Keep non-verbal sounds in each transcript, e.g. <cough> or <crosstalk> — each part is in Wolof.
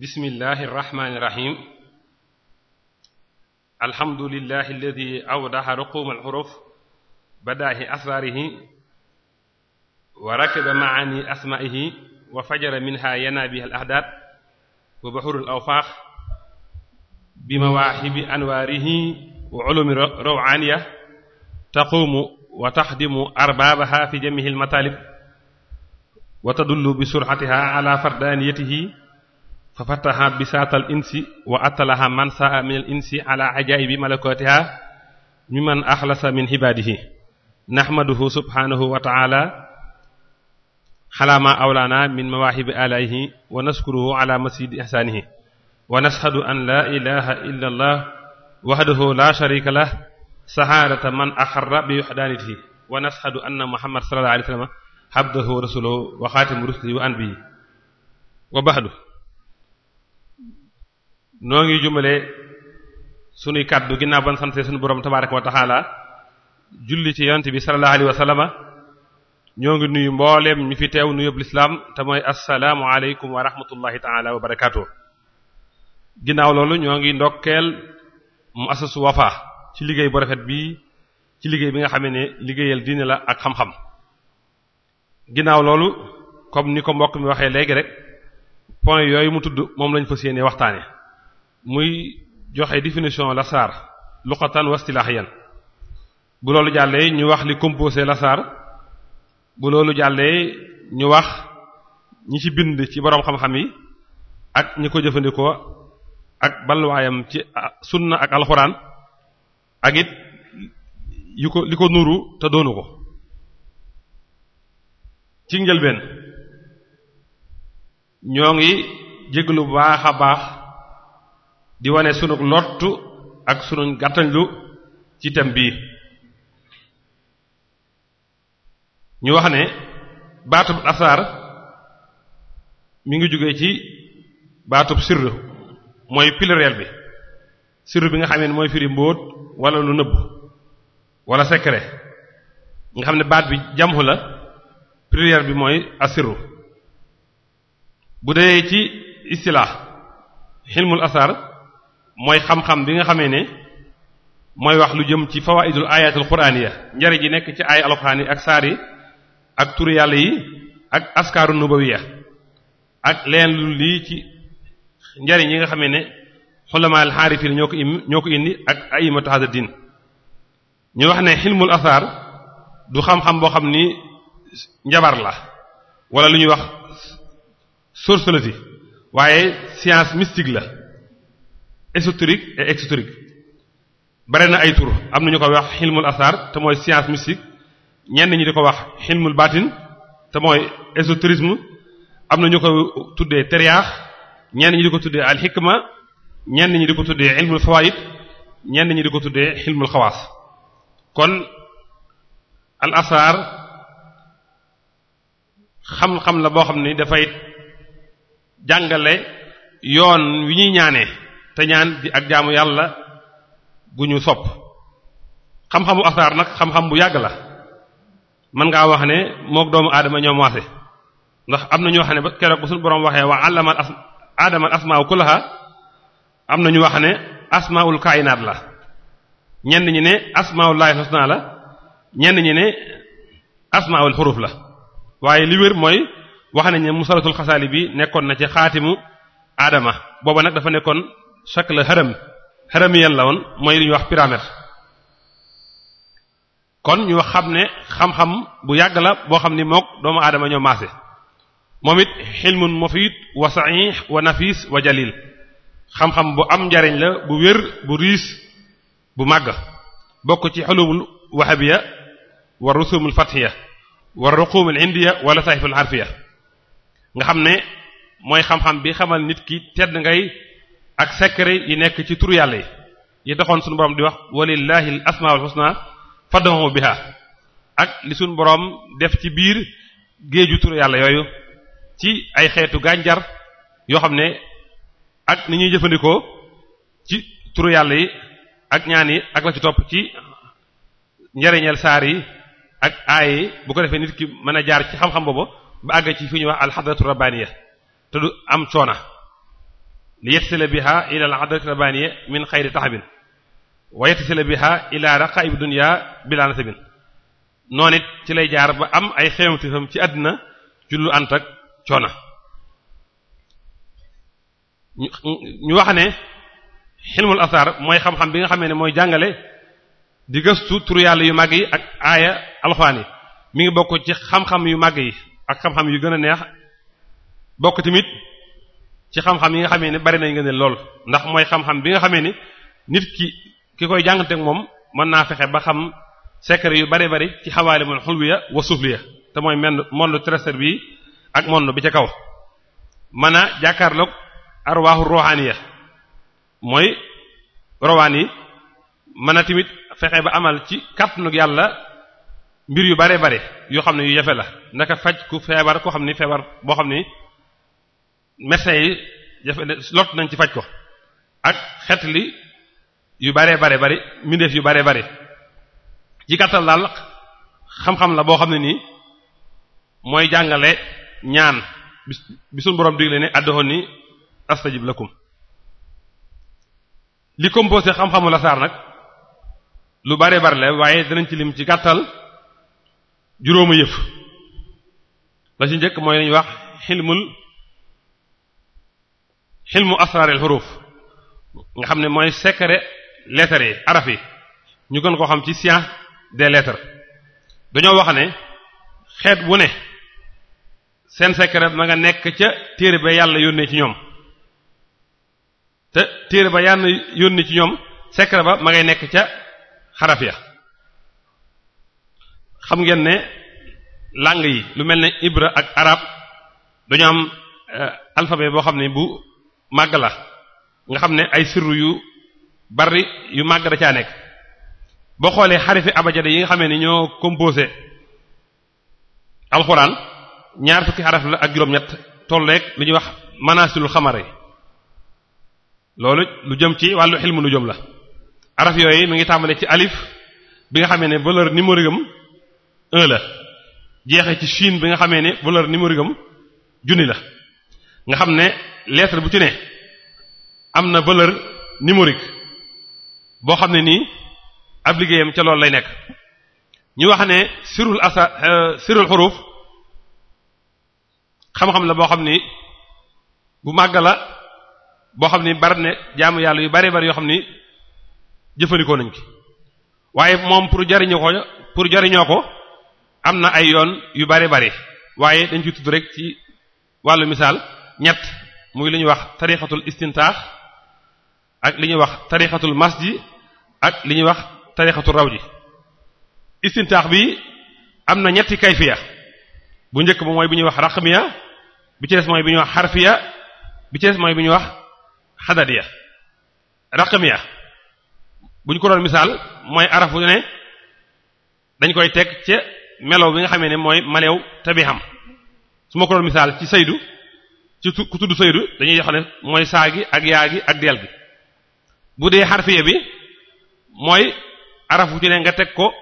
bismillahi irrahmani irrahim alhamdulillahi alladi awdaha ruqum alxuruf badaahi asraarihi wa rakiba maani asmaihi wa fajara minha yanaabiha al ahdaat wa bahurul awfaaq bi mawaahibi anwaarihi wa ulumi rawaniya taquumu wa taxdimu arbaabaha fi jamihi almataalib wa tadullu bi sur'atiha ala fardaaniyatihi fa fataha bisaatal insi wa attalaha man saa min al insi ala ajaibi malakotiha mimman axlasa min ibadihi nahmaduhu subhanahu wa taala ala ma awlaana min mawaahibi alaayihi wa naskuruhu ala masjidi ihsaanihi wa nashhadu an laa ilaha illa allah wahdahu la sharika lah sahaadata man axarra bi wahdaaniyatihi wa nashhadu anna muhammad sallallahu alayhi wa sallam abduhu wa rasuluhu wa xaatimu rusulihi wa anbiyihi wa ba'du noo ngi jumale sunuy kàddu ginnaaw ban sante suñu borom tabaaraka wa taxaala julli ci yonent bi sallallahu alayhi ñoo ngi nuyu mbooleem ñu fi teew nuyu lislaam te mooy assalaamu aleykum wa rahmatullahi taala wa barakaatu ginnaaw loolu ñoo ngi ndokkeel mu asasu wafa ci liggéey bu rafet bi ci liggéey bi nga xamee ne liggéeyal diine la ak xam-xam ginnaaw loolu comme ni ko mbokk mi waxee léegi rek point yooyu mu tudd moom lañu fas yéene waxtaane muy joxe définition lasaar luqatan wastilaahiyan bu loolu jàllee ñu wax li composé lasaar bu loolu jàllee ñu wax ñi ci bind ci boroom xam-xam yi ak ñi ko jëfandikoo ak balwaayam ci sunna ak alxuraan ak it yu ko li ko nuru te doonu ko ci njëlbeen ñoo ngi jéglu bu baax a baax di wane sunu lottu ak sunu gàttañlu ci thème bii ñu wax ne baatub asaar mu ngi jóge ci baatub sirru mooy pluriel bi sirru bi nga xam ne mooy firi mbóot walla lu nëbb wala secret nga xam ne baat bi jamxu la pluriel bi mooy asirru bu dee ci istilaax xilmul asaar mooy xam-xam bi nga xamee ne mooy wax lu jëm ci fawaidul ayatul quraniya njëriñ yi nekk ci ay alxuraan yi ak saar yi ak turu yi ak askaaru nubawiya ak leen lu lii ci njëriñ yi nga xamee ne xulamaa al xaarifiin ñoo ko ñoo ko indi ak aimatu hada din ñu wax ne xilmul asaar du xam-xam boo xam ni njabar la wala lu ñuy wax sorcellerie waaye science mystique la ésotérique et exotérique bare na ay tur am na ñu ko wax xilmul asar te mooy science mystique ñenn ñi di ko wax xilmul baatin te mooy ésotérisme am na ñu ko tuddee teriyaax ñenn ñi di ko tuddee al xikma ñenn ñi di ko tuddee xilmul fawaid ñenn ñi di ko tuddee xilmul xawaas kon al asar xam-xam la boo xam ni dafay jàngale yoon wi ñuy ñaanee te ñaan di ak jaamu yàlla gu ñu sopp xam-xamu asaar nag xam-xam bu yàgg la mën ngaa wax ne mook doomu aadama ñoom waase ndax am na ñoo xam ne ba keroog ba suñu borom waxee waa allamal as aadamal kullaha am na ñu wax ne asmaul kaayinaat la ñenn ñi ne asmaullahi naa la ñenn ñi ne asmaul xuruf la waaye li wér mooy wax nañ ne musalatul xasaali bi nekkoon na ci xaatimu aadama booba nag dafa nekkoon shakl haram haramiyan la woon mooy lu ñuy wax pyramide kon ñu wax xam ne xam-xam bu yàgg la boo xam ni mook doomu aadama ñoo maase moom it xilmun mufid wa sahih wa nafis wa jalil xam-xam bu am njariñ la bu wér bu riis bu màgg bokk ci xulumul wahabiya wa rusumul fathiya wa ruqumul indiya wala sahiful harfiya nga xam ne mooy xam-xam bi xamal nit ki tedd ngay ak secret yi nekk ci turu yi yi taxoon suñu borom di wax walillahi al asmaul husna fad'u biha ak li suñu boroom def ci biir géeju turu yàlla yooyu ci ay xeetu gànjar yoo xam ne ak ni ñuy jëfandikoo ci turu yi ak ñaan yi ak la ci topp ci njariñel saar yi ak aaye bu ko defee nit ki mën a jaar ci xam-xam boobu ba àgg ci fi ñuy wax alxadratu rabbaniya te du am coona li yettasila biha ila al adrak rabaniya min xayri taxabin wa yettasila biha ila raqaib dunya bila nasabin noonu ci lay jaar ba am ay xewamtifam ci àddina ci lu ànd ak coona ñu wax ne xilmul asar mooy xam-xam bi nga xamee ne mooy jàngale di gëstu turu yàlla yu mag yi ak aaya alxuraan yi mi ngi bokk ci xam-xam yu màgg yi ak xam-xam yu gën a neex bokk tamit ci xam-xam yi nga xamee ne bari nañ nga ne lool ndax mooy xam-xam bi nga xamee ni nit ki ki koy jànganteeg moom mën naa fexe ba xam secret yu bari bari ci xawaalimul xulwiya wa sufliya te mooy menn monde terrestre bi ak monde bi ca kaw mën a jàkkaarloog arwaaxu ruhaniya mooy rawaan yi mën a tamit fexe ba amal ci kàttanug yàlla mbir yu bare bare yoo xam ne yu yafe la ndaka faj ku feebar koo xam ni feebar boo xam ne médecin yi jafe lot nañ ci faj ko ak xet yu bare bare bari mbindeef yu bare bari ci gàttal daal xam-xam la boo xam ne nii mooy jàngale ñaan bi suñ boroom digle ne adduhuni astajib lakum li composé xam-xamu lasaar nag lu bare bari la waaye danañ ci lim ci gàttal juróomu yëf la ci njëkk mooy lañuy wax xilmul xilmu asraaril xuruuf nga xam ne mooy secret lettres yi araf yi ñu gën koo xam ci science des lettres dañoo wax ne xeet wu ne seen secret ma nga nekk ca téere ba yàlla yónnee ci ñoom te téere ba yàlla yónnee ci ñoom secret ba ma ngay nekk ca xaraf ya xam ngeen ne langue yi lu mel ne ibra ak arab dañu am euh, alphabet boo xam ne bu màgg la nga xam ne ay sirru yu bari yu màgg da caa nekk boo xoolee xarifi abajada yi nga xamee ni ñoo composé alxuraan ñaar fukki xaraf la ak juróom-ñett tolleeg lu ñuy wax manasilul xamare loolu lu jëm ci wàllu xilmu lu jëm la araf yooyu mi ngi tàmbalee ci alif bi nga xamee ne valeur numérique am 1 la jeexee ci chine bi nga xamee ne valeur numérique am junni la nga xam ne lettre bu ci ne am na valeur numérique boo xam ne nii ab liggéeyam ca lool lay nekk ñu wax ne sirul asa euh, sirul xuruf xam-xam la boo xam ni bu màgg la boo xam ni bari ne jaamu yàlla yu bari bari yoo xam ni jëfandikoo nañ ko waaye moom pour jariñoo ko pour jariñoo ko am na ay yoon yu bari bari waaye dañ ci tudd rek ci wàllu misaal ñett mu ngi li ñuy wax tarixatul istintaax ak li ñuy wax tarixatul masji ak li ñuy wax tarixatul raw ji istintaax bi am na ñetti kayfiya bu njëkk ba mooy bi ñuy wax raqmiya bi ci mooy bi ñuy wax xarfiya bi ci des ñuy wax xadadiya raqmiya bu ñu ko doon misaal mooy arafu ne dañ koy teg ca melow bi nga xamee ne mooy malew tabiham su ma ko doon misaal ci saydu ci ku tudd faydu dañuy yaxale mooy saa gi ak yaa gi ak deel gi bu dee xarfiya bi mooy araf wu ci ne nga teg ko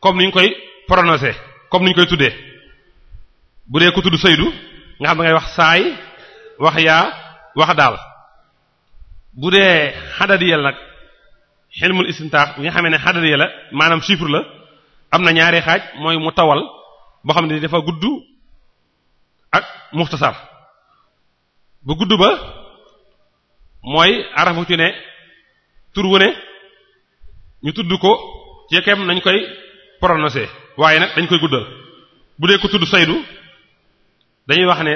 comme ni ñu koy pronosé comme ni ñu koy tuddee bu dee ku tudd saydu nga xam da ngay wax saay wax yaa wax daal bu dee xadadiyal nag xilmul istintaax bi nga xamee ne xadadiya la maanaam chiffre la am na ñaari xaaj mooy mu tawal boo xam ne dafa gudd ak muxtasar bu gudd ba mooy arafu ci ne tur wu ne ñu tudd ko ci kem nañ koy prononcé waaye nag dañ koy guddal bu dee ko tudd saydu dañuy wax ne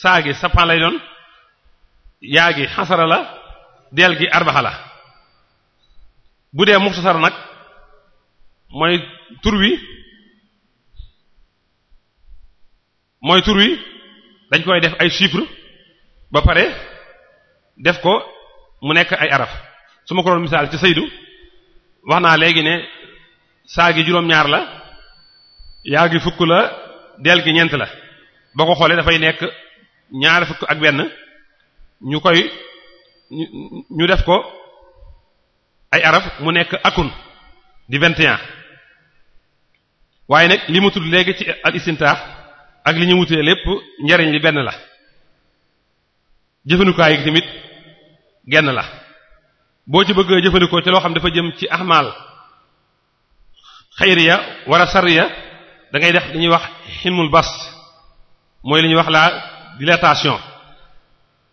saa gi sappan lay doon yaa gi xasara la deel gi arbaxa la bu dee muxtasar nag mooy tur wi mooy tur wi dañ koy def ay chiffres ba pare def ko mu nekk ay araf su ma ko doon misaal ci saydu wax naa léegi ne saa gi juróom-ñaar la yaa gi fukk la dell gi ñeent la boo ko xoolee dafay nekk ñaar fukk ak benn ñu koy ñu def ko ay araf mu nekk akun di 21 waaye nag li mu tudd léegi ci al istintaax ak li ñu wutee lépp njariñ li benn la jëfandikaay yi tamit genn la boo ci bëggee jëfandikoo ci loo xam dafa jëm ci ahmaal xayriya wala sarriya dangay ngay def ñuy wax xilmul bas mooy li ñuy wax la dilatation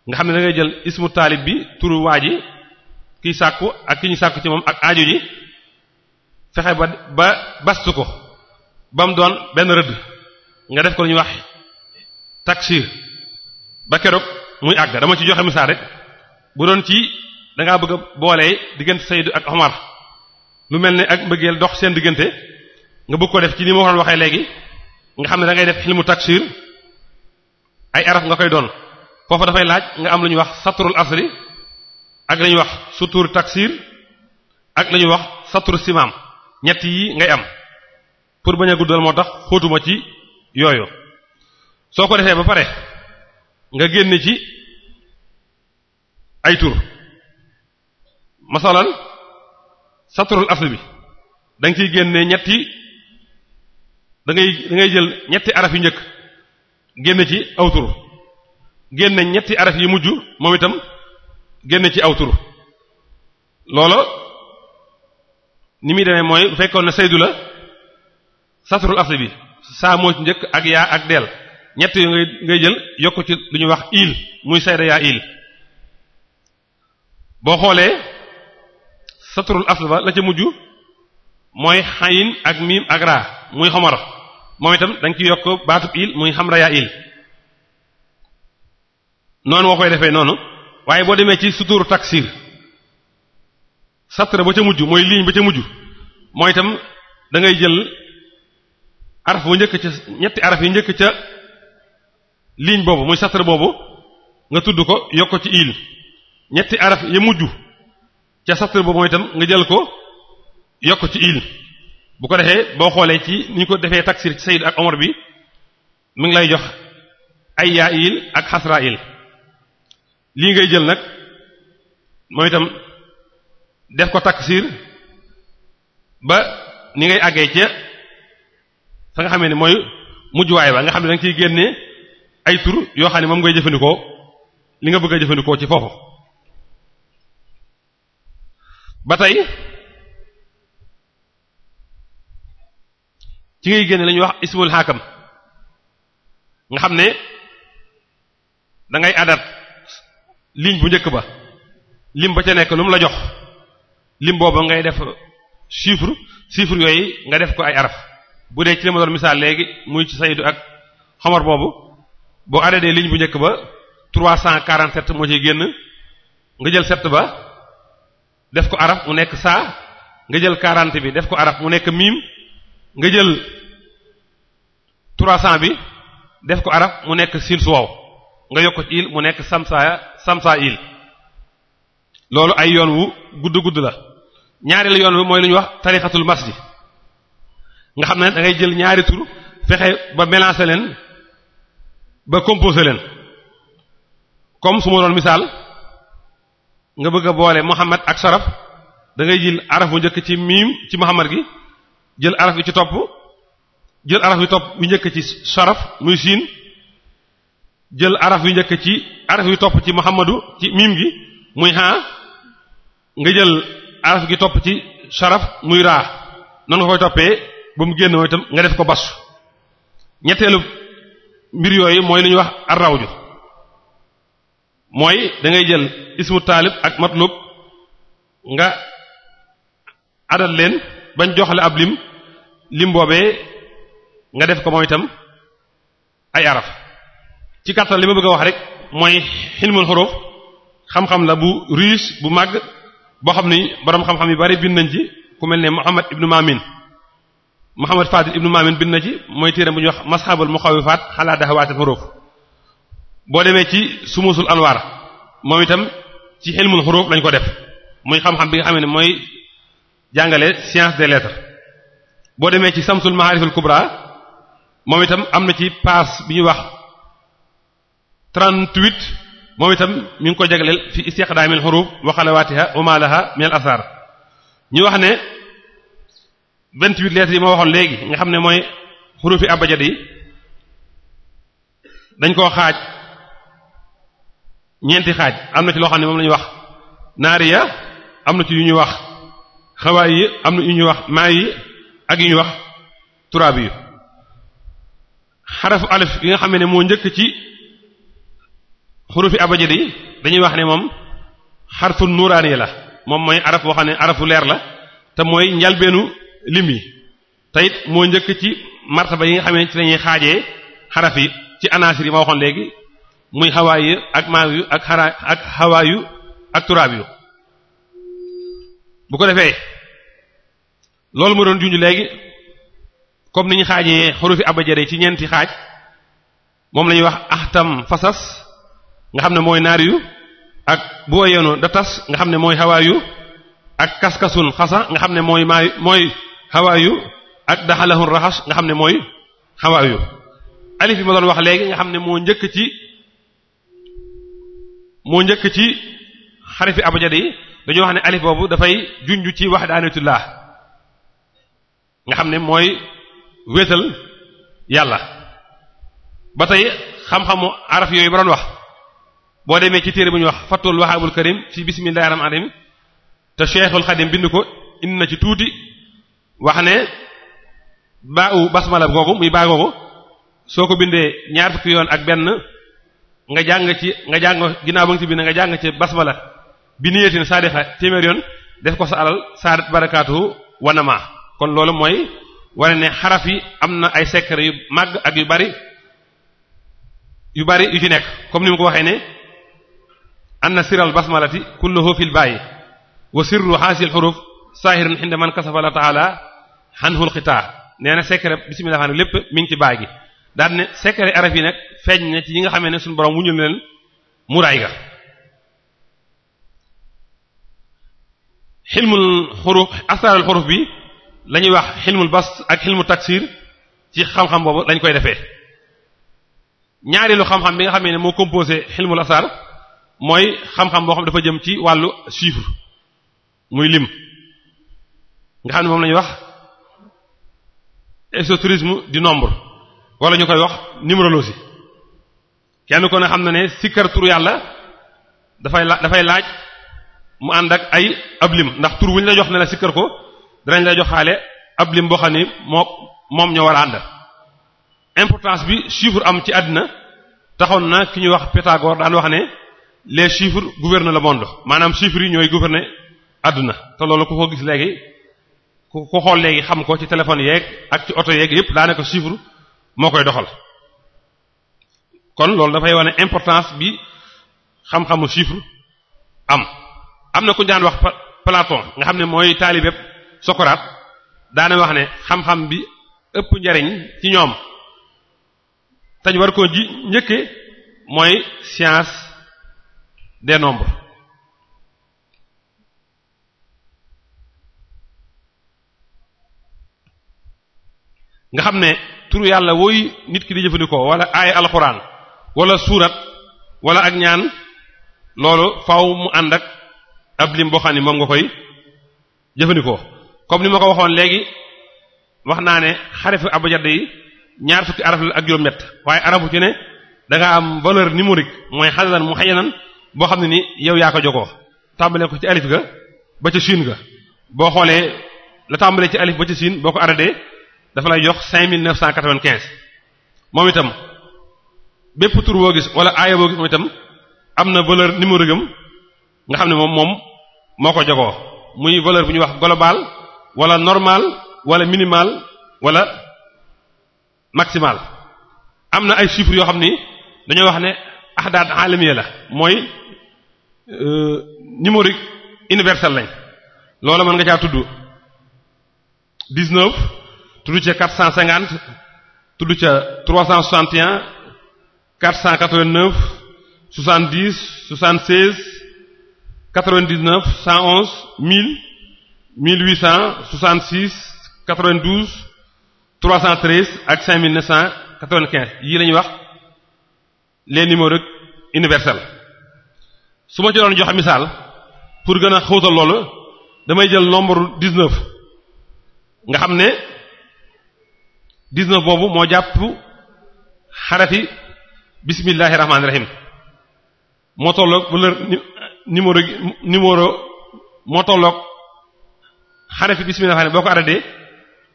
nga xam ne dangay jël ismu taalib bi turu waa ji kiy sàkku ak ki ñu sàkku ci moom ak aajo yi fexe ba ba bastu ko ba mu doon benn rëdd nga def ko lu ñuy wax taksir ba keroog muy àgg dama ci joxe misaal rek bu doon ci da ngaa bëgg boolee diggante Seydou ak Omar lu mel ne ak mbëggeel dox seen diggante nga bëgg ko def ci ni ma ko waxee léegi nga xam ne da ngay def xilmu taksir ay araf nga koy doon foofu dafay laaj nga am lu ñuy wax satrul asri ak la wax sutur taksir ak la ñuy wax satru simaam ñett yi ngay am pour bañ a guddal moo tax xóotuma ci yooyu soo ko defee ba pare nga génn ci ay tur masalan saturul asl bi da ciy génne ñetti ngay jël ñetti araf yu njëkk génn ci aw tur génne ñetti araf yi mujj moom itam génn ci aw tur loola ni muy demee mooy bu fekkoon ne saydu la saturul asl bi saamoo ci njëkk ak yaa ak deel ñett yu ngay ngay jël yokk ci lu ñuy wax il muy sayda yaa il boo xoolee saturul asl ba la ca mujj mooy xayin ak miim ak raa muy xamara moom itam da ciy yokk baatub il muy xamra noonu woo koy defee noonu waaye boo demee ci suturu taksir satra ba ca mujj mooy ligne ca mujj mooy itam da ngay jël araf bu njëkk ca ñetti araf yi njëkk ca ligne boobu muy satr boobu nga tudd ko yokk ci il ñetti araf ya mujj ca satr boobu mooy itam nga jël ko yokk ci il bu ko defee boo xoolee ci ni ñu ko defee taksir ci Sayyid ak Omar bi mu ngi lay jox ay yaa il ak xasra il lii ngay jël nag mooy itam def ko taksir ba ni ngay àggee ca fa nga xamee ne mooy mujjuwaay ba nga xam ne da nga génne ay tur yoo xam ne moom ngay jëfandikoo li nga bëgg a jëfandikoo ci foofu ba tey ci ngay génne lañuy wax ismul xaakam nga xam ne dangay ngay adat bu njëkk ba lim ba ca nekk lu la jox lim boobu ngay def chiffre chiffre yooyu nga def ko ay araf bu dee ci li ma doon misaal léegi muy ci saydu ak xamar boobu boo addadee ligne bu njëkk ba 347 moo ciy génn nga jël 7 ba def ko arab mu nekk saa nga jël 40 bi def ko arab mu nekk miim nga jël 300 bi def ko arab mu nekk siin su waw nga yokk ci il mu nekk samsa samsa il loolu ay yoon wu gudd gudd la ñaari la yoon wi mooy lu ñuy wax tarixatul masjid nga xam ne dangay jël ñaari tur fexe ba mélanger leen ba composé leen comme su ma doon misaal nga bëgg a boole Muhammad ak saraf da ngay jël araf bu njëkk ci miim ci Muhammad gi jël araf bi ci topp jël araf bi topp bu njëkk ci saraf muy siin jël araf yu njëkk ci araf yu topp ci Muhammadu ci miim gi muy haa nga jël araf gi topp ci saraf muy raa noonu nga koy toppee ba mu génn mooy nga def ko bas ñetteelu mbir yooyu mooy lu ñuy wax arrawju mooy dangay ngay jël ismu taalib ak matlub nga adal leen bañ joxale ab lim lim boobee nga def ko moom itam ay araf ci kàttan li ma bëgg a wax rek mooy xilmul xuruf xam-xam la bu riche bu màgg boo xam ni boroom xam-xam yu bari bind nañ ci ku mel ne Muhammad ibnu Mamin Muhammad Fadil ibnu Maamin bind na ci mooy téere bu ñuy wax mashabul muxawifaat xalaa dahawaatil xuruuf boo demee ci sumusul anwaar moom itam ci xilmul xuruuf lañ ko def muy xam-xam bi nga xam ne mooy jàngale science des lettres boo demee ci samsul maariful kubra moom itam am na ci paas bi ñuy wax 38 moom itam mi ngi ko jagleel fi istiqdaamil xuruuf wa xalawaatiha wa maalaha min al asaar ñu wax ne 28 lettres yi ma waxoon léegi nga xam ne mooy xurufi abjad yi dañ koo xaaj ñeenti xaaj am na ci loo xam ne moom la wax wax ya am na ci yu ñuy wax xawaay yi am na yu ñuy wax maa yi ak yu ñuy wax turaab yi xarafu alif yi nga xam ne moo njëkk ci xurufi abjad yi dañuy wax ne moom xarfu yi la moom mooy araf boo xam ne arafu leer la te mooy njalbeenu lim yi teyit moo njëkk ci martaba yi nga xamee ci lañuy xaajee xaraf yi ci anaasir yi ma waxoon léegi muy xawaay yu ak maaw yu ak xara ak xawaay yu ak turaab yu bu ko defee loolu moo doon junj léegi comme ni ñu xaajee xurufi abajare ci ñeenti xaaj moom la ñuy wax axtam fasas nga xam ne mooy naar yu ak boo yoonu da tas nga xam ne mooy xawaay yu ak kaskasun xasa nga xam ne mooy maayu mooy xawaayu ak daxalahul raxas nga xam ne mooy xawaayu alif bi ma doon wax léegi nga xam ne moo njëkk ci moo njëkk ci xarifi abjad yi dañoo wax ne alif boobu dafay junj ci wax wahdanatullah nga xam ne mooy wéetal yàlla ba tey xam-xamu araf yooyu ba doon wax boo demee ci téere bu ñuy wax fatul wahabul karim ci bismillahir rahmanir rahim te cheikhul xadim bind ko indi na ci tuuti wax ne baawu basmala googu muy baa googu soo ko bindee ñaar fukki yoon ak benn nga jàng ci nga jàng ginnaaw ba nga ci bind nga jàng ci basmala bi niyetin saadixa téeméer yoon def ko sa alal saadat barakaatu ma kon loolu mooy wane ne xaraf yi am na ay secret yu màgg ak yu bari yu bari yu ci nekk comme ni mu ko waxee ne anna siral basmalati kulluhu fil baayi wa sirru haasil xuruf saahirun inda man kasafa la xanhul xitaa nee na secret bismillah xam ne lépp mi ngi ci baay gi daal ne secret arab yi nag feeñ na ci ñi nga xamee ne suñu borom wuñul leen muraay ga xilmul xuruf asraarul xuruf bi la ñuy wax xilmul bas ak xilmu taksir ci xam-xam boobu lañ koy defee ñaareelu xam-xam bi nga xamee ne moo composé xilmul asar mooy xam-xam boo xam dafa jëm ci wàllu chiffre muy lim nga xam ne moom lañuy wax ésotourisme di nombre wala ñu koy wax numérologie kenn ko ne xam na ne sikkar tur yàlla dafay la dafay laaj mu ànd ak ay ab lim ndax tur wuñ la jox ne la sikkar ko danañ la joxaale ab lim boo xam ni moo moom ñoo war a ànd importance bi chiffre am ci àddina taxoon na ki ñuy wax Pythagore daan wax ne les chiffres gouvernent le monde maanaam chiffres yi ñooy gouverner àdduna te ku ko gis léegi ku ko xool léegi xam ko ci téléphone yeeg ak ci oto yeeg yëpp daanaka chiffre moo koy doxal kon loolu dafay wane importance bi xam-xamu chiffre am am na ku daan wax palaton nga xam ne mooy taalibeeb Socrate daana wax ne xam-xam bi ëpp njariñ ci ñoom tañ war koo ji njëkke mooy science des nombres nga xam ne turu yàlla woy nit ki di jëfandikoo wala aaya alxuraan wala suurat wala ak ñaan loolu faw mu ànd ak ab lim boo xam ne moom nga koy jëfandikoo comme ni ma ko waxoon léegi wax naa ne xarifu abjad yi ñaar fukki araf la ak juróom-ñett waaye arafu ci ne da am valeur numérique mooy xadalan mu xayanan boo xam ne ni yow yaa ko jogoo tàmbalee ko ci alif ga ba ca siin ga boo xoolee la tàmbalee ci alif ba ca siin boo ko aradee dafa lay jox cinq mille neuf cent quatre moom itam bépp tur boo gis wala aaya boo gis moom itam am na valeur numéro gëm nga xam ne moom moom moo ko jogoo muy valeur bu ñuy wax global wala normal wala minimal wala maximal am na ay chiffres yoo xam ni dañoo wax ne ahdaad alamiya la mooy euh, numérique universel lañ loola mën nga caa tudd tudd ca 450 tudd ca 361 489 70 76 99 111 1000 1866 92 313 ak 5995 yii la ñuy wax les numéros universels su ma ci doon joxe misaal pour gën a xóotal loolu damay jël nombre 19 nga xam ne. dix-neuf boobu moo jàpp xarafi bismillahi rahmaani rahim moo tolloog bu la numéro numéro boo ko arrêté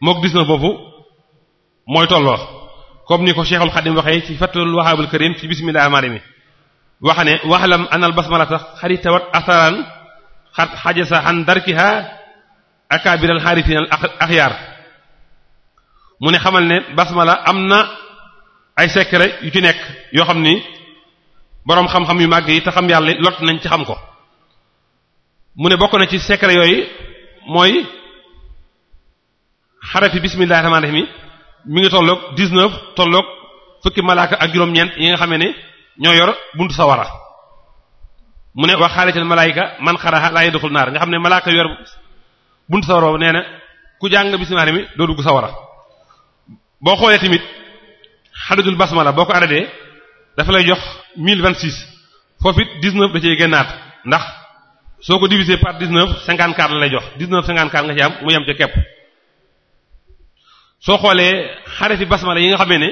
mook dix-neuf boobu mooy tolloo comme ni ko Cheikhul Xadim waxee ci Fathul Wahhabul Karim ci bismillahi rahmaani rahim wax ne waxlam anal basmalata xari tawat asaran xat xajasa an darkiha akabiral xaarifiin al axyaar mu ne xamal ne basmala am na ay secret yu ci nekk yoo xam ni boroom xam-xam yu màgg yi te xam yàlla lot nañ ci xam ko mu ne bokk na ci secret yooyu mooy xarafi bismillahir rahmanir rahim mi ngi tolloog 19 tolloog fukki malaaka ak juróom-ñeent yi nga xamee ne ñoo yor buntu sawara mu ne wax xaalital malaayika man xaraxa laa yadxul naar nga xam ne malaaka yor buntu sawara nee na ku jàng bismillahir rahim doo dugg sawara boo xoolee tamit xadadul la boo ko arrêté dafa lay jox mille vingt 1026 foofu it 19 da cee génnaat ndax soo ko divisé par cinquante 54 la lay jox 19 54 nga ci am mu yem ca képp soo xoolee xarafi basmala yi nga xamee ne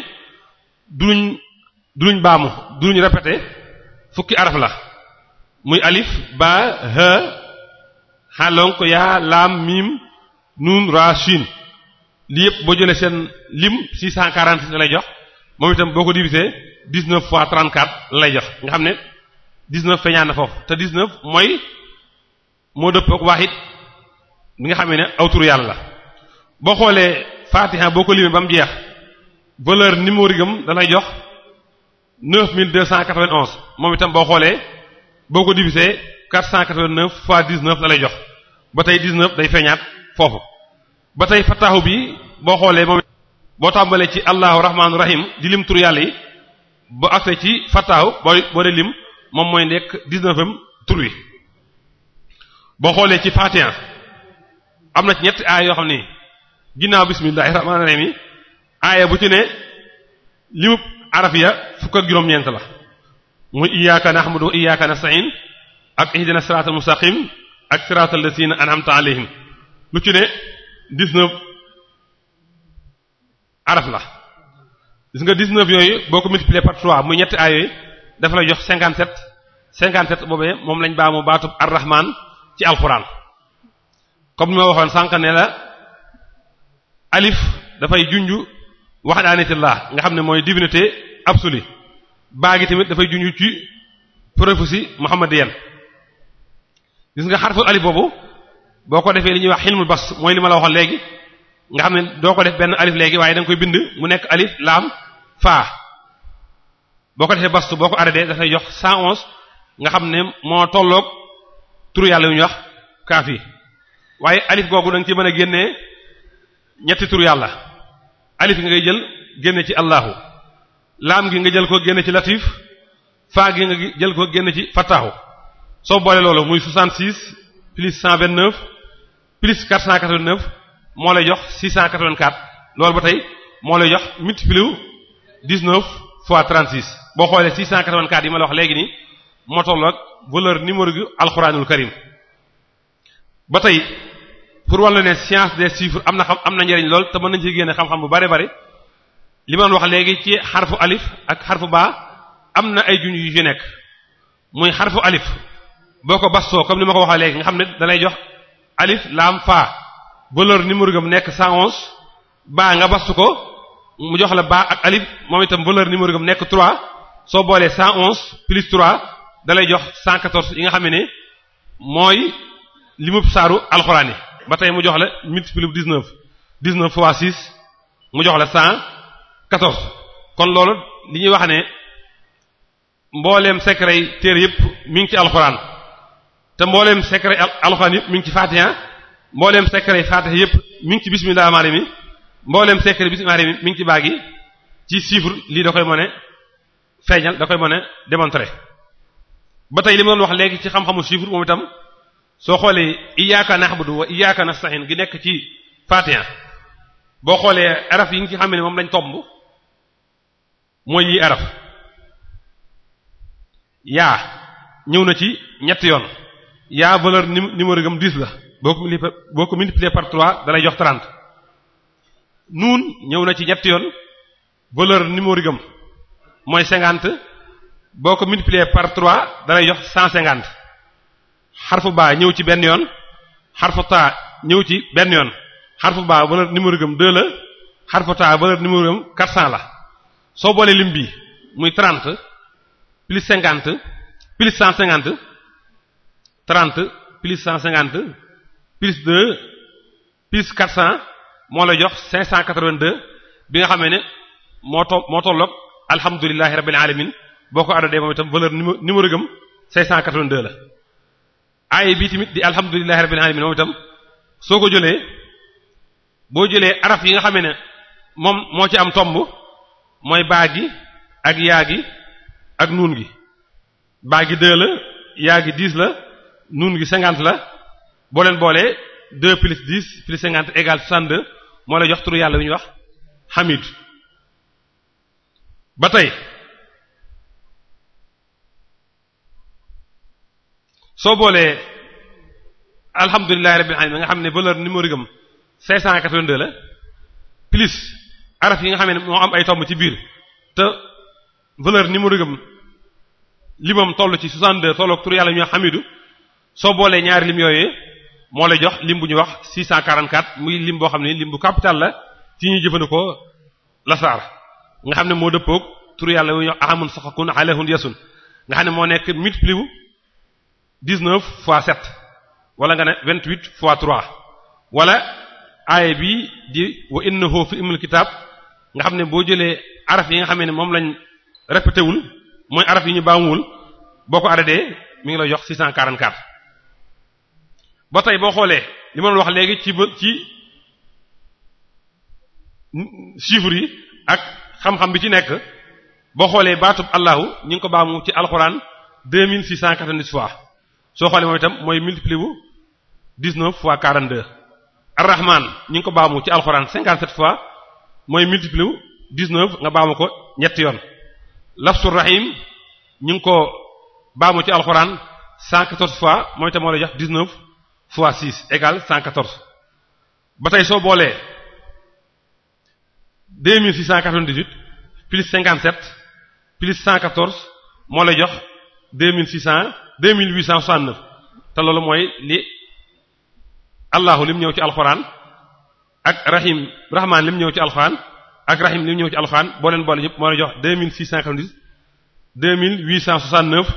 duñ duñ baamu duñ répété fukki araf la muy alif ba ha xalonk yaa laam miim nuun ra shin lii yëpp boo jëlee seen lim 646 lay jox moom itam boo ko divisé 19 fois 34 lay jox nga xam ne dis 19 feeñaan na foofu te 19 mooy moo dëpp ak waaxit bi nga xamee ne aw tur yàlla la boo xoolee Fatiha boo ko limee ba mu jeex valeur numérique am da lay jox deux 9291 moom itam boo xoolee boo ko divisé 489 fois 19 la lay jox ba tey 19 day feeñaat foofu. ba tey fataahu bi boo xoolee moom boo tàmbalee ci allahu rahmaanu rahim dilim lim tur yàlla yi ba agsee ci fataahu booy boo dee lim moom mooy nekk dix-neuvième tur wi boo xoolee ci fatiha am na ñetti aaya yoo xam ni ginnaaw bismillahi rahmaani rahim bu ci ne limub araf ya fukk ak juróom-ñeent la muy iyyaka nahmudu wa iyyaka nasta'in ak ihdina siratal mustaqim ak siratal lazina an'amta alayhim lu ci ne dix araf la gis nga dix-neuf yooyu boo ko multiplier part trois muy ñetti aay yooyu dafa lay jox cinquante-sept cinquante-sept boobee moom lañ baa mu baatub arrahman ci alxuraan comme ni ma waxoon sànq nee la alif dafay junju waxdaanitillah nga xam ne mooy divinité absolue baa gi tamit dafay junju ci prophétie muhammadienne gis nga xarful alif boobu boo ko defee li ñuy wax xilmul bas mooy li ma la waxoon léegi nga xam ne doo ko def benn alif léegi waaye da nga koy bind mu nekk alif laam faa boo ko defee bastu boo ko arrêté dafay jox 111 nga xam ne moo tolloog turu yàlla yu ñuy wax kaafi waaye alif googu da nga ci mën a génnee ñetti turu yàlla alif gi ngay jël génne ci allahu laam gi nga jël ko génne ci latif faa gi nga jël ko génne ci fattaahu soo boole loolu muy 66 plus 129 plus 489 moo lay jox 684 loolu ba tey moo la jox multiplié wu 19 fois 36 boo xoolee 684 yi ma la wax léegi nii moo tolloog valeur numéro gu alxuraanul karim ba tey pour wàllu ne science des chiffres am na xam am na njëriñ lool te mën nañu ci génne xam-xam bu bari bari li ma doon wax léegi ci xarfu alif ak xarfu baa am na ay jun yu ci nekk muy xarfu alif boo ko bastoo comme ni ma ko waxee léegi nga xam ne dalay jox. alif laam faa bëlër numéro gam nekk 111 baa nga bastu ko mu jox la baa ak alif moom itam bëlër numéro gam nekk 3 soo boolee 111 plus 3 dalay jox 114 yi nga xam ne mooy limub saaru alxuraan yi ba tey mu jox la multiplié bu 19 19 fois 6 mu jox la 114 kon loolu li ñuy wax ne mbooleem secret yi téere yëpp mi ngi ci alxuraan. te mbooleem secret alxuraan yëpp mu ngi ci Fatiha mbooleem secret Fatiha yëpp mi ngi ci bismillah maari mi mbooleem secret bismillah maari mi mi ngi ci baag yi ci chiffre lii da koy mën a feeñal da koy mën a démontrer ba tey li ma doon wax léegi ci xam-xamu chiffre moom itam soo xoolee iyyaka na'budu wa iyyaka nasta'in gi nekk ci Fatiha boo xoolee arab yi nga ci xam ne moom lañ tomb mooy yi arab yaa ñëw na ci ñetti yoon yaa valeur numéro gam 10 la boo ko multiplier boo ko multiplier par 3 dalay jox 30 nuun ñëw na ci ñetti yoon valeur numéro gam mooy 50 boo ko multiplier par 3 dalay jox 150 xarfu baa ñëw ci benn yoon xarfu taa ñëw ci benn yoon xarfu baa valeur numéro gam 2 la xarfu taa valeur numéro gam la soo boolee lim bi muy 30 plus 50 plus 150. trente plus cent cinquante plus deux plus quatre cent moo la jox cinq cent quatre bi nga xamee ne moo to moo tolloog alhamdulillahi rabbil alamin boo ko addadee moom itam valeur numéro numéro gëm cinq cent la aaya bi tamit di alhamdulillahi rabbil alamin moom itam soo ko jëlee boo jëlee arab yi nga xamee ne moom moo ci am tomb mooy baa gi ak yaa gi ak nuun gi baa gi deux la yaa gi dix la nuun gi cinquante la boo leen boolee deux plus dix plus cinquante égale soixante-deux moo lay jox turu yàlla wi ñuy wax hamid ba tey soo boolee alhamdulillahi rabbil alamin nga xam ne valeur numérique am cinq cent quatre vingt la plus araf yi nga xam ne moo am ay tomb ci biir te valeur numérique am limam toll ci soixante-deux tolloog turu yàlla wi ñuy wax hamidu soo boolee ñaari lim yooyu moo la jox lim bu ñu wax 644 muy lim boo xam ne lim bu capital la ci ñuy jëfandikoo lasaar nga xam ne moo dëppoog tur yàlla yu ñu amun saxakun alehun yasun nga xam ne moo nekk multiplié wu 19 fois 7 wala nga ne 28 fois 3 wala aaya bi di wa innahu fi ummil kitab nga xam ne boo jëlee araf yi nga xamee ne moom lañ répété wul mooy araf yi ñu baamuwul boo ko arrêté mu ngi lay jox 644 ba tey boo xoolee li ma doon wax léegi ci bë ci chiffres yi ak xam-xam bi ci nekk boo xoolee baatub allahu ñu ngi ko baamu ci alxuraan deux mille six cent quatre vingt soo xoolee itam mooy multiplier wu dix-neuf fois quarante-deux arrahman ñu ngi ko baamu ci alxuraan cinquante-sept fois mooy multiplier wu dix-neuf nga baamu ko ñetti yoon laftur rahim ñu ngi ko baamu ci alxuraan cent quatorze fois mooy itam moo lay jox fois 6 égale 114 ba tey soo boolee 2698 plus 57 plus 114 moo lay jox 2600 2869 te loolu mooy li Allahu lim ñëw ci alxuraan ak rahim rahman lim ñëw ci alxuraan ak rahim lim ñëw ci alxuraan boo leen boole ñëpp moo lay jox 2698 2869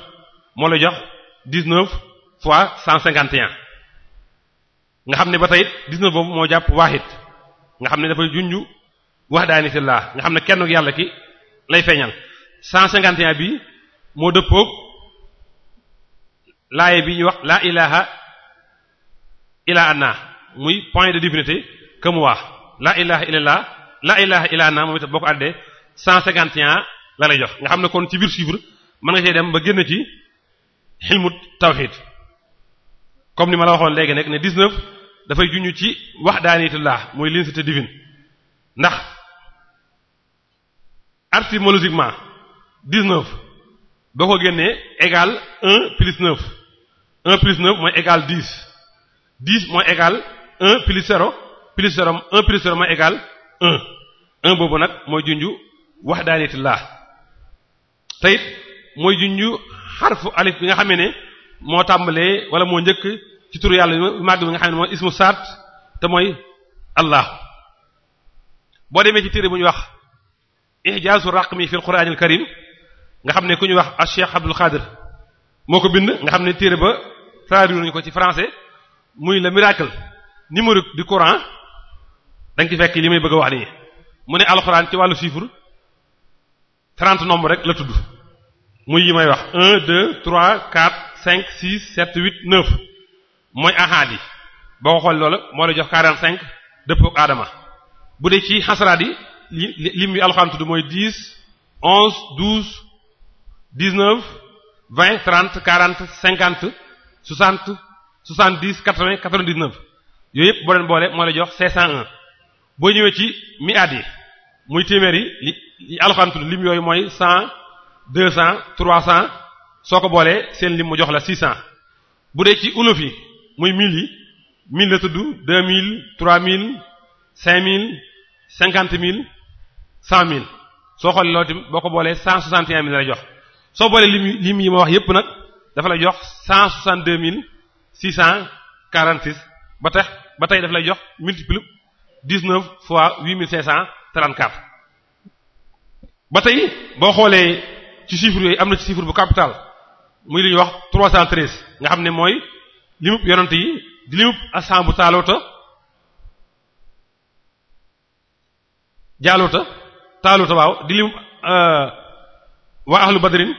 moo la jox 19 fois 151. nga xam ne ba tey gis na boobu moo jàpp waaxit nga xam ne dafay junju illah nga xam ne kenn yàlla ki lay feeñal 151 bi moo dëppoog laaye bi ñuy wax laa ilaha illa anna muy point de divinité que mu wax la ilaha la ilaha illa anna moom itam boo ko àddee 151 la lay jox nga xam ne kon ci biir chiffre mën nga cee dem ba génn ci xilmut tawxid comme ni ma la waxoon léegi nekk ne 19 dafay ju ci wahdaniyatullah mooy l'unicité divine ndax arithmétiquement 19 boo ko génnee égal 1 plus 9 1 plus 9 mooy égal 10 10 mooy égal 1 plus 0 plus 0 1 plus 0 mooy égal 1 1 boobu nag mooy junj wahdaniyatullah te it mooy junj xarfu alif bi nga xamee ne moo tàmbalee wala moo njëkk. ci turu yàlla yu màgg bi nga xam ne mooy ismu saat te mooy allahu boo demee ci téere bu ñuy wax ijaazu raqmi fi alquranil karim nga xam ne ku ñuy wax a cheikh abdul xaadir moo ko bind nga xam ne téere ba traduire nañu ko ci français muy le miracle numérique du Coran da ci fekk li may bëgg a wax nii mu ne alxuraan ci wàllu chiffre trente nombre rek la tudd muy yi may wax mooy ahaad yi boo ko xool loolu moo la jox 45 dëppoo ak aadama bu dee ci xasaraat li lim bi alxuraan tudd mooy 10 11 12 19 20 30 40 50 60 70 80 99 yooyu yëpp boo boole moo la jox 501 boo ñëwee ci mi'aad yi muy téeméer yi li li lim yooyu mooy 100 200 300 soo ko boolee seen lim mu jox la 600 bu dee ci uluf muy mille yi mille la tudd deux mille trois mille cinq mille cinquante mille cent mille soo xoolee loolu boo ko boolee cent soixante et un mille la jox soo boolee lim yi ma wax yépp nag dafa lay jox cent soixante deux mille six cent quarante ba tax ba tey dafa lay jox multiple dix-neuf fois huit mille cinq cent trente-quatre ba tey boo xoolee ci chiffre yooyu am na ci chiffre bu capital muy li ñuy wax trois nga xam ne mooy limub yonent yi di limub asaabu taaluuta jaaluuta taaluuta waaw di limub euh, waa ahlu badrin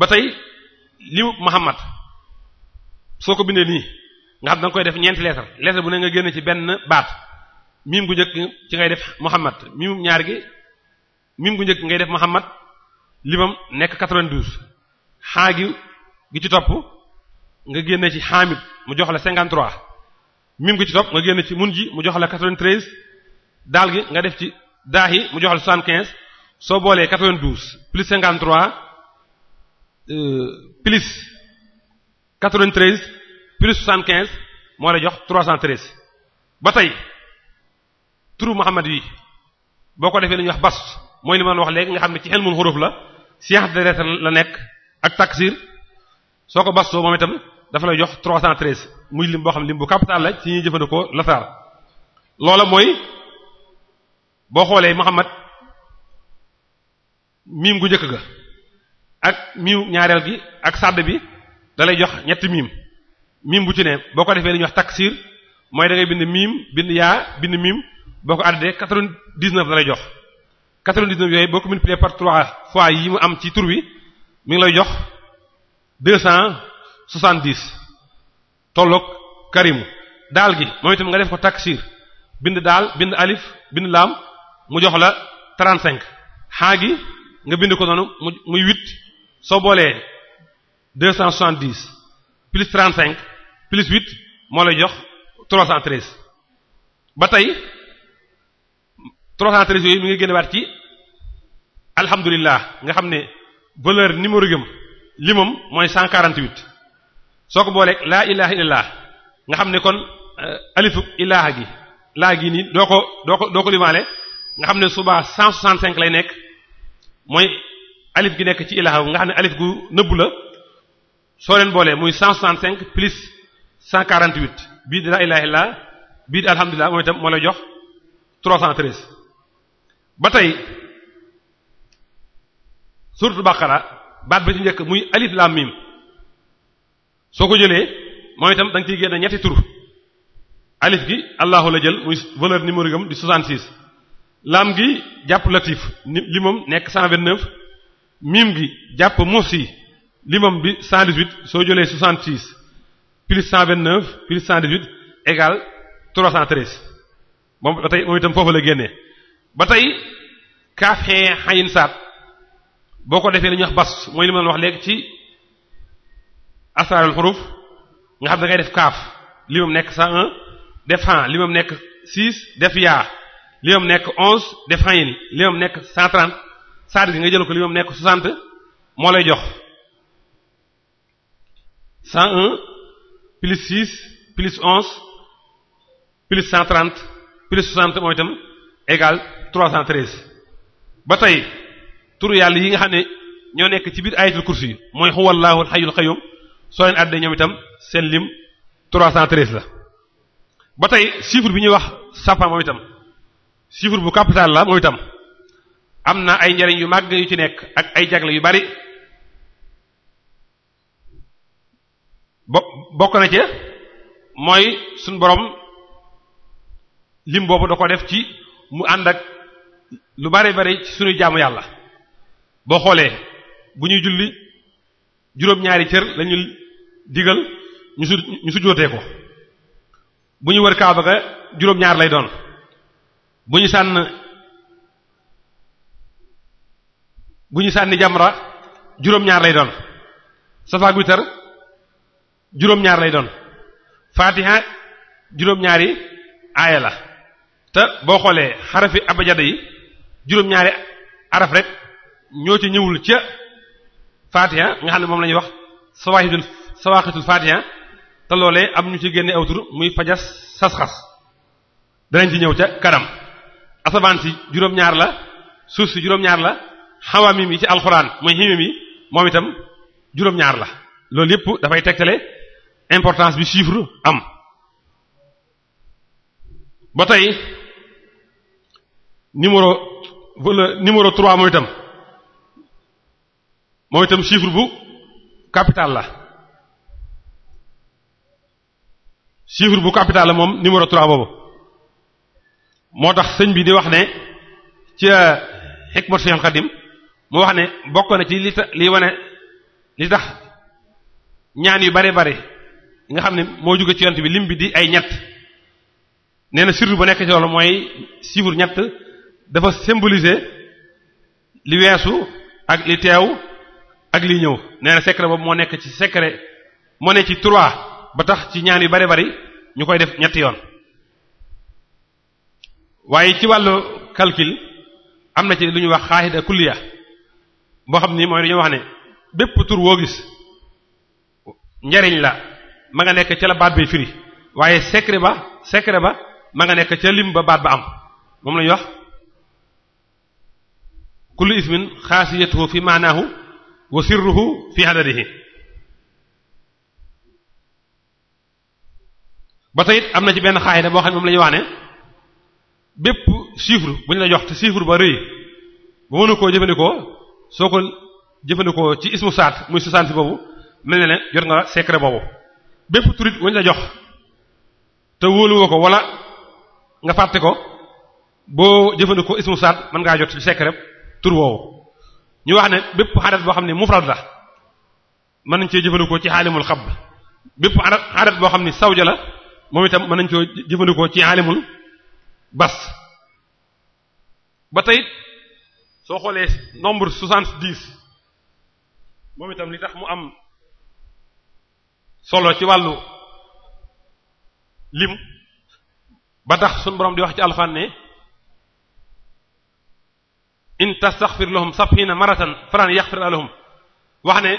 ba tey limub Muhammad soo ko bindee nii nga xam da koy def ñeenti lettre lettre bu ne nga génne ci benn baat miim gu njëkk ci ngay def Muhammad miimub ñaar gi miim gu njëkk ngay def Muhammad limam nekk 92 xaa gi gi ci topp nga génne ci Hamid mu jox la 53 mim gi ci topp nga génne ci ji mu jox la 93 daal gi nga def ci Daahi mu jox la soo boolee 92 plus 53 euh, plus 93 plus 75 moo la jox 313 ba tey turu Muhammad yi boo ko defee nañu ñuy wax bas mooy ni ma wax léegi nga xam ne ci ilmul huruf la science de la nekk ak taksir soo ko bastoo moom itam dafa lay jox 313 muy lim boo xam lim bu capital la ci ñuy jëfandikoo lasaar loola mooy boo xoolee Muhammad miim gu njëkk ga ak miiw ñaareel bi ak sàdd bi da jox ñetti miim miim bu ci ne boo ko defee li ñuy wax taksiir mooy da ngay bind miim bind yaa bind miim boo ko addee 99 da lay jox 99 yooyu boo ko multiplier par 3 fois yi mu am ci tur wi mi ngi lay jox 70 tolloog karimu daal gi moom itam nga def ko taksir bind daal bind alif bind laam mu jox la 35 xaa gi nga bind ko noonu mu muy 8 soo boolee 270 plus 35 plus 8 moo lay jox 313 ba tey 313 yooyu mi ngi génnewaat ci alhamdulillah nga xam ne valeur numéro gëm limam mooy 148. soo ko booleeg laa ilaha illallah nga xam ne kon eh, alifu ilaha gi laa gi nii doo ko doo ko doo ko limaale nga xam ne subaa 165 lay nekk mooy alif gi nekk ci bu nga xam ne alif gu nëbbu la soo leen boolee muy 165 plus 148 bii di laa ilaha illallah bii di alhamdulilah mooy tam moo la jox 313 ba tey surtout baqara baat bi ci njëkk muy alif lam mim soo ko jëlee moom itam da nga ciy génne ñetti tur alif gi allahu la jël muy valeur numérique di 66 laam gi jàpp latif limam nekk 129 mim gi jàpp mufsi limam bi 118 soo jëlee 66 plus 129 plus 118 égale 313 moom ba tey moom itam foofu la génnee ba tey kaaf xee xayin saat boo ko defee li ñuy wax bas mooy li wax léegi ci asraarul xuruf nga xam da ngay def kaaf limam nekk cent un def han limam nekk six def yaa limam nekk onze def xayin limam nekk cent trente saar gi nga jël ko limam nekk soixante moo lay jox cent un plus six plus onze plus cent trent plus soixante mooy itam égal trois cent treize ba tey turu yàlla yi nga xam ne ñoo nekk ci biir ayatul kursi yi mooy huwallahul hayyul qayyum soo leen addee ñoom itam seen lim 313 la ba tey chiffre bi ñuy wax sapa moom itam chiffre bu capital la moom itam am na ay njariñ yu màgg yu ci nekk ak ay jagle yu bari bokk na ci mooy suñ borom lim boobu da ko def ci mu ànd ak lu bari bari ci suñu jaamu yàlla boo xoolee bu ñuy julli juróom-ñaari cër lañu digal ñu su ñu sujjóotee ko bu ñu wër kaaba ga juróom-ñaar lay doon bu ñu sànn bu ñu sànni jamra juróom-ñaar lay doon safaak witar juróom-ñaar lay doon fatiha juróom-ñaari aaya la te boo xoolee xarafi abajada yi juróom-ñaari araf rek ñoo ci ñëwul ca fatiha nga xam ne moom la ñuy wax sawaahidul sawaaxitul fatiha te loolee am ñu ci génne aw muy fajas sas-xas danañ ci ñëw ca kanam asamaan si juróom-ñaar la suuf si juróom-ñaar la xawaamim yi ci alxuraan muy ximim yi moom itam juróom-ñaar la loolu yëpp dafay tegtale importance bi chiffre am ba tey numéro le numéro 3 moom itam moom itam bu capital la chiffre bu capital la moom numéro 3 boobu moo tax sëñ bi di wax ne ci xikmat Seexul Xadim mu wax ne bokk na ci li ta wane li tax ñaan yu bare bari nga xam ne moo jóge ci yant bi lim bi di ay ñett nee na surtout ba nekk ci loolu mooy chiffre ñett dafa symboliser li weesu ak li teew ak li ñëw nee na secret boobu moo nekk ci secret moo ne ci trois ba tax ci ñaan yu bare bari ñu koy def ñetti yoon waaye ci wàllu calcul am na ci lu ñuy wax xaahida kulliya boo xam ni mooy dañuy wax ne bépp tur woo gis njariñ la ma nga nekk ca la baat bay firi waaye secret ba secret ba ma nga nekk ca lim ba baat ba am moom la ñuy wax kullu ismin xaasiyatuhu fi maanaahu wa sirruhu fi adadihi ba tey am na ci benn xaayida boo xam ne moom la ñuy wax ne bépp chiffre bu ñu la jox te chiffre ba rëy ba mënu koo jëfandikoo soo ko jëfandikoo ci ismu saat muy soixante boobu mel ne ne jot nga secret boobu bépp turit bu ñu la jox te wóoluwoo ko wala nga fàtte ko boo jëfandikoo ismu saat mën ngaa jot ci secret tur woowu ñu wax ne bépp xadat boo xam ne mufrad la mën nañ cee jëfandikoo ci xaalimul xab bépp xadat boo xam ne sawja la moom itam mën nañ koo jëfandikoo ci alimul bas ba tey soo xoolee nombre soixante-dix moom itam li tax mu am solo ci wàllu lim ba tax suñu borom di wax ci alxuraan ne in tastaxfir lahum sab'ina maratan falan yaxfir lahum wax ne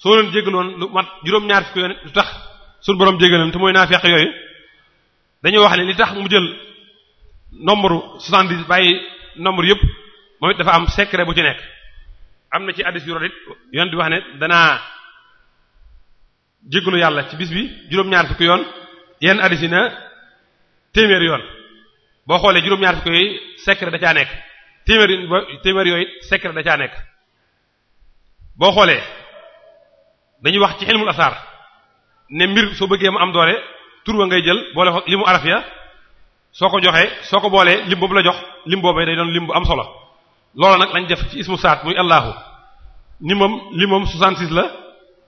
soo leen jégaloon lu mat juróom-ñaar fukki yoon du tax suñu borom jégaleen te mooy naa naafeq yooyu dañuy wax ne li tax mu jël nombre soixante-dix bàyyi nombre yëpp moom it dafa am secret bu ci nekk am na ci addis yu rodit yoon di wax ne danaa jéggalu yàlla ci bis bi juróom-ñaar fukki yoon yenn addis yi na téeméer yoon boo xoolee juróom-ñaar fukki yooyu secret da caa nekk téeméer téeméer yooyu secret da caa nekk boo xoolee dañuy wax ci ilmul asar ne mbir soo bëggee mu am doole tur wa ngay jël boole li mu araf ya soo ko joxee soo ko boolee lim boobu la jox lim boobee day doon lim bu am solo loolu nag lañ def ci ismu saat muy allahu ni moom li moom 66 la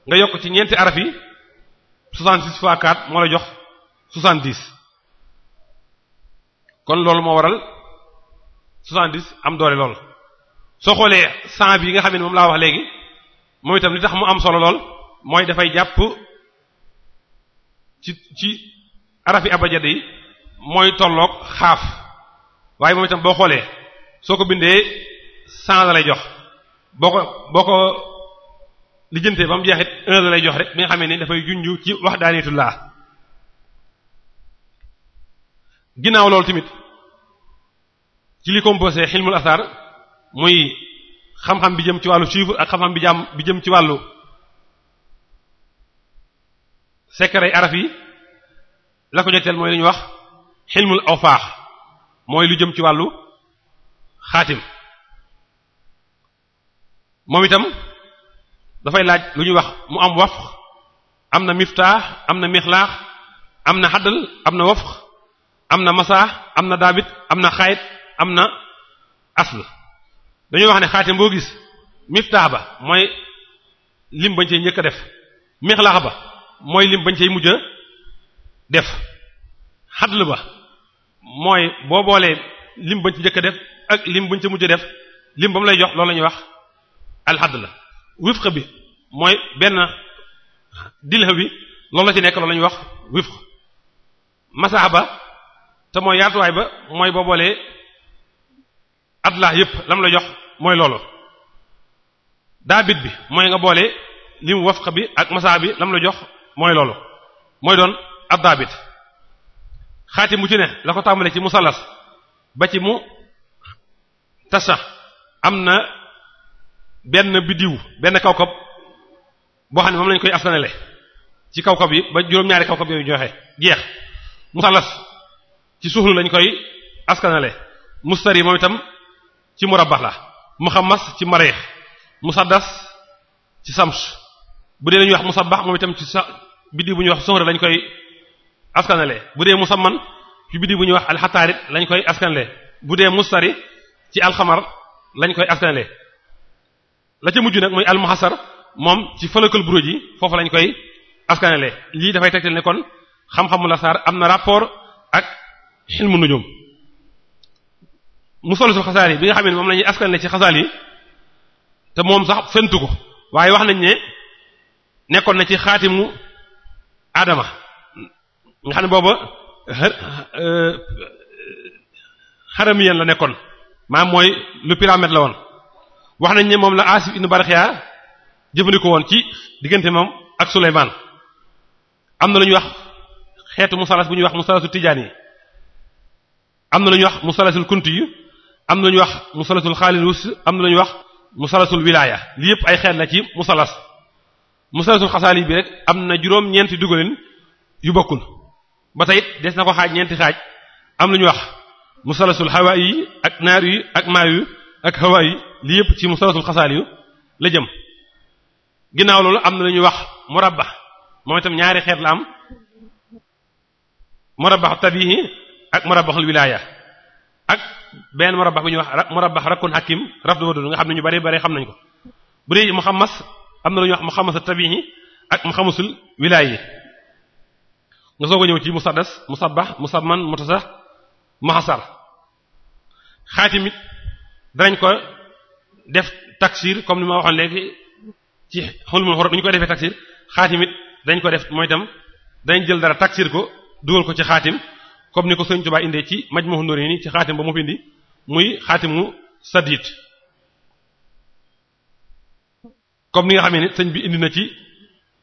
nga yokk ci ñeenti araf yi 66 fois 4 moo la jox 70 kon loolu moo waral 70 am doole lool soo xoolee 100 bi nga xam ne moom laa wax léegi moom itam li tax mu am solo lool mooy dafay jàpp ci ci arafi abajad mooy tolloog xaaf waaye moom itam boo xoolee soo ko bindee cent la lay jox boo ko boo ko lijjantee ba mu jeexit un lay jox rek bi nga xamee ni dafay junju ci wax daanitullah ginnaaw loolu tamit ci li composé xilmul asar muy xam-xam bi jëm ci wàllu chiffre ak xam-xam bi jàmm bi jëm ci wàllu secret araf yi la ko jotteel mooy li ñuy wax xilmul awfaax mooy lu jëm ci wàllu xaatim moom itam dafay laaj lu ñuy wax mu am wafx am na miftaax am na mixlaax am na xaddal am na wafx am na masaax am na daabit am na xaayit am na asl dañuy wax ne xaatim boo gis miftaax ba mooy lim bañ ci njëkk def mixlaax ba mooy lim bañ cay mujj def xadl ba mooy boo boolee lim bañ ci njëkk a def ak lim bañ ca mujj a def lim ba lay jox loolu la ñuy wax alxadl la wifq bi mooy benn dilha bi loolu la ci nekk loolu la ñuy wax wifq masax ba te mooy yaatuwaay ba mooy boo boolee adlah yëpp lam la jox mooy loolu daabit bi mooy nga boole limu wafq bi ak masaa bi lam la jox mooy loolu mooy doon ab daabit xaati mu ci ne la ko tàmbalee ci musallas ba ci mu tasa am na benn biddiw benn kawkab boo xam ne moom lañ koy aftanale ci kawkab yi ba juróom-ñaari kawkab yooyu joxe jeex musallas ci suxlu lañ koy askanale mustari moom itam ci murabbax la muxammas ci mariix musaddas ci sams bu dee lañuy wax musabbax moom itam ci sa biddiw bu ñuy wax Zuhra lañ koy askanale bu dee musamman ci biddiw bu ñuy wax alxataarit lañ koy askanale bu dee mustari ci alxamar lañ koy askanale la ca mujj nag muy almuhassar moom ci falakal ji foofu lañ koy askanale lii dafay tegtal ne kon xam-xamu la saar am na rapport ak xilmu nujum musalasul xasaal yi bi nga xam ne moom la askanale ci xasaal yi te moom sax fentu ko waaye wax nañ ne nekkoon na ci xaatimu Adama nga xam ne booba xaramiyen euh, la nekkoon maam mooy lu pyramide la woon wax nañ ne moom la Asif ibn Barxiya jëfandikoo woon ci diggante moom ak Souleymane am na lu ñuy wax xeetu musalas bu ñuy wax musalasu tijaan yi am na lu ñuy wax musalasul kunti yi am na lu ñuy wax musalasul xaalil wus am na lu ñuy wax musalasul wilaya li yëpp ay xeet la ci musalas musalsul xasaali bi rek am na juróom ñeenti dugalin yu bokkul ba tey des na ko xaaj ñeenti xaaj am lu ñu wax musalsul xawaa yi ak naar yi ak maa yi ak xawaa li yëpp ci musalsul xasaali yu la jëm ginnaaw loolu am na lu ñuy wax murabba moom itam ñaari xeet la am murabbax tabihi ak murabbaxul wilaaya ak benn murabbax bu ñuy wax murabbax rakkun hakim raf du nga xam ne ñu bari bari xam nañ ko bu dee muxammas am na lu ñuy wax mu xamasa tabi'i ak mu xamasul wilaay yi nga soog a ñëw ci musaddas musabbax musamman mutasah muhassar xaatim it danañ ko def taksir comme ni ma waxoon léegi ci xulmul xurut dañu koy defee taksir xaatim it dañ ko def mooy itam dañ jël dara taksir ko dugal ko ci xaatim comme ni ko Sëriñ Tuubaa indee ci Majmuhun Nurayni ci xaatim ba mu fi indi muy xaatimu sadid comme ni nga xamee ne sëñ bi indi na ci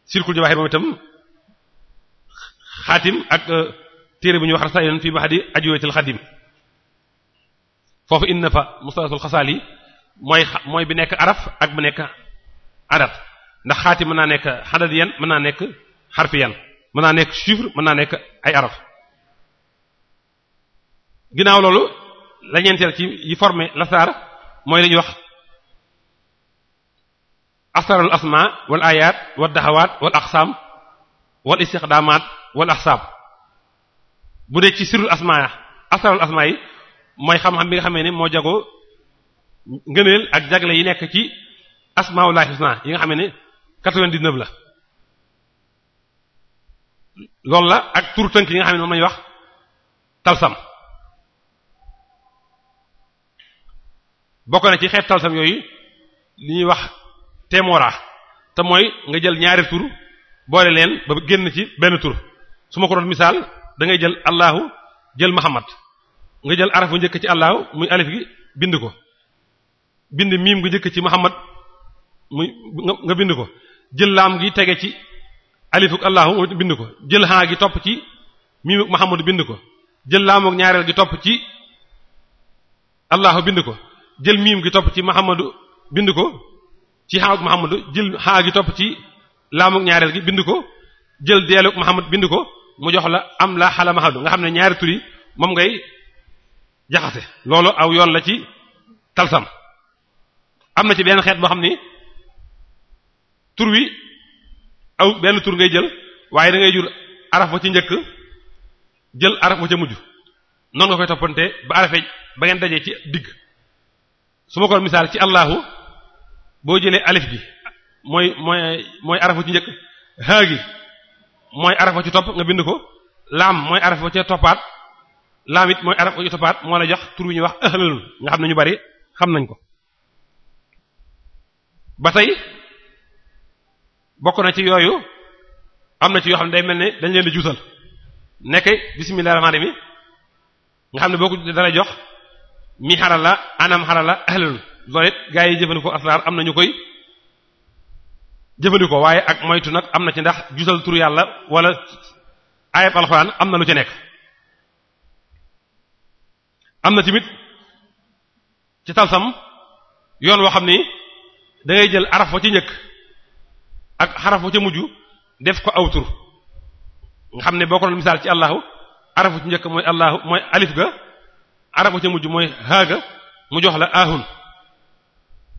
sirkul jawaahir moom itam xaatim ak euh, téere bu ñuy wax rasaa'il fii ba'di ajwibatil xadim foofu indi na fa mustalasul xasaali mooy mooy bi nekk araf ak bu nekk adat ndax xaatim mën naa nekk xadadiyan mën naa nekk xarfiyan mën naa nekk chiffre mën naa nekk ay araf ginnaaw loolu la ñeenteel ci yi formé lasaar mooy la wax asarul asma wal ayat wal daxawaat wal aqsam wal istixdaamaat wal ahsaab bu dee ci sirul asmaa asarul asmaa yi mooy xam-xam bi nga xamee ni moo jagoo ngëneel ak jagle yi nekk ci asmaawul husna yi nga xamee ne 99 la loolu la ak tur tënk yi nga xam ne moom lañuy wax talsam bokk na ci xeet talsam yooyu li ñuy wax témoora te mooy nga jël ñaari tur boole leen ba génn ci benn tur su ma ko doon misaal dangay jël allahu jël muhammad nga jël arafu njëkk ci allahu muy alif gi bind ko bind miim nga njëkk ci muhammad muy nga bind ko jël laam gi tege ci alifuk allahu bind ko jël haa gi topp ci miimuk muhammad bind ko jël laamuk ñaareel gi topp ci allahu bind ko jël miim gi topp ci muhammadu bind ko ci xaawug Muhammadu jël xaa gi topp ci laamug ñaareel gi bind ko jël deelug Muhammad bind ko mu jox la am la xala Muhammadu nga xam ne ñaari tur moom ngay jaxase loolu aw yoon la ci talsam am na ci benn xeet boo xam ni tur wi aw benn tur ngay jël waaye da ngay jur araf ba ci njëkk jël araf ba ca mujj noonu nga koy toppante ba arafee ba ngeen dajee ci digg su ma ko misaal ci Allahu boo jëlee alif gi mooy mooy mooy arafa ci njëkk haa gi mooy arafa ci topp nga bind ko laam mooy arafa ci toppaat laam it mooy arafa ci toppaat moo la jox tur ñu wax ahlalun nga xam ne ñu bari xam nañ ko ba tey bokk na ci yooyu am na ci yoo xam ne day mel ne dañ leen di juutal nekk bismillahir rahmanir mi nga xam ne boo ko dara jox mi xarala anam xarala ahlalun loolu gaa yi jëfandikoo asraar am na ñu koy jëfandikoo waaye ak moytu nag am na ci ndax jusal turu yàlla wala ayab alxuraan am na lu ci nekk am na tamit ci talsam yoon woo xam ni da jël araf wa ci njëkk ak xaraf wa ca mujj def ko aw tur nga xam ne boo ko doon misaal ci allahu arafu ci njëkk mooy allahu mooy alif ga arafu ca mujj mooy haaga mu jox la ahun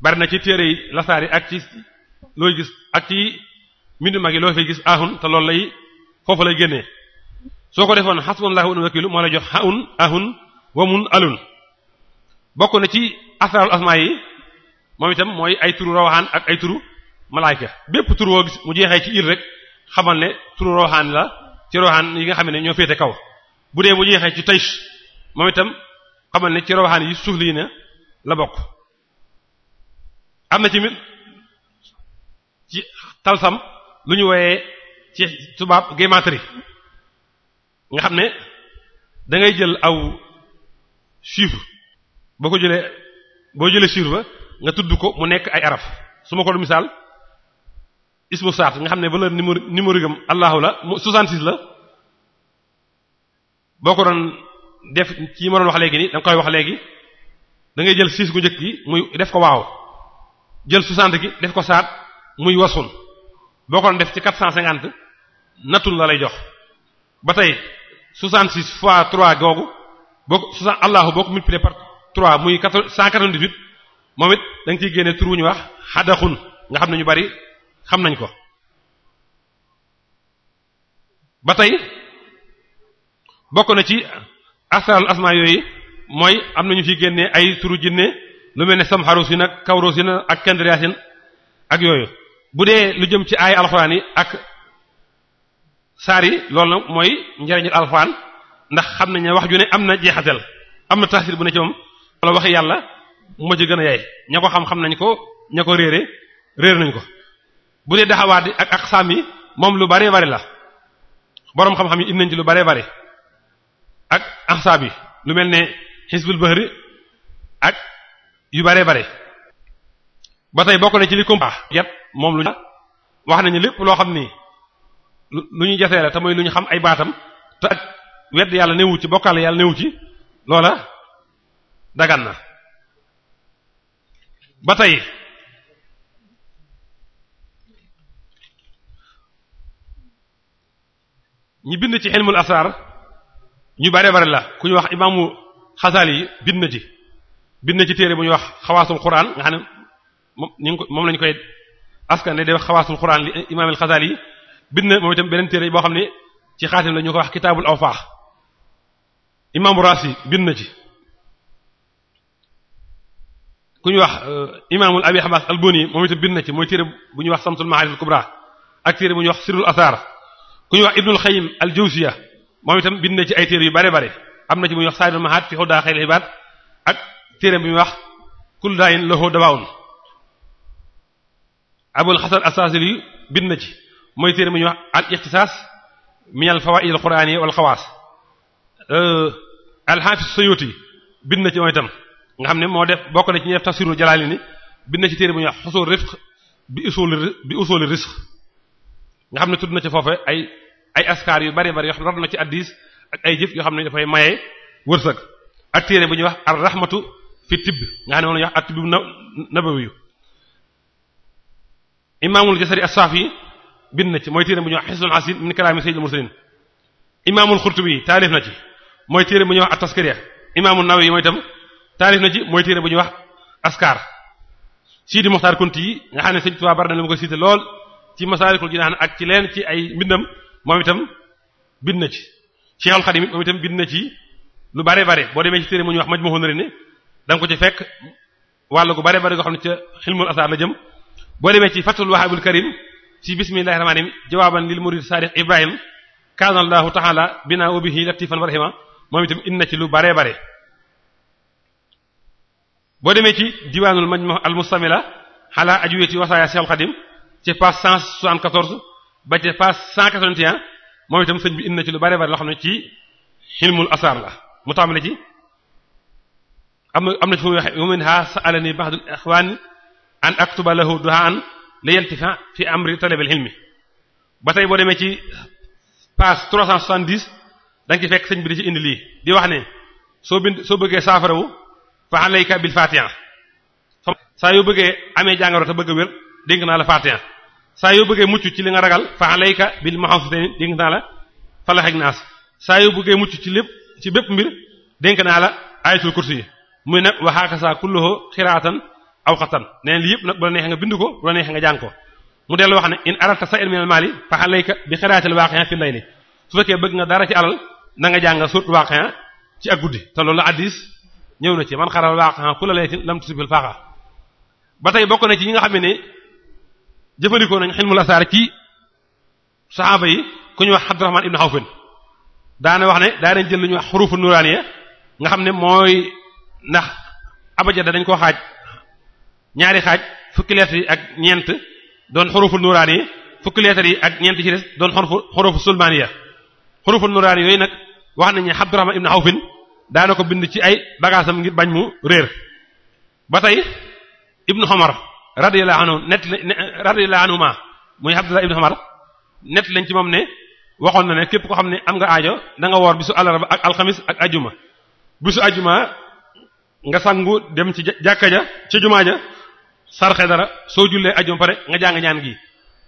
bari na ci téere yi lasaar yi ak ci looy gis ak ci mbindu mag yi loo fay gis ahun te loolu lay foofu lay génnee soo ko defoon xasbunallahu wa ni'mal wakiilu moo a jox haun ahun wamun alun bokk na ci asraarul yi moom itam mooy ay turu rawaxaan ak ay turu malaayka bépp turu woo gis mu jeexee ci il rek xamal ne turu rawaxaan la ci rawaxaan yi nga xam ne ñoo féete kaw bu dee mu jeexee ci taysh moom itam xamal ne ci rawaxaan yi suuf lii na la bokk am na tamit ci talsam lu ñu woyee ci tubaab gématrie nga xam ne dangay jël aw chiffre boo ko jëlee boo jëlee chiffre ba nga tudd ko mu nekk ay araf su ma ko misaal ismu saat nga xam ne bala numéro numérigam allahu la 66 la boo ko doon def ci ma doon wax léegi ni da koy wax léegi da ngay jël 6 gu njëkk yi muy def ko waaw jël 60 gi def ko saat muy wasun boo ko doon def ci 450 nattul la lay jox ba tey 66 fois 3 googu boo ko bokk allahu boo ko multiplié par 3 muy 198 moom it da nga génne tur wu ñu wax xadaxun nga xam ne ñu bari xam nañ ko ba tey bokk na ci asarul asma yooyu mooy am nañu fi génne ay turu jinne lu mel ne samxarusin ak kawrusin ak kendriyasin ak yooyu bu dee lu jëm ci ay alxuraan yi ak saar yi loolu nag mooy njëriñul alxuraan ndax xam nañ ne wax ju ne am na jeexatal am na taasir bu ne ci moom wala waxi yàlla moo ci gën a yaay ña ko xam xam nañ ko ña ko réere réer nañ ko bu dee daxawaat yi ak ak yi moom lu bare bare la boroom xam-xam yi im nañ ci lu bare bare ak ahsaab yi lu mel ne xisbul bahri ak yu bare bare ba tey bokk na ci li compa yat moom lu ñu wax nañu lépp loo xam ni lu ñu jasee la te lu ñu xam ay baatam te ak wedd yàlla newu ci bokkaale yàlla newu ci loola dagan na ba tey ñi bind ci ilmul asar ñu bare bare la ku ñu wax imaamu xasaali yi bind na ci bind na ci téere bu ñuy wax xawaasul quran nga xam ne moom ñu ko moom lañu koy askan ne de xawaasul quran li imaam al-Xasaali yi bind na moom itam beneen téere boo xam ne ci xaatim la ñu ko wax kitaabul awfaax imaam Raasi bind na ci ku ñuy wax euh, imaamul Abi Hamaas Alboni moom itam bind na ci mooy téere bu ñuy wax Samsul Maarif al-Kubra ak téere bu ñuy wax Sirrul Asaar ku ñu wax Ibnul Xayyim al-Jawziya moom itam bind na ci ay téere yu bare bare am na ci bu ñuy wax Saadul Mahaad fi Hudaa ak téere bi muy wax kullu daa'in lahu dawaa'un abul xasan asaasili bind na ci mooy téere bi ñuy wax al ixtisaas min al fawaa'id al qur'aaniyya wal xawaas al xaafis suyuuti bind na ci mooy itam nga xam ne moo def bokk na ci ñi def tafsiru jalaalini bind na ci téere bu ñu wax xusul rifq bi usul bi risq nga xam ne tudd na ci foofe ay ay askar yu bare bari yoo xam ne rod na ci addis ak ay jëf yoo xam ne dafay maye wërsëg ak téere bu ñuy wax fi tibb nga xam ne moom la ñuy wax at ci mooy téere bu ñuy wax Hisnul Asin min kalaami sayyidil mursalin imaamul na ci mooy téere bu ñuy wax at-Taskariya imaamul Nawawi mooy itam taalif na ci mooy téere bu ñuy wax askar Sidi Muxtaar Kunti yi nga xam ne Sëriñ Tuubaa bari na lu mu ko cité lool ci Masaalikul Jinaan ak ci leen ci ay mbindam moom itam bind na ci Cheikhul Xadim moom itam bind na ci lu bare bare boo demee ci téere mu ñuy wax Majmuhun Nurayni da nga ci fekk wàllu gu bare bari goo xam ne ca xilmul asaar la jëm boo demee ci fatul wahabul karim ci bismillahir rahmanir rahim jawaaban lil murid sadiq ibrahim kaana allahu taala bina wa bihi latifan wa rahima moom itam inna ci lu bare bare boo demee ci diwaanul majmu al mustamila ala ajwiyati wasaaya Cheikh Khadim ci page 174 ba ci page 181 moom itam sëñ bi inna ci lu bare bare loo xam ne ci xilmul asaar la mu tàmbali ci am na am na ci fu waxe wa minha sa'alani ba'du ikhwani an aktuba lahu du'aan ti yantifa fi amri talabil ilmi ba tey boo demee ci page 370 da nga ci fekk sëñ bi di ci indi lii di wax ne soo bind soo bëggee saafarawu fa alayka bil fatiha saa yoo bëggee amee jàngoro te bëgg a wér dénk naa la fatiha saa yoo bëggee mucc ci li nga ragal fa alayka bil mahafizin dénk naa la falax ak naas saa yoo bëggee mucc ci lépp ci bépp mbir dénk naa la ayatul muy nag waxaakasa kulluhu xiraatan aw xatan nee li yëpp nag bu la neexee nga bind ko bu la neexee nga jàng ko mu dellu wax ne in arata sa min al mali fa alayka bi xiraatil waaqi'a fi layli su fekkee bëgg nga dara ci alal na nga jàng suut waaqi'a ci ak guddi te loolu addis ñëw na ci man xaral waaqi'a kulla laylatin lam tusbil faaqa ba tey bokk na ci ñi nga xam ne jëfandikoo nañ xilmul asaar ci saxaaba yi ku ñu wax Abdurrahman ibn Xawfin wax ne daa dañ jël lu wax xurufu nuraaniya ne mooy ndax abajada dañ koo xaaj ñaari xaaj fukki lettre yi ak ñeent doon xuruful nuraani yi fukki lettre yi ak ñeent ci des doon xuruf xurufu sulmaaniya xuruful nuraani yooyu nag wax nañ ne Abdurrahman ibn Awfin daana ko bind ci ay bagaasam ngir bañ mu réer ba tey ibnu Umar radiyallahu anhu net radiyallahu anhuma muy Abdullah ibnu Umar net lañ ci moom ne waxoon na ne képp ko xam ne am nga aajo da nga woor bisu àllarba ak alxamis ak ajuma bisu ajuma nga sangu dem ci jàkka ja ci jumaa ja sarxe dara soo jullee ajum pare nga jàng ñaan gi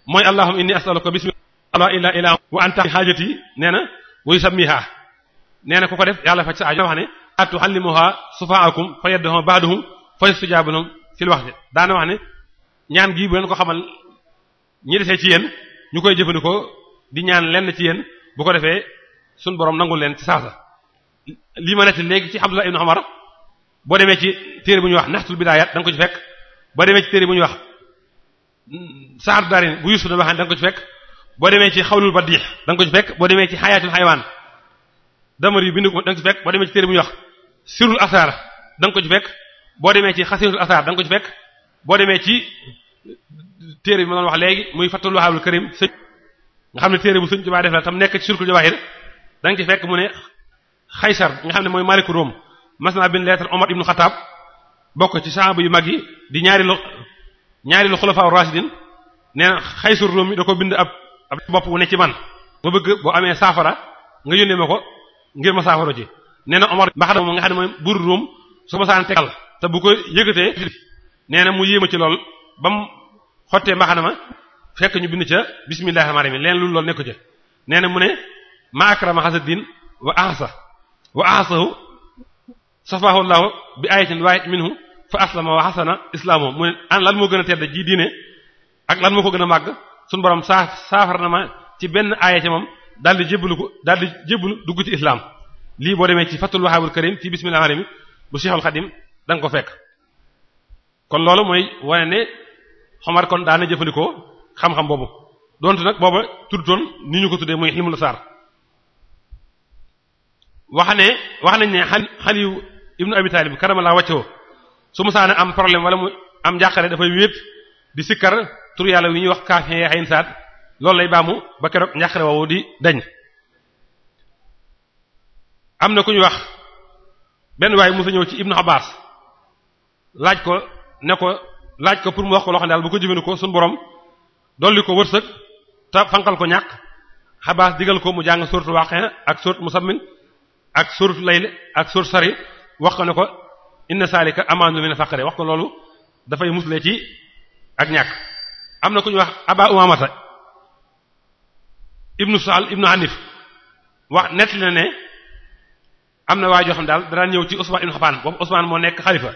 mooy allahumma inni as'aluka bismika la ilaha illa wa anta hajati nee na wuy sammiha nee na ko ko def yàlla faj sa aajo wax ne atuallimuha sufaakum fa yadduhum ba'duhum fa yastajabu lahum fil waqti daana wax ne ñaan gi bu leen ko xamal ñi defee ci yéen ñu koy jëfandikoo di ñaan lenn ci yéen bu ko defee suñ borom nangul leen ci saasa lii ma nekk ci Abdullah ibn Umar boo demee ci téere bu ñuy wax naxtul bidaayaat da ko ci fekk boo demee ci téere bu ñuy wax saadu darin bu yusuf da waxaan da nga ko ci fekk boo demee ci xawlul badix da nga ko ci fekk boo demee ci xayaatul xaywaan damar yu bind ko da nga ko ci fekk boo demee ci téere bu ñuy wax sirul asaar da ko ci fekk boo demee ci xasinatul asaar da nga ko ci boo demee ci téere bi ma doon wax léegi muy fatul wahabul karim sëñ nga xam ne téere bu sëñ Tuubaa def la tam nekk ci surkul jawaahir da nga ci fekk mu ne xaysar nga xam ne mooy maliku Rome mas naa bind lettre Omar ibn Khattab bokk ci saxaaba yu mag yi di ñaari lu ñaari lu xulafaa rashidin nee na xaysur ruum mi da ko bind ab ab bopp wu ne ci man ma bëgg boo amee saafara nga yónnee ma ko ngir ma saafaro ci nee na Omar mbaxana moom nga xam ne mooy buur ruum su ma saan tegal te bu ko yëgatee nee na mu yéema ci lool ba mu xottee mbaxana ma fekk ñu bind ca bismillahir rahmanir rahim leen lu lool nekk ca nee na mu ne ma akrama hasadin wa ahsa wa ahsahu safahu llahu bi ayatin waahid minhu fa aslama wa hasana islaamu mu ne an lan moo gën a tedd ji diine ak lan moo ko gën a màgg suñu borom saa saafara ma ci benn aaya ca moom daal di jébbalu ko daal di jébbalu dugg ci islaam lii boo demee ci fatul wahabul karim ci bismillahir rahmanir bu Cheikhul Khadim da nga ko fekk. kon loolu mooy wane ne Omar kon daana jëfandikoo xam-xam boobu donte nag booba tuddutoon ni ñu ko tuddee muy ximul saar wax nañ ne xali xali ibnu abi taalib karamalaa wàccoo su musaana am problème wala mu am njàqare dafay wéet di sikkar tur yàlla wi ñuy wax kaafin yaxin saat loolu lay baamu ba keroog njàqare woowu di dañ am na ku ñu wax benn waaye musa ñëw ci ibnu abbas laaj ko ne ko laaj ko pour mu wax ko loo xam bu ko jëfinu ko suñ borom dolli ko wërsëg te fanqal ko ñàkk xabaas digal ko mu jàng sóortu waaqia ak sóortu musammin ak sóortu layl ak sóortu sari wax ko ne ko inna saalika amaanu min faqre wax ko loolu dafay musle ci ak ñàkk am na ku ñu wax aba umamata ibnu saal ibnu hanif wax nettali na ne am na waa joo xam daal dara ñëw ci usman ibnu xafaan boobu usman moo nekk xalifa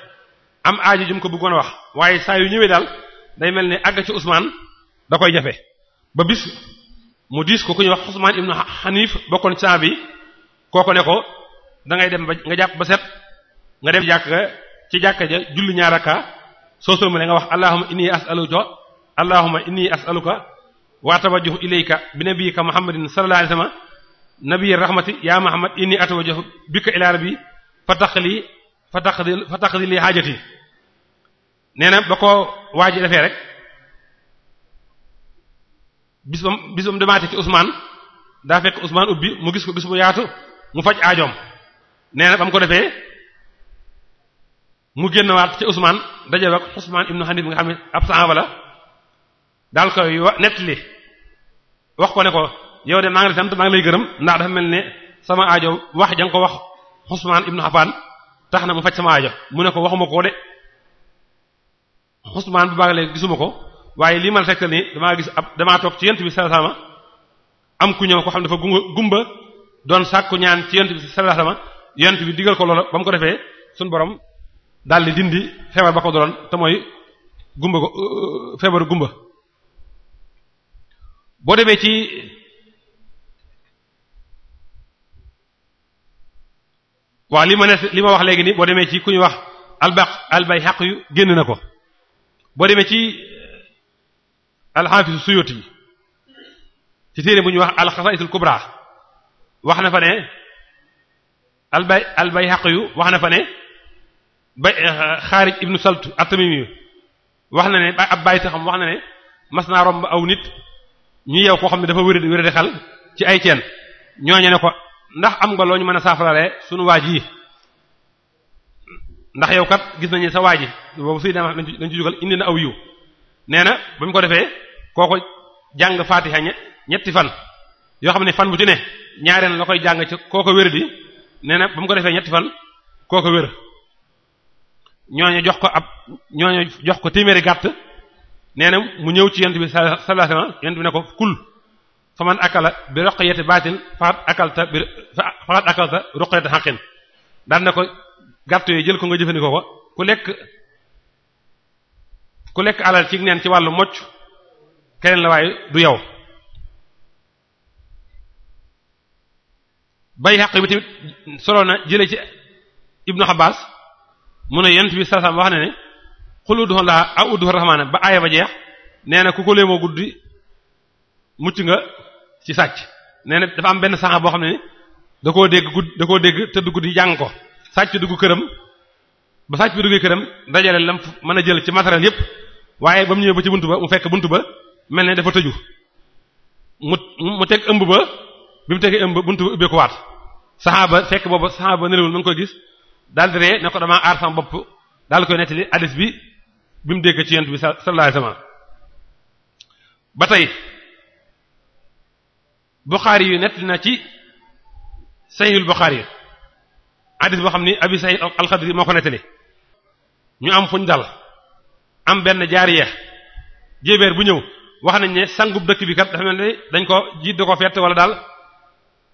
am aajo jum ko bëggoon a wax waaye saa yu ñëwee daal day mel ne àgg ci usman da koy jafe ba bis mu diis ko ku ñuy wax usman ibnu hanif bokkoon saa bi kooko ne ko dangay ngay dem nga jàpp ba set nga dem jàkka ci jàkka ja julli ñaar rakka soo sëlmalee nga wax allahumma inni as'aluka allahumma inni as'aluka wa tawajjahu ilayka bi nabiyyika muhammadin sallallahu alayhi wa sallam nabiyyir rahmati ya muhammad inni atawajjahu bika ila rabbi fataqli fataqdi fataqdi li haajati nee na ba ko waaji defee rek bisam bisam demaate ci Ousmane daa fekk Ousmane ubbi mu gis ko gis bu yaatu mu faj aajoom nee na ba mu ko defee mu génn waat ci Ousmane daje ba Ousmane ibnu Hanif bi nga xam ab saaba la daal koy wa wax ko ne ko yow de maa ngi lay maa ngi lay gërëm ndax dafa mel ni sama aajo wax ja ko wax Ousmane ibnu Affan tax na mu faj sama aajo mu ne ko waxuma ko de Ousmane bu baax léegi gisuma ko waaye lii ma la tegtal nii damaa gis ab damaa toog ci yent bi sallallahu alayhi am ku ñëw ko xam dafa gunga gumba doon sàkku ñaan ci yent bi sallallahu alayhi wasallam bi digal ko loola ba mu ko defee suñu borom daal di dindi feebar ba ko doloon te mooy gumba ko euh, feebaru gumba boo demee ci waaw li ma ne li ma wax léegi ni boo demee ci ku ñu wax albaq albay xaq yu génn na ko boo demee ci alxaafisu suyuti yi ci téere bu ñuy wax alxasaisul kubra wax na fa ne albay albay xaq yu wax na fa ne ba eh, xaarij ibnu saltu at-Tamimi wax na ne ab bàyyi xam wax na ne mas naa romb aw nit ñu yeew koo xam ne dafa wéré wéré xal ci ay ceen ñooñe ne ko ndax am nga loo ñu mën a saafaralee sunu waaj yi ndax yow kat gis nañu sa waaj yi boobu suy indi na aw yiw nee na ba ko defee kooko jàng faatiha ñetti fan yoo xam ne fan bu ci ne ñaareel la koy jàng kooko wér di nee na ba mu ko defee ñetti fan kooko wér ñooñu jox ko ab ñooñu jox ko téeméeri gàtt nee na mu ñëw ci yent bi sallallahu alayhi yent bi ne ko kul fa akala bi ruqyati baatin faqad akalta bi faqad akalta ruqyata haqqin daan na ko gàtt yooyu jël ko nga jëfandikoo ko ku lekk ku alal ci neen ci wàllu mocc keneen la waaye du yow bay xaq bi tamit solo na jële ci ibnu Abbas mu ne yent bi sasam wax ne ne xul udhu laa aw udhu rahmaana ba aaya ba jeex nee na ku ko léemoo guddi mucc nga ci sàcc nee na dafa am benn saxaaba boo xam ne ni da koo dégg gudd da koo dégg guddi jàng ko sàcc dugg këram ba sàcc bi duggee këram dajale lam mën a jël ci matériel yépp waaye ba mu ba ci buntu ba mu fekk buntu ba mel ne dafa tëju mu mu teg ëmb ba bi mu tegee ëmb bunt ba ubbeekuwaat saxaaba fekk boobu saxaaba nelawul mu ngi koy gis daal di ree ne ko damaa aar bopp daal koy nettali hadis bi bi mu dégg ci yen bi sa alayhi wasallam ba tey Buxaari yu nettali na ci Sahihul Buxaari hadis boo xam ni Abi Sa'id al moo ko nettali ñu am fuñ dal am benn jaariya jébeer bu ñëw wax nañ ne sangub dëkk bi kat dafa mel ni dañ ko jiit da ko fett wala daal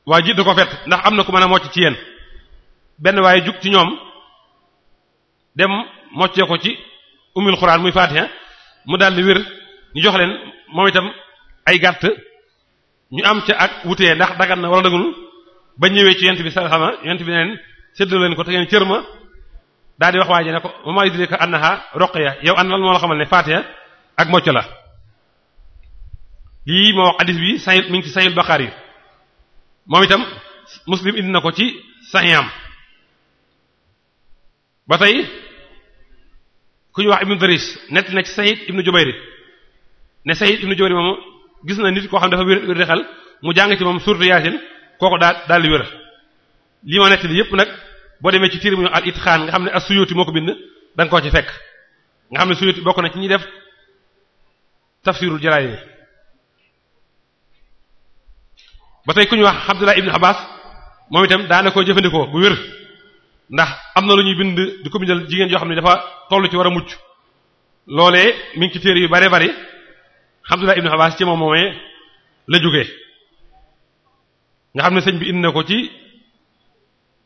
waa jiit da ko fett ndax am na ku mën a mocc ci yéen benn waaye jug ci ñoom dem moccee ko ci umul xuraan muy Fatiha mu daal di wér ñu jox leen moom itam ay gàtt ñu am ca ak wutee ndax dagan na wala daganul ba ñëwee ci yent bi sa xama yent bi ne leen séddal leen ko te ngeen cër ma daal wax waaj ji ne ko mama idrika annaha ruqya yow an lan moo la xamal ne Fatiha ak mocc la lii moo wax hadith bi sahih mi ngi ci sahih moom itam Muslim indi na ko ci sahiham ba tey ku ñu wax ibnu Daris nett na ci Saïd ibnu Jubayr ne Saïd ibnu Jubayr moom gis na nit koo xam dafa wér wér xel mu jàng ci moom surtout Yaasin kooku daal daal di wér li ma nett li yëpp nag boo demee ci tiir mu al itxaan nga xam ne ak suyuti moo ko bind da koo ci fekk nga xam ne Suyuti bokk na ci ñi def tafsirul Jalaalayn ba tey ku ñu wax Abdullah ibnu Abbas moom itam daana koo jëfandikoo bu wér ndax am na lu ñuy bind di ko bindal jigéen yoo xam ne dafa toll ci war a mucc loolee mi ci téere yu bare bari Abdullah ibn Abbas ci moom moomee la jógee nga xam ne sëñ bi indi na ko ci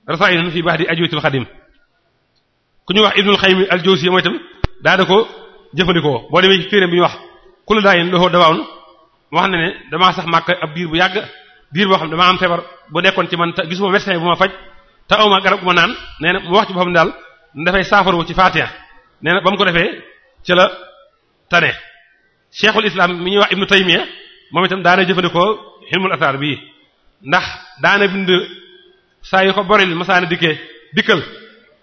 rasaa'il fi ba'di ajwatul xadim ku ñu wax Ibnul Qayyim al-Jawziyya mooy itam daa da ko jëfandikoo boo demee ci téere bi ñu wax kullu daa'in lahu dawaa'un wax na ne damaa sax màkk ab diir bu yàgg diir boo xam ne damaa am feebar bu nekkoon ci man gisuma médecin bu ma faj te awma garab gu ma naan nee na wax ci boppam daal dafay saafaru ci Fatiha nee na ba mu ko defee ci la tane cheikhul islam mi ñuy wax ibnu taymiya moom itam daana jëfandikoo xilmul asaar bii ndax daana bind saa yu ko boril masaana dikkee dikkal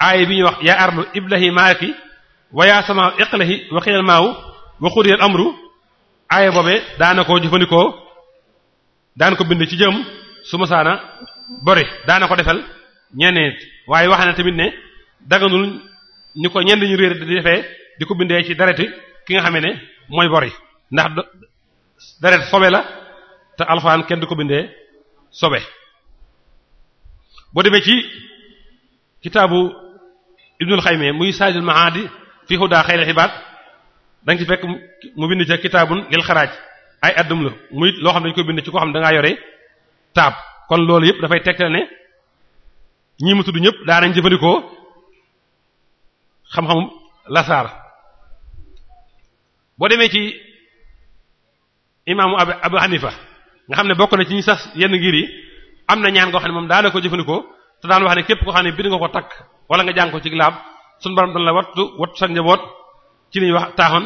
aaya bi ñuy wax yaa ardu iblahi maaki wa yaa sama iqlahi wa xiyal maawu wa xudiyal amru aaya boobee daana ko jëfandikoo daan ko bind ci jëm su masaana bori daana ko defal ñenn waaye wax na tamit ne daganul ñu ko ñenn ñu réer di defee di ko bindee ci dereti ki nga xam ne mooy bori ndax deret sobe la te alxuraan kenn di ko bindee sobe boo demee ci kitaabu ibnul xayme muy saajul mahaadi fi hudaa xayri xibaat da nga ci fekk mu bind ca kitaabun lil xaraaj ay addum la muy loo xam ne dañu koy bind ci ko xam ne da yore taab kon loolu yëpp dafay tegtal ne ñii mu tudd ñëpp daanañ jëfandikoo xam-xamu lasaar boo demee ci imaamu ab abu hanifa nga xam ne bokk na ci ñu sas yenn ngir yi am na ñaan koo xam ne moom daana ko jëfandikoo te daan wax ne képp koo xam ne di nga ko takk wala nga jàng ko ci laab suñu borom dana la wattu wattu sa njaboot ci li wax taaxoon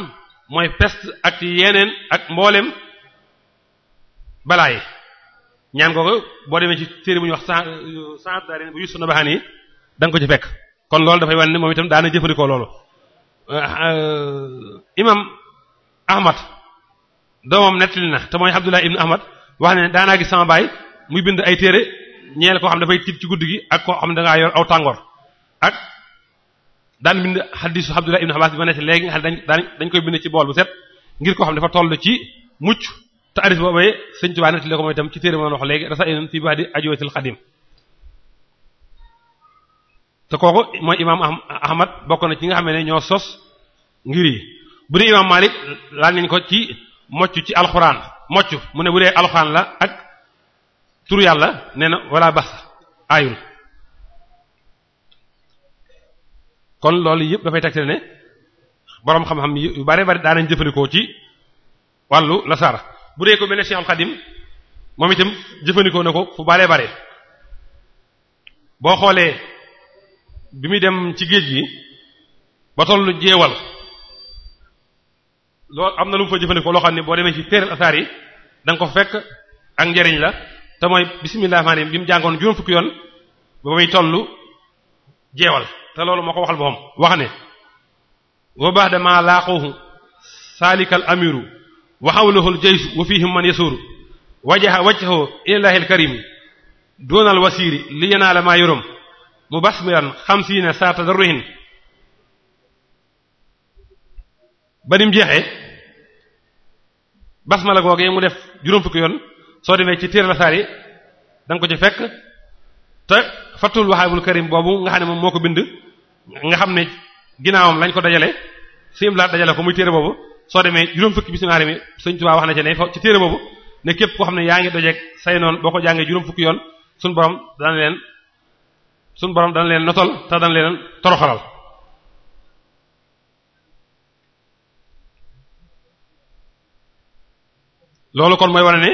mooy pest ak ci yeneen ak mbooleem balaa ñaan googu boo demee ci téere bu ñuy wax sa sa daari bu yusu na baxaan yi da nga ko ci fekk kon loolu dafay wane ne moom itam daana jëfandikoo loolu euh, euh, imam ahmad doomam nettali na te mooy abdullah ibnu ahmad wax ne daanaa gis sama baay muy bind ay téere ñeel koo xam dafay tiit ci guddi gi ak koo xam ne dangaa yor aw tàngoor ak daan bind xadiisu abdullah ibnu abbas bi ma nekk léegi nga dañ dañ koy bind ci bool bu set ngir koo xam dafa toll ci mucc te addis boobee sëñ Tuubaa nettali ko mooy itam ci téere ma wax léegi rasaa'ilun fii ba'di ajwatil xadim te kooku mooy imaam Ahmad bokk na ci nga xam ne ñoo sos ngir yi bu dee imaam Maalik laal nañ ko ci moccu ci alxuraan moccu mu ne bu dee alxuraan la ak tur yàlla nee na wala bas aayul kon loolu yëpp dafay tegte ne boroom xam-xam yu bare bare daanañ jëfandikoo ci wàllu la sar bu dee ko mel ne Cheikhul moom itam jëfandikoo na ko fu baree bare boo xoolee bi muy dem ci géej gi ba tollu jeewal loolu am na lu mu fa jëfandikoo loo xam ne boo demee ci téeral asaar yi da ko fekk ak njariñ la te mooy bismillah maanaam bi mu jàngoon juróom fukki yoon ba muy tollu jeewal te loolu moo ko waxal moom wax ne baax ba'da ma laaquhu salikal amiru wa hawluhu al-jaysu wa fihim man yasuuru wajaha wajhahu ilaahi al-karim duuna al-wasiiri li yanaala maa yurum mubasmiran xamsiina saa tadarruhin ba nim jeexee basmala googee mu def juróom fukki yoon soo demee ci téere la saar yi da ko ci fekk te fatul wahaabul karim boobu nga xam ne moom moo ko bind nga xam ne ginnaawam lañ ko dajale siim laa dajale ko muy téere boobu soo demee juróom fukki bisimilah mi sëñ Tuubaa wax na ci ne ci téere boobu ne képp koo xam ne yaa ngi dojeeg say noonu boo ko jàngee juróom fukki yoon suñu borom dana leen suñu borom dana leen notal te dana leen toroxalal. loolu kon mooy wane ne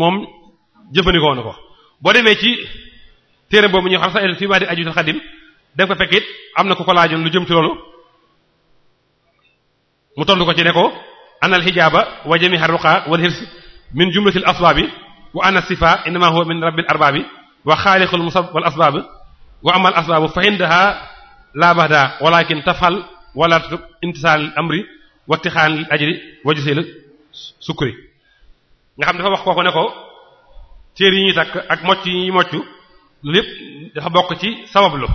moom jëfandikoo na ko boo demee ci téere boobu ñu xam sax fi ma di aju xadim da nga ko fekk it am na ku ko laajoon lu jëm ci loolu. mu tontu ko ci ne ko anal xijaaba wa jamiha ruqa wal hirs min jumlatil asbaabi wa anna sifa innama huwa min rabbil arbaabi wa xaaliqul musab wal asbaab wa amal asbaabu fa indaha la bahda walakin tafal wala intisaal amri wa tixaan ajri wa jusil sukri nga xam dafa wax ko ne ko téer yi ñuy takk ak mocc yi ñuy mocc lu yëpp dafa bokk ci sabablu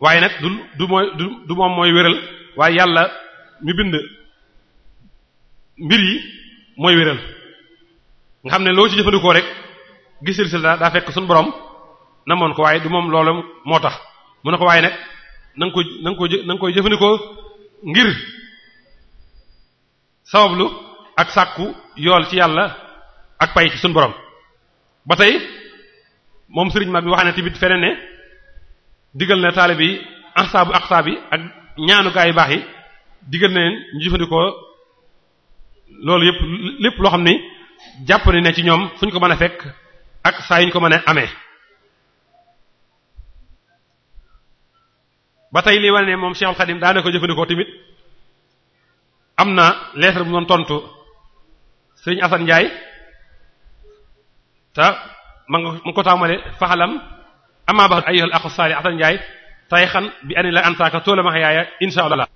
waaye nag du du mooy du moom mooy wéral waaye yàlla ñu bind mbir yi mooy wéral nga xam ne loo ci jëfandikoo rek gis résultat daa fekk boroom borom namoon ko waaye du moom loolu moo tax mu ne ko waaye nag na ko na nga ko na koy jëfandikoo ngir sabablu ak sàkku yool ci yàlla ak pay ci suñu borom ba tey moom sëriñ mag bi wax ne tamit feneen ne digal na taalibe yi ahsaabu ahsaab yi ak ñaanu gaa yu baax yi digal na ñu jëfandikoo loolu yëpp lépp loo xam ni jàpp ni ne ci ñoom fu ñu ko mën a fekk ak saa yu ñu ko mën a amee. ba tey lii wane ne moom Cheikh Khadim daana ko jëfandikoo tamit am na lettre bu doon tontu Serigne Assane njaay te ma nga ma ko tàmbalee faxalam amaa ba ayyuhal axu salih Assane njaay tey xan bi ani la ansaaka toolamax yaaya insha Allah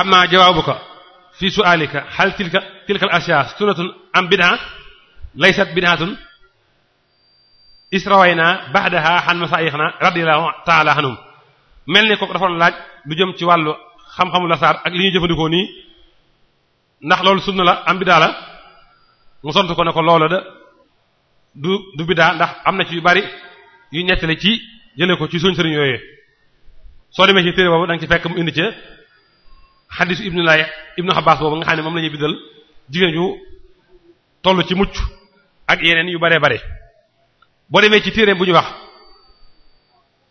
amma jawaabuka fi su'alika hal tilka tilka al-ashyaa sunnatun am bid'a laysat bid'atun israwayna ba'daha han masaayixna radiyallahu ta'ala anhum mel ni kooku dafa laaj lu jëm ci wàllu xam-xamu lasaar ak li ñuy jëfandikoo nii ndax loolu sunna la am biddaa la mu sont ko ne ko loola da du du biddaa ndax am na ci yu bari yu ñettale ci jële ko ci suñ sëriñ yooyee soo demee ci téere boobu da nga ci fekk mu indi ca xadisu ibnu laay ibnu Abbas boobu nga xam ne moom la ñuy biddal jigéen ju toll ci mucc ak yeneen yu bare bare boo demee ci téereem bu ñu wax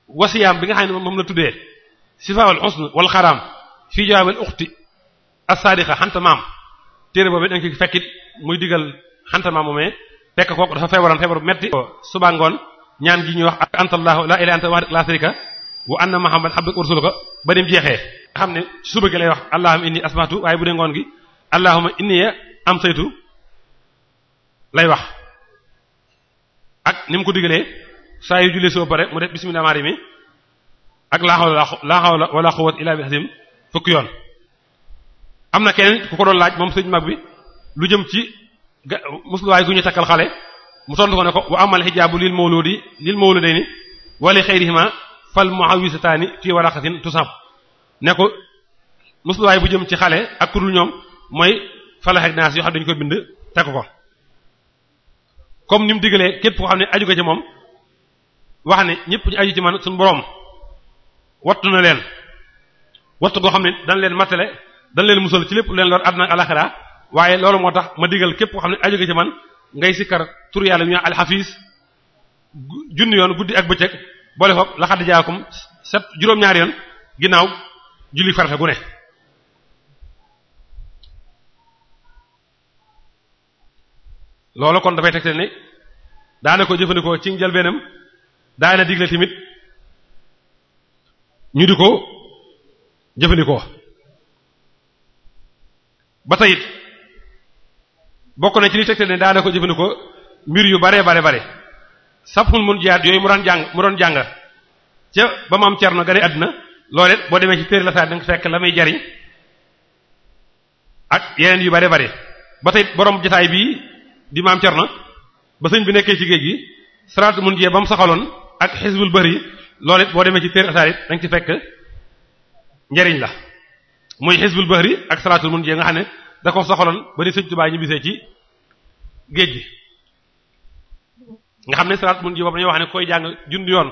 wasiyaam bi nga xam ne moom la tuddee sifaawal xusn wal xaraam fii jawaamil uxti as-saadiqa xantamaam téere boobu da nga ko fekkit muy digal xantamaam moomee fekk kooku dafa feebaroon feebar bu metti suba ngoon ñaan gi ñuy wax ak antallahu la ilaha anta wahdak la sharika wa anna muhammad abduka wa rasuluka ba jeexee xam ne suba gi lay wax allahuma am ko digalee saa yu jullee soo pare mu na keneen ku ko doon laaj moom sëñ mag bi lu jëm ci ga musluwaay gu ñu takkal xale mu tontu ko ne ko wa amal xijaabu lil mawludi lil mawludayni wa li xayrihima fal muawisataani fii waraqatin tusab ne ko musluwaay bu jëm ci xale ak kudul ñoom mooy falax ak naas yoo xam dañu ko bind teg ko comme ni mu digalee képp koo xam ne aju ko ci moom wax ne ñëpp ñu aju ci man suñu boroom wattu na leen wattu goo xam ne dañ leen matale dañ leen musal ci lépp leen lor àdduna ak alaxira waaye loolu moo tax ma digal képp koo xam ne aju ko ci man ngay sikkar tur yàlla ñu alxafiis junni yoon guddi ak bëccëg boole ko laxad jaakum set juróom-ñaari yoon ginnaaw julli farata gu ne loolu kon dafay tegte ni daana ko jëfandikoo ci njëlbeenam daana digle tamit ñu di ko jëfandikoo ba tey it bokk na ci li tegte ne daana ko jëfandikoo mbir yu bare bare bare saf mun mun jiyaat yooyu mu daan jàng mu doon jàng ca ba mu am maam Cerno gane àdduna loolu boo demee ci téere la saa da nga fekk la muy jariñ ak yeneen yu bare bare ba tey borom jotaay bii di maam Cerno ba sëñ bi nekkee ci géej gi salaatu mun jee ba mu soxaloon ak xisbul bëri loolu boo demee ci téere asaar it ci fekk njariñ la muy xisbul bëri ak salaatul mun jee nga xam ne da ko soxaloon ba ni sëñ Tuubaa ñu bisee ci géej gi nga xam ne salaatul mun jee boobu dañoo wax ne koy jàng junni yoon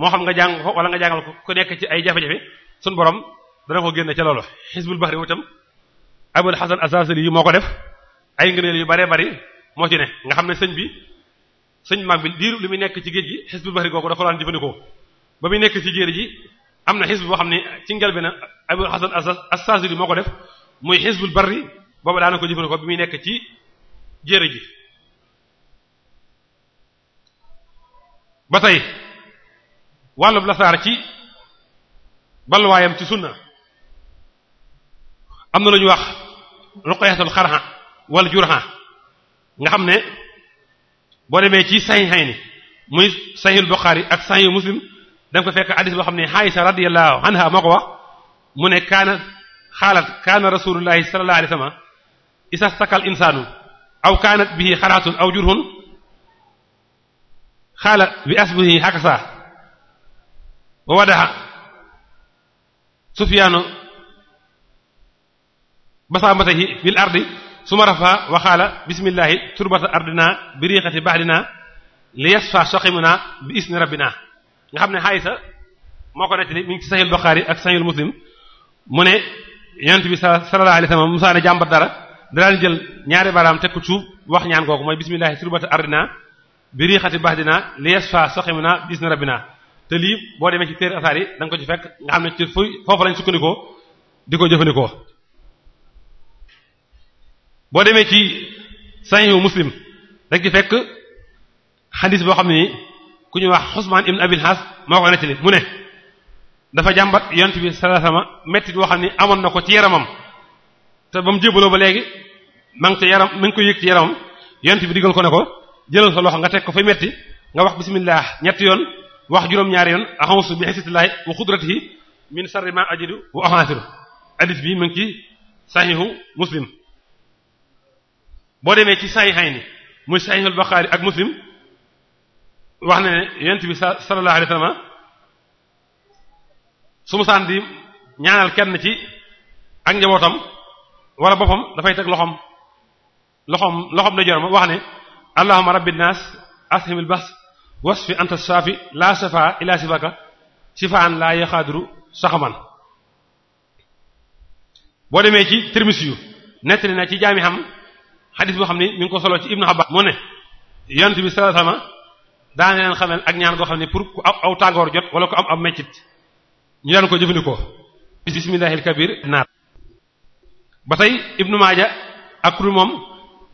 moo xam nga jàng ko wala nga jàngal ko ku nekk ci ay jafe-jafe suñu borom dana ko génne ca loolu xisbul baxri wutam abul xasan asasili yi moo ko def ay ngëneel yu bare bari moo ci ne nga xam ne sëñ bi sëñ mag bi diiru li muy nekk ci géej gi xisbul baxri googu da daan jëfandikoo ba muy nekk ci jéeri ji am na xisb boo xam ne ci ngel bi na abul xasan asasili moo ko def muy xisbul barri booba daana ko jëfandikoo bi muy nekk ci jéeri ji ba tey wàllub lasaar ci balluwaayam ci sunna am na lu ñuy wax ruqyatul xarxa wala jurxa nga xam ne boo demee ci saxiixayni muy saxiixul Buxaari ak saxiixu Muslim da nga ko fekk hadiis boo xam ne Aysa radiyallahu anha moo ko wax mu ne kaana xaalat kaana rasulullahi sallallahu alayhi wasallam isa sakal insaanu aw kaanat bihi xaraatun aw jurxun xaala bi asbihi hakasa wa wadaxa sufyaanu basaamatahi fil ardi suma rafa waxaala bismillahi turbata ardina bi riixati bahdina li yasfa saqimuna bi isni rabbina nga xam ne xaysa moo ko nettali mi ngi ci sahih ak sahih Muslim mu ne yonent bi sallallahu alayhi wasallam musaa ne jàmbat dara daan jël ñaari baaraam teg ko suuf wax ñaan kooku mooy bismillahi turbata ardina bi riixati bahdina li yasfa saqimuna bi isni rabbina te lii boo demee ci téere asaar yi da ko ci fekk nga xam ne ci foofu lañ sukkandikoo di ko jëfandikoo boo demee ci sahihu muslim da ci fekk xadis boo xam ne ku ñuy wax Usmaan ibn Abil Haas moo ko nettali mu ne dafa jàmbat yonent bi sallallahu alayhi wasallam mettit boo xam ne amoon na ko ci yaramam te ba mu jébaloo ba léegi ma ngi ci yaram ma ngi ko yëg ci yaramam yonent bi digal ko ne ko jëlal sa loxo nga teg ko fay metti nga wax bismillah ñetti yoon wax juróom-ñaari yoon axansu bi xisitillaahi wa xudratihi min sarri ma ajidu wa axansiru hadith bi mu ngi ci saxiixu muslim boo demee ci saxiixayni muy saxiixul Buxaari ak muslim wax na ne yonent bi sallallahu alayhi wasallam su mu saan di ñaanal kenn ci ak njabootam wala boppam dafay teg loxom loxom loxom da joram wax ne allahumma rabbin nas ashimil bas wasfi anta saafi laa safaa ilaa sifaka sifaan laa yaxaaduru saxaman boo demee ci Tirmisi yu nettali na ci jaami xam xadis boo xam ni mi ko solo ci Ibnu Abbas mu ne yonent bi sallallahu alayhi wasallam daan leen ak ñaan goo xam ne pour ku aw tàngoor jot wala ku am am meccit ñu daan ko jëfandikoo bismillahil kabir naar ba tey Ibnu Maaja ak kuri moom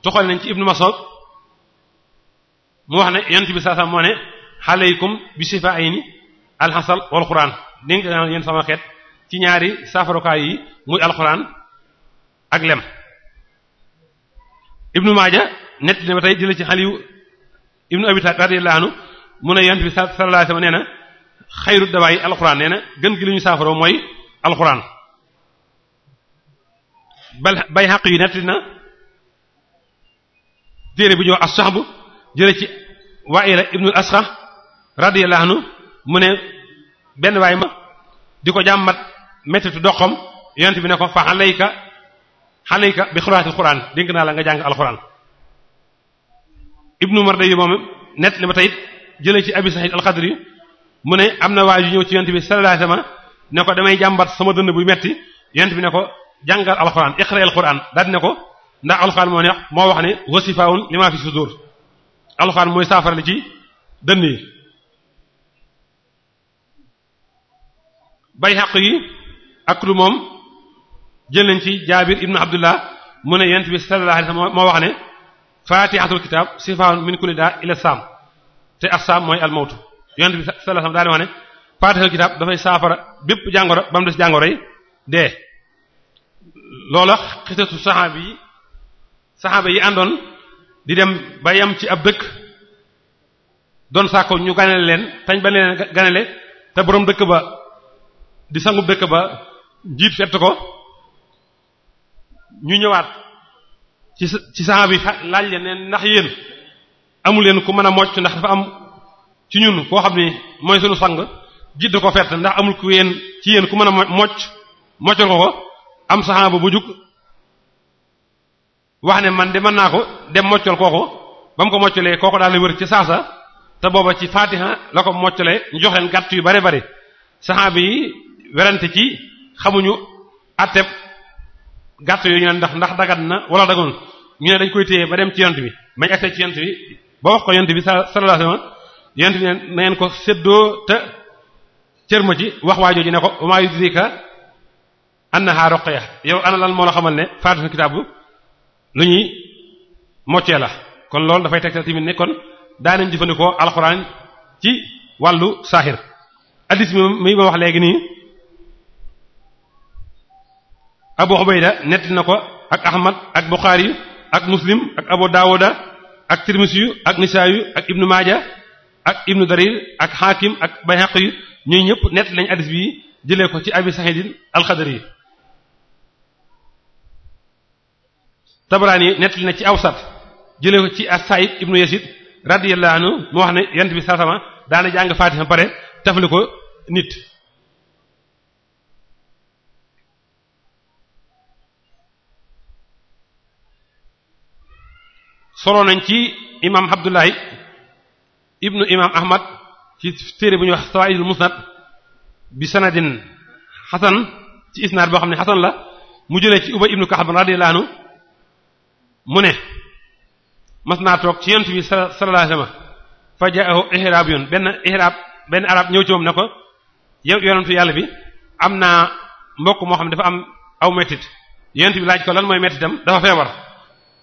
toxal nañ ci Ibnu Mas'ud mu wax ne yent bi saa saa moo ne xaleykum bi sifayni alxasal wal quran dénk naa yéen sama xeet ci ñaari saafarukaay yi muy alquran ak lem ibnu maaja nett ne ba tey jële ci xaliw ibnu abi talib radiyallahu anhu mu ne yent bi sallallahu alayhi wasallam nee na xayru dawaayi alquran nee na gën gi lu ñu saafaro mooy alquran bal bay xaq yu nett na téere bu ñu wax as-sahbu jële ci Wa'ila ibnul Asqa radiyallahu anhu mu ne benn waay ma di ko jàmbat mettitu doxam yonent bi ne ko fa bi xuraatil Qur'an dénk naa la nga jàng alquran ibnu Marday moom net li ma tey jëlee ci Abi Sa'id al-Khadri mu ne am na waa yu ñëw ci yonent bi sallallahu alayhi wasallam ne ko damay jàmbat sama dënn bu metti yonent bi ne ko jàngal alquran iqra alquran daal ne ko ndax alquran moo ne moo wax ne wasifaun lima fi sudur alxuraan mooy saafara li ci dënn yi bay xaq yi ak moom jël nañ ci jaabir ibnu abdullah mu ne yent bi sallallahu alayhi wasallam moo wax ne fatihatul kitab sifaun min kulli daa ila saam te assaam mooy almawtu yent bi sallallahu alayhi wasallam daal di wax dafay saafara bépp jàngoro ba mu des jàngoro dee loola xitatu saxaaba yi yi àndoon di dem ba yem ci ab dëkk doon saako ñu ganale leen tañ ba leen ganale te boroom dëkk ba di sangub dëkk ba njiit fett ko ñu ñëwaat ci ci saxaaba yi laaj leen ndax yéen amul leen ku mën a mocc ndax dafa am ci ñun koo xam ni mooy suñu sang jiit da ko fett ndax amul ku yéen ci yéen ku mën a mocc moccoon ko ko am saxaaba bu jug wax ne man de mën naa ko dem moccal kooku ba mu ko moccalee kooku daal di wër ci saasa te booba ci Fatiha la ko moccalee ñu jox leen gàtt yu bare bare saxaaba bi werante ci xamuñu atteb gàtt yooyu ñu ne ndax ndax dagat na wala dagoon ñu ne dañ koy téye ba dem ci yont bi bañ accès ci yont bi ba wax ko yont bi sallallahu alayhi wasallam yont bi ne ngeen ko séddoo te cër ma ci wax waa jooju ne ko wa maa yudrika annaha ruqya yow ana lan moo la xamal ne Fatiha kitaabu lu ñuy moccee la kon loolu dafay tegtal tamit ne kon daanañ jëfandikoo alxuraan ci wàllu saaxir addis mi mi ma wax léegi nii Abu Ubayda netti na ko ak Ahmad ak Bukhari ak Muslim ak Abu Dawuda ak Tirmisi ak Nisaayu ak Ibnu Maaja ak Ibnu Darir ak Hakim ak Bayhaqi ñuy ñëpp nett lañu addis bi jëlee ko ci Abi Sa'id al Tabarani nettali na ci Awsat jëlee ko ci as-Sa'id ibnu Yazid radiyallahu anhu mu wax ne yent bi saa sama daana jàng Fatiha ba pare tafali ko nit. solo nañ ci imaam Abdullahi ibnu imaam Ahmad ci téere bu ñuy wax Sawaa'idul Musnad bi sanadin Xasan ci isnaad boo xam ne Xasan la mu jëlee ci Ubay ibnu Ka'b radiyallahu anhu mu ne mas naa toog ci yonent bi sa alayhi wasallam fa jaahu ihrabiyun benn ihrab benn arab ñëw ci moom ne ko yow yonentu yàlla bi am naa mbokk moo xam ne dafa am aw mettit yonent bi laaj ko lan mooy mettitam dafa feebar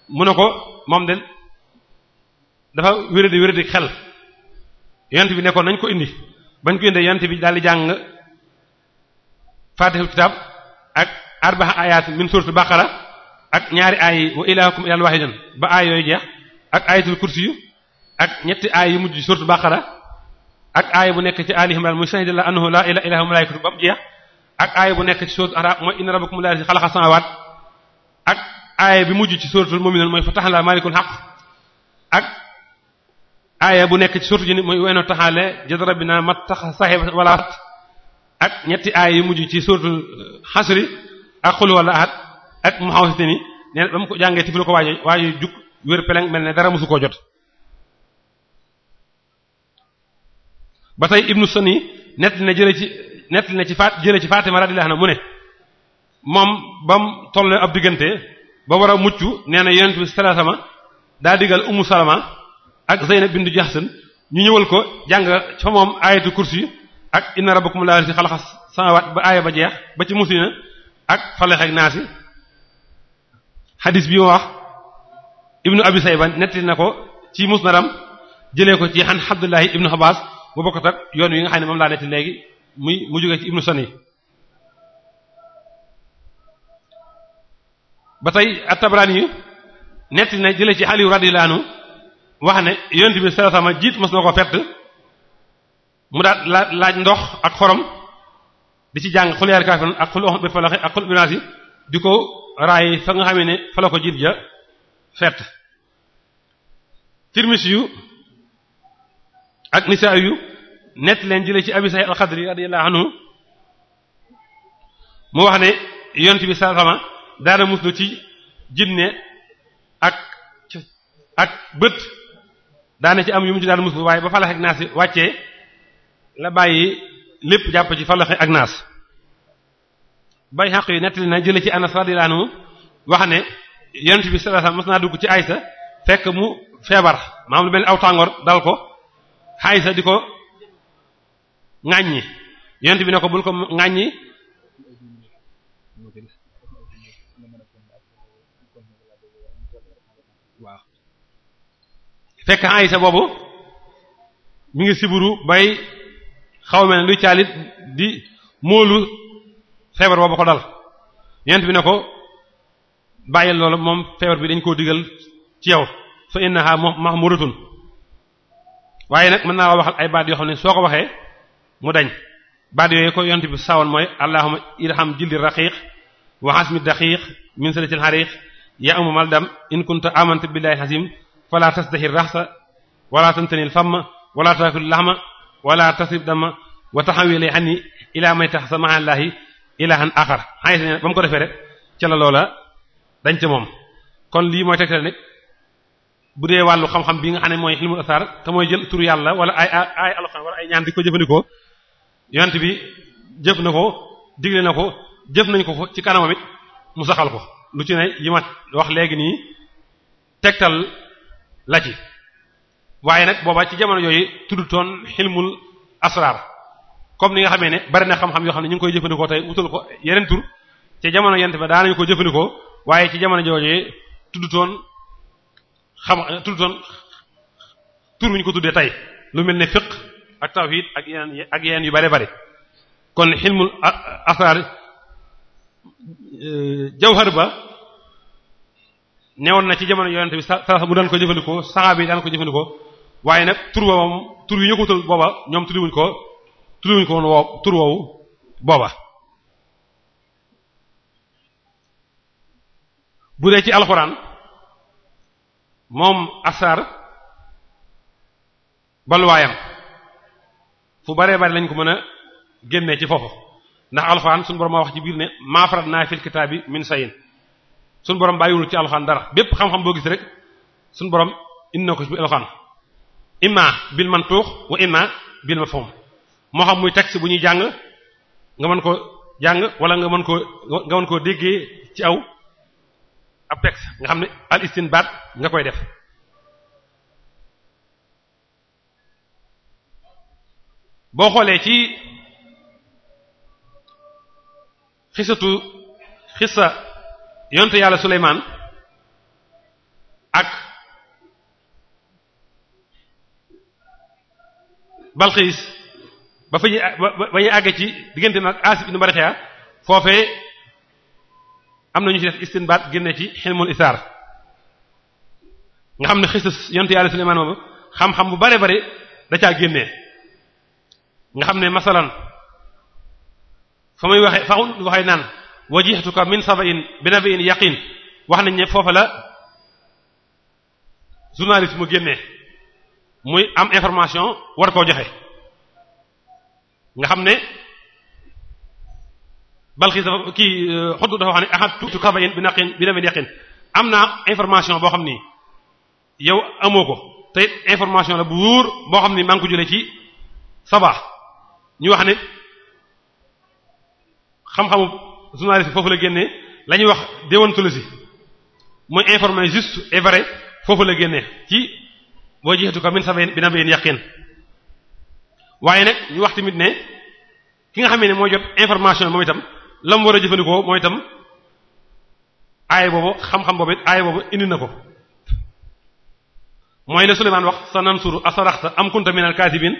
mu ne ko moom de dafa wéradi wéradi xel yonent bi ne ko nañ ko indi bañ ko indee yonent bi daal di jàng faatihul kitaab ak arba'a ayat min suratul baqara ak ñaari aay yi wa ilaakum ilan wahidan ba aay jeex ak ayatul kursi yu ak ñetti aay yu mujj surtu baqara ak aay bu nekk ci ali imran muy shahida la annahu la ilaha illa ba jeex ak aay bu nekk ci surtu arab mooy inna rabbakum allazi bi mujj ci suratul mu'minun mooy fatahna malikul haqq ak aaya bu nekk ci surtu ji mooy weno taxaale jad rabbina mattax sahib wala ak ñetti aay yu mujj ci suratul xasri ak xul wala ahad ak mu xaw si ni nee ba mu ko jàngee tifli ko waajo waajo jug wér peleng mel ne dara mosu koo jot ba tey ibnu suni nett na jële ci nett na ci faat jële ci Fatima radiyallahu na mu ne moom ba mu toll ab diggante ba war a mucc nee na yonent bi sallallahu alayhi wasallam daa digal Ummu Salama ak Zaynab bintu Jahsan ñu ñëwal ko jàng fa moom ayatu kursi ak inna rabbakum la si xalaxas samawat ba aaya ba jeex ba ci musina ak falaxeek naasi xadis bi mu wax ibnu abi sayban na ko ci musnadam jëlee ko ci xan abdullahi ibnu abbas bu bokkut ak yoon wi nga xam ne moom laa nettali léegi muy mu jógee ci ibnu sani ba tey at yi nettali na jëlee ci Aliyu radiyallahu wax ne yonent bi sallallahu jiit mos na ko fett mu daal la laaj ndox ak xorom di ci jàng xul yaari kaafiruun ak xul bi di ko raay fa nga xamee ne fa la ko jiit ja fett tirmis yu ak nisaa yu nett leen jële ci abi sa'id al-xadri mu wax ne yonent bi sallallahu daana muslu ci jinne ak ak bët daana ci am yu mu ci daan muslu waaye ba falax ak naas wàccee la bàyyi lépp jàpp ci falax ak naas Bayhaqi nettali na jële ci Anas radiyallahu anhu wax ne yonent bi sallallahu alayhi naa dugg ci Aysa fekk mu feebar maam lu mel ni aw tàngoor dal ko Aysa di ko ŋàññi yonent bi ne ko bul ko ŋàññi waaw fekk Aysa boobu mi ngi siburu bay xaw mel luy caalit di moolu feebar boobu ko dal yent bi na ko bàyyil loolu moom feebar bi dañ ko digal ci yow fa innaha mahmuratun waaye nag mën naa wa waxal ay baat yoo xam ne soo ko waxee mu dañ baat yoo ko yont bi sawoon mooy allahumma irham jildi raqiq wa hasmi daqiq min salatil hariq ya umu maldam in kunta amanta billahi hasim fala tasdahir rahsa wala tantanil famma wala taakul lahma wala tasrib dama wa taxawilay anni ila may tax sa ilahan axar xangi si ne ba mu ko defee rek ca la dañ ca moom kon lii mooy tegtal nag bu dee wàllu xam-xam bi nga xam ne mooy ilmul asar te mooy jël tur yàlla wala ay ay alxuraan wala ay ñaan di ko jëfandikoo yonent bi jëf na ko digle na ko jëf nañ ko ci kanamam it mu saxal ko lu ci ne yi wax léegi nii tegtal la ci waaye nag booba ci jamono yooyu tuddutoon xilmul asrar comme ni nga xamee ne bari na xam-xam yoo xam ne ñu ngi koy jëfandikoo tey wutal ko yeneen tur ci jamono yent ba daanañu ko jëfandikoo waaye ci jamono joojee tuddutoon xam tuddutoon tur bi ko tuddee tey lu mel ne fiq ak tawhid ak yeneen ak yeneen yu bare bare kon xilmul asar e, jawhar ba newoon ci jamono yonente bi sa mu daan ko jëfandikoo saxaaba yi daan ko jëfandikoo waaye nag tur ba moom tur yi ñu ko wutal booba ñoom tuddiwuñ ko tudduñ ko tur woowu booba bu dee ci alxuraan moom asar balwaayam fu baree bari lañ ko mën a génne ci foofu ndax alxuraan suñu borom moo wax ci biir ne maa farat naa fil kitaabi min sayin suñu borom bàyyiwul ci alxuraan dara bépp xam-xam boo gis rek suñu borom indi na ko ci alxuraan imma bil mantuux wa imma bil mafhum moo xam muy texte bu ñuy jàng nga mën ko jàng wala nga mën ko nga man koo déggee ci aw ab texte nga xam ni al istinbaat nga koy def boo xoolee ci xisatu xisa yonte yàlla Suleymaan ak Balxiis ba fa ñuy ba ba ñuy ci diggante mag Asif ibn Baraxiya foofee am na ñu ci def istinbaat génne ci xilmul isaar nga xam ne xisas yonte yàlla Suleymaan boobu xam-xam bu bare bare da caa génnee nga xam ne masalan fa muy waxe fa waxee naan wajihtuka min saba'in bi naba'in yaqin wax nañ ne foofa la journaliste mu génnee muy am information war koo joxe nga xam ne balxiis dafa kii euh, xottu dafa wax ne axat tuutu kafayen bi naqin bi namen yaqin am naa information boo xam ni yow amoo ko te information la bu wóor boo xam ni maa ngi ko jëlee ci sabaax ñu wax ne xam-xamu journaliste foofu la génnee la ñuy wax déontologie mooy informer juste et foofu la génnee ci boo jeexitu ko min bina bi namen yaqin waaye nag ñu wax ne ki nga xam ne mooy jot information moom itam la mu war a jëfandikoo mooy itam aay boobu xam-xam boobu it aay boobu indi na ko mooy la Suleymaan wax sa nansuru asaraxta am kunta minal kaasibin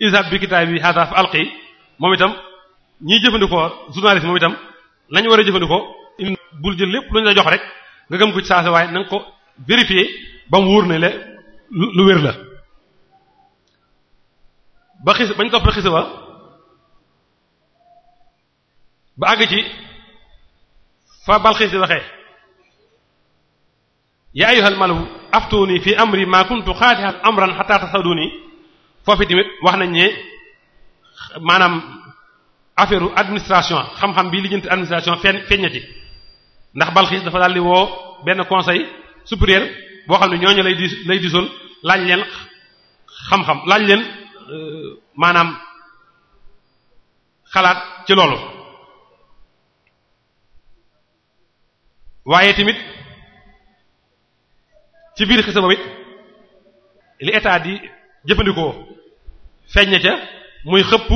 isab bi kitaabi hada fa alqi moom itam ñiy jëfandikoo journaliste moom itam la war a jëfandikoo indi bul jël lépp lu ñu la jox rek nga gëm ko ci saasa waaye na ko vérifier ba mu wóor na le lu wér la ba xis bañ toppee xisa ba ba àgg ci fa balxiis di waxee yaa ayyuhal malahu aftuuni fi amri maa kuntu xaatihan amran xataa tasaduni foofu tamit wax nañ ne maanaam affaire administration xam-xam bi lijjanti administration feeñ feeñati ndax balxiis dafa daal di woo benn conseil supérieur boo xam ne ñooñu lay di lay disool laaj leen xam-xam laaj leen Euh, maanaam xalaat ci loolu waaye tamit ci biir xisa boobu li état di jëfandikoo feeñ na ca muy xëpp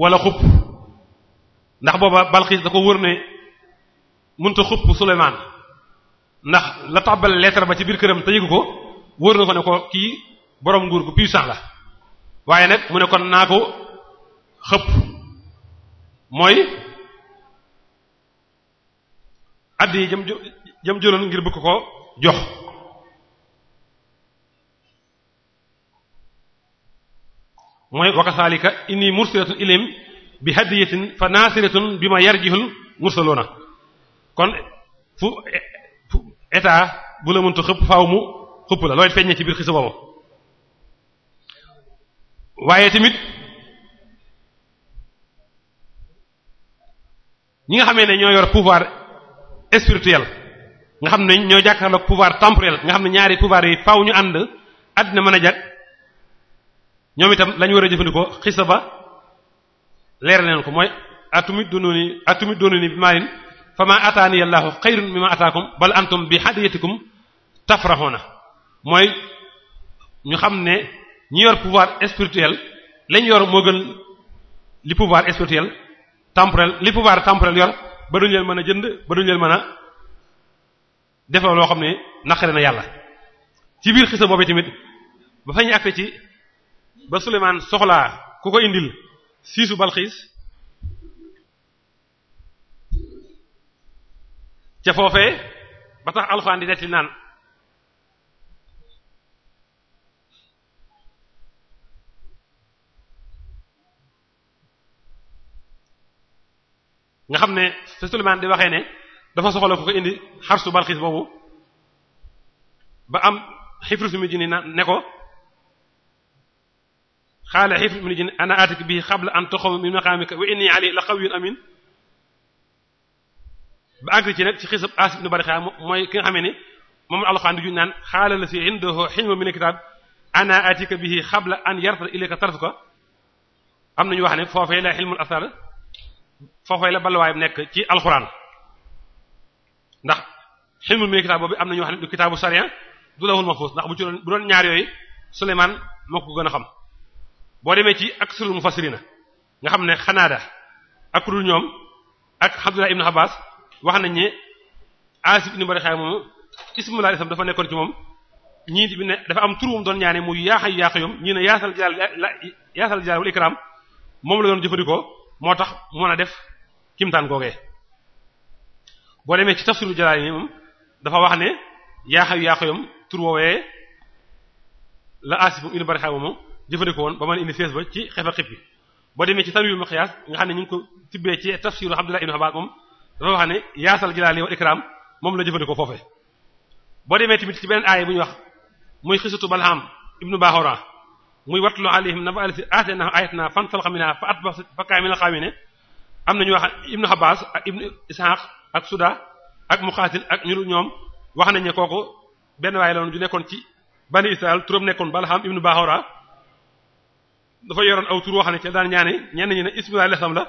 walla xupp ndax booba Balxiis da ko wër ne mënut a xupp Souleymane ndax la tàbbal lettre ba ci biir këram te yëgu ko wër na ko ne ko kii boroom nguur gu puissant la waaye nag mu ne kon naa ko xëpp mooy àddi yi jëm jëm jëloon ngir bëgg ko jox mooy wa kasaalika inni mursilatun ilayhim bi hadiyatin fa naasiratun bi ma yarjihul mursaluna kon fu état bu la mënta xëpp faw mu xëpp la looy feeñee ci biir xisa boobu waaye tamit ñi nga xamee ne ñoo yor pouvoir spirituel nga xam ne ñoo jàkkaarloog pouvoir temporel nga xam ne ñaari pouvoir yi faaw ñu ànd àddina mën a jag ñoom itam lañu war a jëfandikoo xisa ba leer leen ko mooy atumit dununi atumit dununi bi maalin fama ataani allahu xayrun mimma ataakum bal antum bi hadiyatikum tafrahuna mooy ñu xam ne ñi yor pouvoir spirituel lañ yor moo gën li pouvoir spirituel temporel li pouvoir temporel yor ba duñ leen mën a jënd ba duñ leen mën a defee loo xam ne naqare na yàlla ci biir xisa boobu tamit ba fa ñu àgg ci ba Souleymane soxlaa ku ko indil siisu Balxiis ca foofee ba tax alxuraan di naan nga xam ne fi de di waxee ne dafa soxla ku ko indi xarsu balxiis boobu ba am xifru su mu jinni na ne ko xaale xifru su mu ana atik bi xabla an toxom min maqaamika wa inni ali la qawiyyun amin ba àgg ci nag ci xisab Aasib ibn Barxiya mooy ki nga xamee ni moom alxaan di juñ naan xaala la si indahu xilmu min kitaab ana atika bihi xabla an yarta ilayka tarfuka am nañu wax ne foofee la xilmul asar foofee la bu nekk ci alxuraan ndax xilmul mi kitaab boobu am na ñoo ne du kitaabu sariyaan du lawhul ndax bu ci doon bu doon ñaar yooyu Souleymane moo ko gën a xam boo demee ci ak aksarul mufassirina nga xam ne xanaada ak kudul ñoom ak Abdullah ibn Abbas wax nañ ne Aasib ibn Barixaay moom laa isam dafa nekkoon ci moom ñii bi ne dafa am turuwum doon ñaane muy yaa Hayyu yaa Qayyuum ñii ne yaasal jalaal yaasal jalaal wal ikraam moom la doon jëfandikoo moo tax mën a def kimtaan googee boo demee ci tafsiru Jalaalayn moom dafa wax ne yaa xayu yaa xayum tur woowee la asifum inu bari xay moom jëfandikoo woon ba mën indi fees ba ci xefa xippi boo demee ci tanwiirul miqyaas nga xam ne ñu ngi ko tibbee ci tafsiru Abdullah ibn Abbas moom dafa wax ne yaasal jalaali wal ikraam moom la jëfandikoo foofee boo demee tamit ci beneen aaya bu ñu wax muy xisatu Balham ibnu Bahora muy watlu alayhim nafa alasi aateenaa ayatna fan salxa minha fa atba fa kaamila xaw ne am nañu wax ibnu Abbas ak ibnu Ishaq ak Suda ak Muqatil ak ñu ñoom wax nañ ne kooku benn waay la woon ju nekkoon ci bani Israël turam nekkoon Balham ibnu Bahora dafa yoroon aw tur wax ne ci daan ñaane ñenn ñi ne Ismaïl lesam la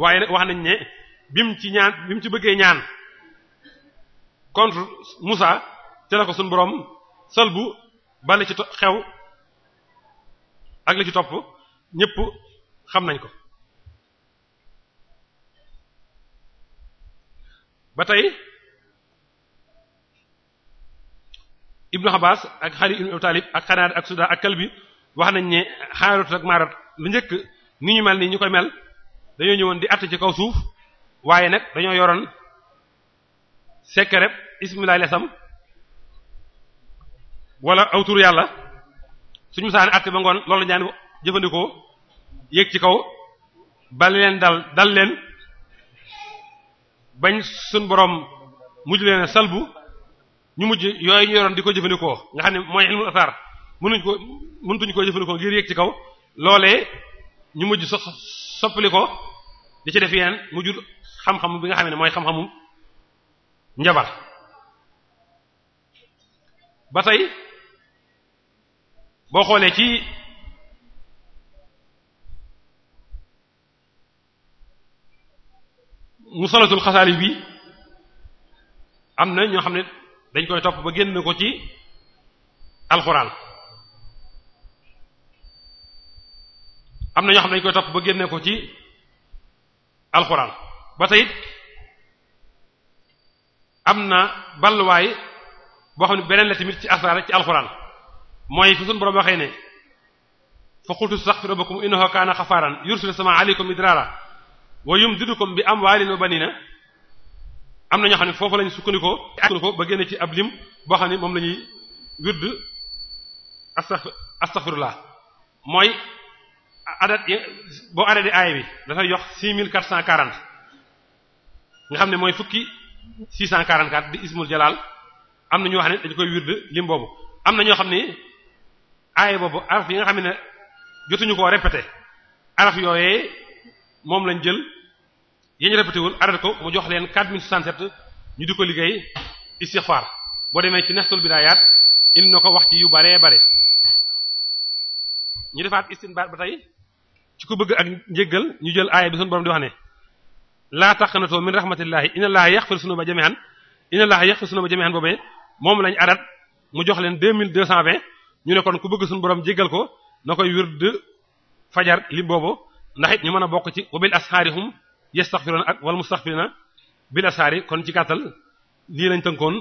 waaye nag wax nañ ne bim ci ñaan bim ci bëggee ñaan contre Moussa ca la ko suñu boroom salbu ba ci xew ak la ci topp ñépp xam nañ ko ba tey Ibnu Abbas ak Xali ibnu Abi ak Xanaad ak Suda ak Kalbi wax nañ ni xaaratu ak maarat lu njëkk ni ñu mel ni ñu koy mel dañoo ñëwoon di att ci kaw suuf waaye nag dañoo yoroon sekkereb ismilaay lesam wala aw tur yàlla suñu saani àtte ba ngoon loolu ñaan jëfandikoo yéeg ci kaw bali leen dal dal leen bañ suñ borom mujj leen salbu ñu mujj yooyu ñu yoroon di ko jëfandikoo nga xam ne mooy ilmul asar mënuñ ko mënutuñ jëfandikoo ngir ci kaw loolee ñu mujj so soppali ko ci def yeneen mu jur xam-xam mooy xam-xamu njabar ba tey boo xoolee ci musalatul xasaali bi am na ñoo xam ne dañ koy topp ba génn ko ci alxuraan am na ñoo xam ne ba génne ci alxuraan am na balluwaay boo xam ne beneen la tamit ci asaara ci alxuraan mooy fi suñu borom waxee ne fa qultu astaghfiru rabbakum innahu kaana xafaaran yursilu sama alaykum midraara wa yumdidukum bi amwaalin wa baniina am na ñoo xam ne foofu lañ sukkandikoo sukkandikoo ba génne ci ab lim boo xam ne moom la ñuy wird astaghfirullah mooy adat boo arrêté aay bi dafay yox 6440 nga xam ne mooy fukki 644 di ismul jalal am na ñu wax ne dañu koy wird lim boobu am na ñoo xam ne aaya boobu araf yi nga xam ne jotuñu koo répété araf yooyee moom lañ jël yéen répété wul aral ko mu jox leen 4067 ñu di ko liggéey istighfar boo demee ci nextul bidaayaat indi noo ko wax ci yu baree bare ñu defaat istinbaat ba tey ci ku bëgg ak njéggal ñu jël aaya bi sunu borom di wax ne laa taqnatoo min rahmatillahi inna allaha yaghfiru sunuba jami'an inna allaha yaghfiru sunuba jami'an boobee moom lañ arat mu jox leen 2220 ñu ne kon ku bëgg suñu borom jéggal ko na koy wird fajar lim boobu ndax it ñu mën a bokk ci wabil asxaarihum yastaxfiruuna ak wal mustaxfirina bil asxaari kon ci gàttal lii lañ tënkoon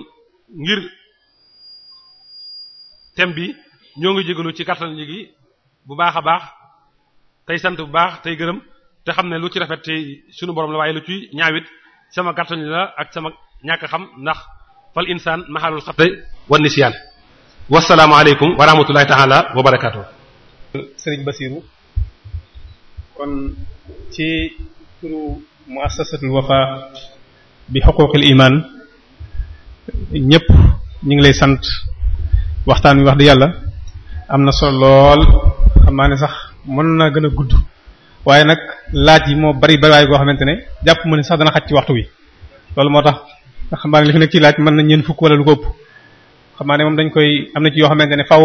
ngir thème bi ñoo ngi jégalu ci gàttal gi bu baax a baax tey sant bu baax tey gërëm te xam ne lu ci rafet tey sunu borom la waaye lu ci ñaawit sama gàttal la ak sama ñàkk xam ndax fal insaan maxalul xatte wan nisiyaan wasalaamualeykum wa rahmatulahi taala wa barakaatu. Serigne Bassirou kon ci turu muassasatul wafa bi xuquqil iman ñëpp ñu ngi lay sant waxtaan wi wax di yàlla am na solo lool xam naa ne sax mën na gën a gudd waaye nag laaj yi moo bari bariwaay goo xamante ne jàpp ma ne sax dana xaj ci waxtu wi loolu moo tax nga naa ne li fi nekk ci laaj mën na ñeen fukk wala lu ko ëpp. xamaa ne moom dañ koy am na ci yoo xamante ne faw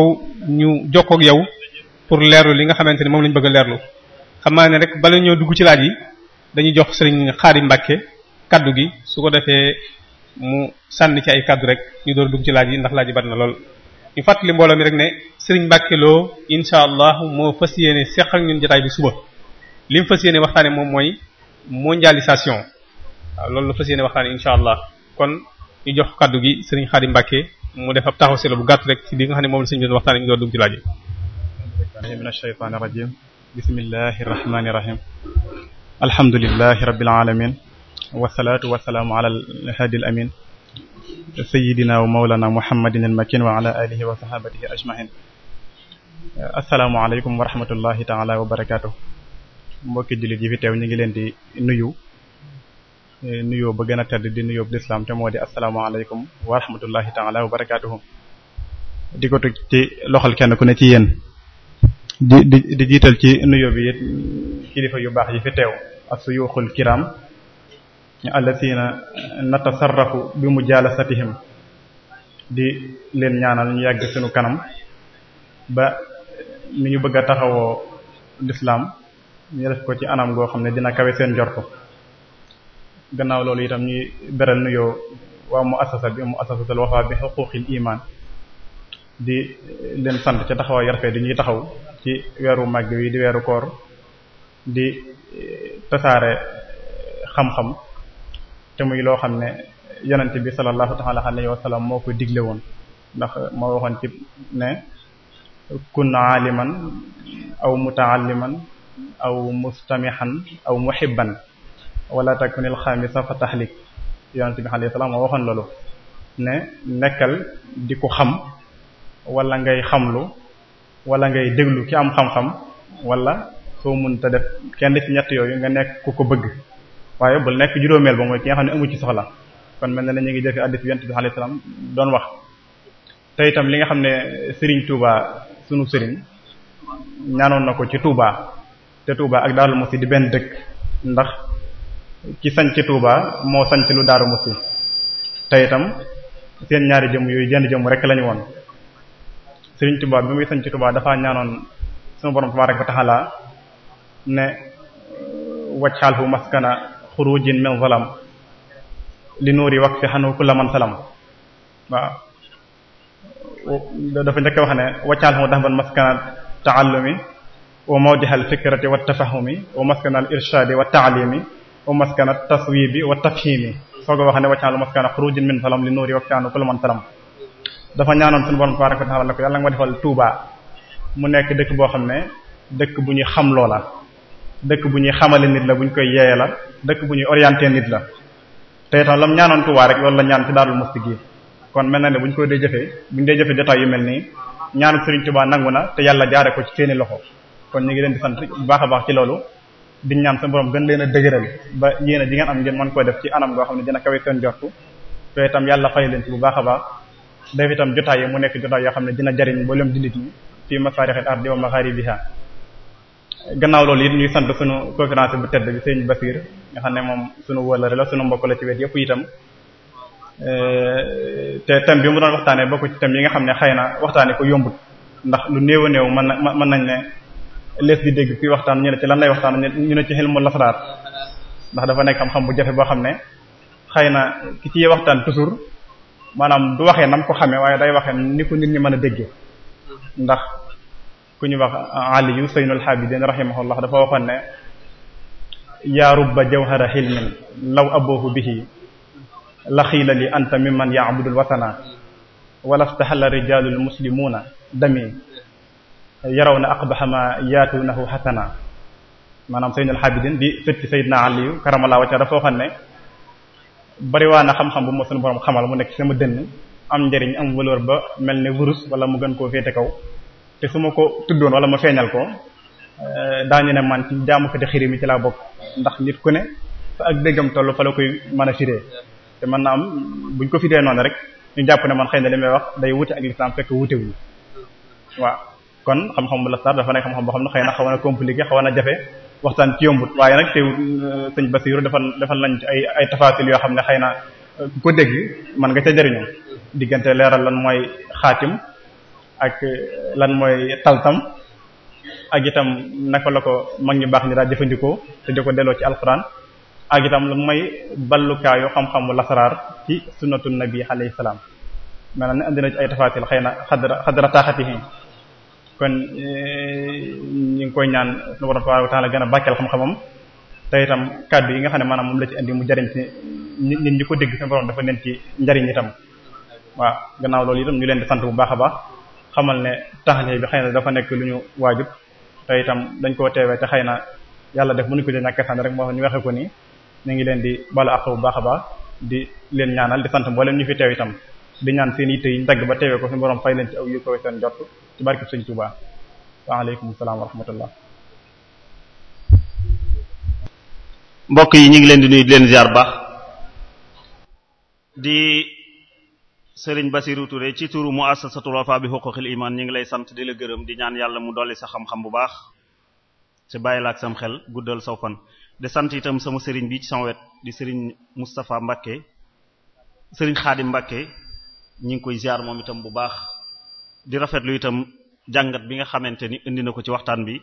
ñu jokkoog yow pour leerlu li nga xamante ne moom lañ bëgg a xamaa ne rek bala ñoo dugg ci laaj yi dañuy jox sëriñ xaari Mbàkke kaddu gi su ko defee mu sànni ci ay kaddu rek ñu door dugg ci laaj yi ndax laaj yi bari na lool. ñu fàttali mbooloo mi rek ne sëriñ Mbàkke loo incha allah moo fas yéene seq ak ñun jotaay bi suba li mu fas yéene moom mooy mondialisation waaw loolu la fas yéene waxtaanee allah kon ñu jox kaddu gi sëriñ xaari Mbàkke mu def ab taxaw seetlu bu gàtt rek ci li nga xam ne moom la sëñ bi doon waxtaan ak ñu doon dugg ci laaj yi min ashaytaani rajim bismillahi rahmaani rahim alhamdulilahi rabbil alamin wasalaatu wasalaamu ala alhaadi al amin sayidina wa mawlana muhammadin al makin wa ala alihi wa sahabatihi ajmahin asalaamualeykum wa rahmatullahi taala wa barakatuh mbokki jullit yi fi teew ñu ngi leen di nuyu Eh, nuyoo ba gën a tedd di nuyoo bu lislaam te moo di asalaamaaleykum wa rahmatullahi taala wa barakaatuhu ci loxol kenn ku ne ci yéen di di di jiital ci nuyoo bi kilifa yu baax yi fi teew as-suyuuxul kiram ñu allazina natasarrafu bi mu mujalasatihim di leen ñaanal ñu yàgg sunu kanam ba ni ñu bëgg a taxawoo lislaam ñu def ko ci anam goo xam ne dina kawe seen njortu gannaaw loolu itam ñuy beral nuyoo waa mu asasa bi mu asasatul wafa bi xuquqil iman di leen sant ca taxawaay yarfee di ñuy taxaw ci weeru màgg wi di weeru koor di eh, tasaare xam-xam te muy loo xam ne yonent bi sallallahu ta'ala alayhi moo ko digle woon ndax moo waxoon ci ne kun aliman aw muta'alliman aw mustamihan aw muhibban wala takunil xaamisa fa tahlik yonent bi alayhi salaam moo waxoon loolu ne nekkal di ko xam wala ngay xamlu walla ngay déglu ki am xam-xam wala soo mënta def kenn ci ñett yooyu nga nekk ku ko bëgg waaye bul nekk juróomeel ba mooy ki nga xam ne amu ci soxla kon mel na ne ñu ngi jëfe addis yonent bi alayhi salaam doon wax te li nga xam ne Serigne Touba sunu Serigne ñaanoon na ko ci Touba te Touba ak Darou Moukhty di benn dëkk ndax. ki sanc Touba moo sanc lu Daaru Muxti te seen ñaari jëmm yooyu jenn jëmm rek lañu woon Sëriñ Touba bi muy sanc Touba dafa ñaanoon sunu borom tabaaraka wa taala ne wajxalhu maskana xurujin min zalam li nuuri waqfi dafa njëkk wax ne wajxalhu dahban maskana ta'allumi wa mawdihal fikrati wat tafahumi wa maskana al irshadi wat ta'limi wa maskana taswibi wa tafhimi soog a wax ne waccaanlu maskana xurujin min salam li nuuri waccaanu kullu man salam dafa ñaanoon suñu borom tabaraka wa taala ne ko yàlla ma defal Touba mu nekk dëkk boo xam ne dëkk bu ñuy xam loola dëkk bu ñuy xamale nit la bu ñu koy yeeye la dëkk bu ñuy orienté nit la te itam lam ñaanoon loolu la ñaan ci Daarul Muxti gi kon mel na ne bu ñu koy dee jëfee bu ñu dee yu mel nii ñaanu Serigne Touba nangu na te yàlla jaare ko ci seeni loxo kon ñu ngi leen di sant bu baax a baax ci loolu di ñaan sa borom gën leen a dëgëral ba yéene di ngeen am ngeen mën koo def ci anam goo xam ne dina kawe seen jortu te itam leen bu baax a baax def jotaay yi nekk jotaay yoo xam ne dina jariñ mboolem jullit ñi fii masarixil ardi gannaaw loolu it ñuy sant sunu conférence bu tedd bi seen Basir nga xam ne moom sunu wëlëre la sunu mbokk la ci wet yëpp itam te thème bi mu doon waxtaanee bokk ci tam yi nga xam ne xëy na waxtaanee ko yombut ndax lu néew a néew nañ ne lees di dégg kuy waxtaan ñu ne ci lan lay waxtaan ñu ne ci xel mu lasaraar ndax dafa nekk xam-xam bu jafe boo xam ne xëy na ki ci waxtaan toujours maanaam du waxee nam ko xamee waaye day waxee ni ko nit ñi mën a déggee ndax ku ñu wax Aliyu Sayyidul Abidin rahimahullah dafa waxoon ne yaa rubba jawhara xilmin law aboohu bihi la xiila li anta mimman ya'budul wasana wala stahala rijaalul muslimuuna dami yaraw na aqbaha ma yaatunahu xasana maanaam Seynul Abidin di sëtti Seydina Aliyu karamallahu wacca dafa xam ne bariwaa na xam-xam bu ma sunu borom xamal mu nekk ci sama dënn am njariñ am valeur ba mel ne wurus wala mu gën koo féete kaw te su ma ko tuddoon wala ma feeñal ko eh, daañu ne man ci jaamu fete xirim yi ci laa bokk ndax nit ku ne fa ak déggam toll fa la koy mën a te man na am buñ ko firee noonu rek ñu jàpp ne man xëy na li may wax day wuti ak lislaam fekk wutewul waaw kon xam-xam mu lasraar dafa nekk xam-xam boo xam ne xëy na xawoon a compliqué xawoon a jafe waxtaan ci yombut waaye nag teewul euh, sëñ Basiru dafa dafa lañ ci ay ay tafaasil yoo xam ne xëy na euh, ku ko dégg man nga ca jëriñoo diggante leeral lan mooy xaatim ak euh, lan mooy taltam ak itam naka la ko mag ñi baax ñi daal jëfandikoo te di ko delloo ci alxuraan ak itam lu may ballukaayu xam mu lasraar ci sunnatu nabi alay salaam maanaam ne indi na ci ay tafaasil xëy na xadra kon eh, ñu ngi koy ñaan suñu borom subhanahu wa ta'ala gën a bàkkeel xam-xamam te itam kàddu yi nga xam ne maanaam moom la ci indi mu jariñ ci nit ñi ñu ko dégg suñu borom dafa leen ci njariñ itam waaw gannaaw loolu itam ñu leen di sant bu baax a baax xamal ne taxalee bi xëy na dafa nekk lu ñu waajub te itam dañ koo teewee te xëy na yàlla def mënu ko jël ñàkk sant moo ñu waxee ko nii ñu ngi leen di bala àq bu baax a baax di leen ñaanal di sant mboolem ñu fi teew itam di ñaan seen yitte yi ñu dagg ba teewee ko suñu borom fay leen ci aw yu ko seen jot ci barkeb sëñ Tuubaa waaleykum salaam wa mbokk yi ñu ngi leen di nuyu di leen ziar di sëriñ Basiru Touré ci turu muassasatul wafa bi huquqil iman ñu ngi lay sant di la gërëm di ñaan yàlla mu dolli sa xam-xam bu baax ci bàyyi la ak sam xel guddal saw fan di sant itam sama sëriñ bi ci sama wet di sëriñ Moustapha Mbacké sëriñ Xaadim Mbacké ñu ngi koy ziar moom itam bu baax di rafetlu itam jàngat bi nga xamante ni indi na ko ci waxtaan bi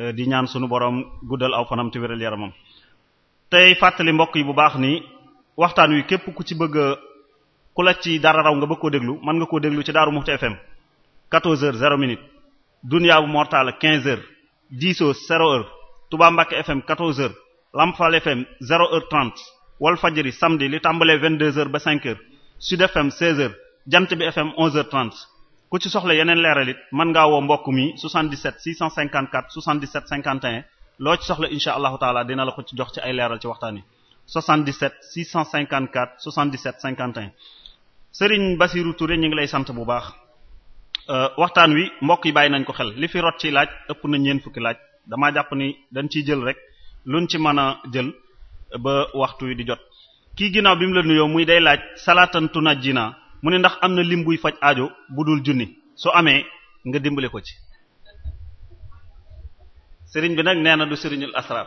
eh, di ñaan sunu borom guddal aw fanam te wéral yaramam tey fàttali mbokk yi bu baax ni waxtaan wi képp ku ci bëgg a ku la ci dara raw nga bëgg koo déglu mën nga koo déglu ci Daaru Muxti FM 14h 0 minute Dunya bu Mortala 15h Diso 0h Touba Mbacké FM 14h Lamfal FM 0h30 Wal Fajri samedi li tàmbalee 22h ba 5h Sud FM 16 Jant bi FM 11 h ku ci soxla yeneen leeralit mën ngaa woo mbokk mi 77 654 77 51 loo ci soxla incha allahu taala dina la ko ci jox ci ay leeral ci waxtaan yi 77 654 77 ñu ngi lay sant bu baax euh, waxtaan wi mbokk yi bàyyi nañ ko xel li fi rot ci laaj ëpp nañ ñeen fukki laaj damaa jàpp ni dañ ciy jël rek luñ ci mën a jël ba waxtu wi di jot kii ginnaaw bi mu la nuyoo muy day laaj salaatan tunajjina mu ne ndax am na lim buy faj aajo bu dul junni su amee nga dimbale ko ci sëriñ bi nag nee na du sëriñul asrar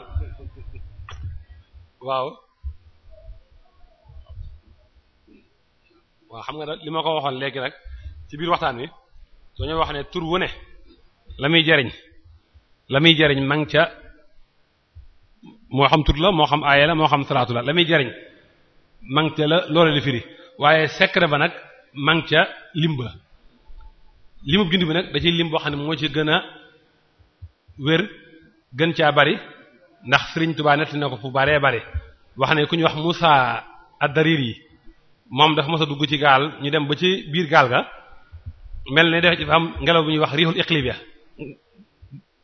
waaw waaw xam nga li ma ko waxoon léegi rek ci biir waxtaan wi dañoo wax ne tur wu ne la muy jariñ la muy jariñ mang ca moo xam tur la moo xam aaya la moo xam salaatu la la muy jariñ mang ca la loole li waaye secret ba nag mang ca lim ba limub junni bi nag da ciy lim boo xam ne moo ci gën a wér gën caa bari ndax Serigne Touba nett na ko fu baree bari wax ne ku ñu wax Moussa ad-Darir yi moom dafa mos a dugg ci gaal ñu dem ba ci biir gaal ga mel ne dafa am ngelaw bu ñuy wax riixul iqlibiya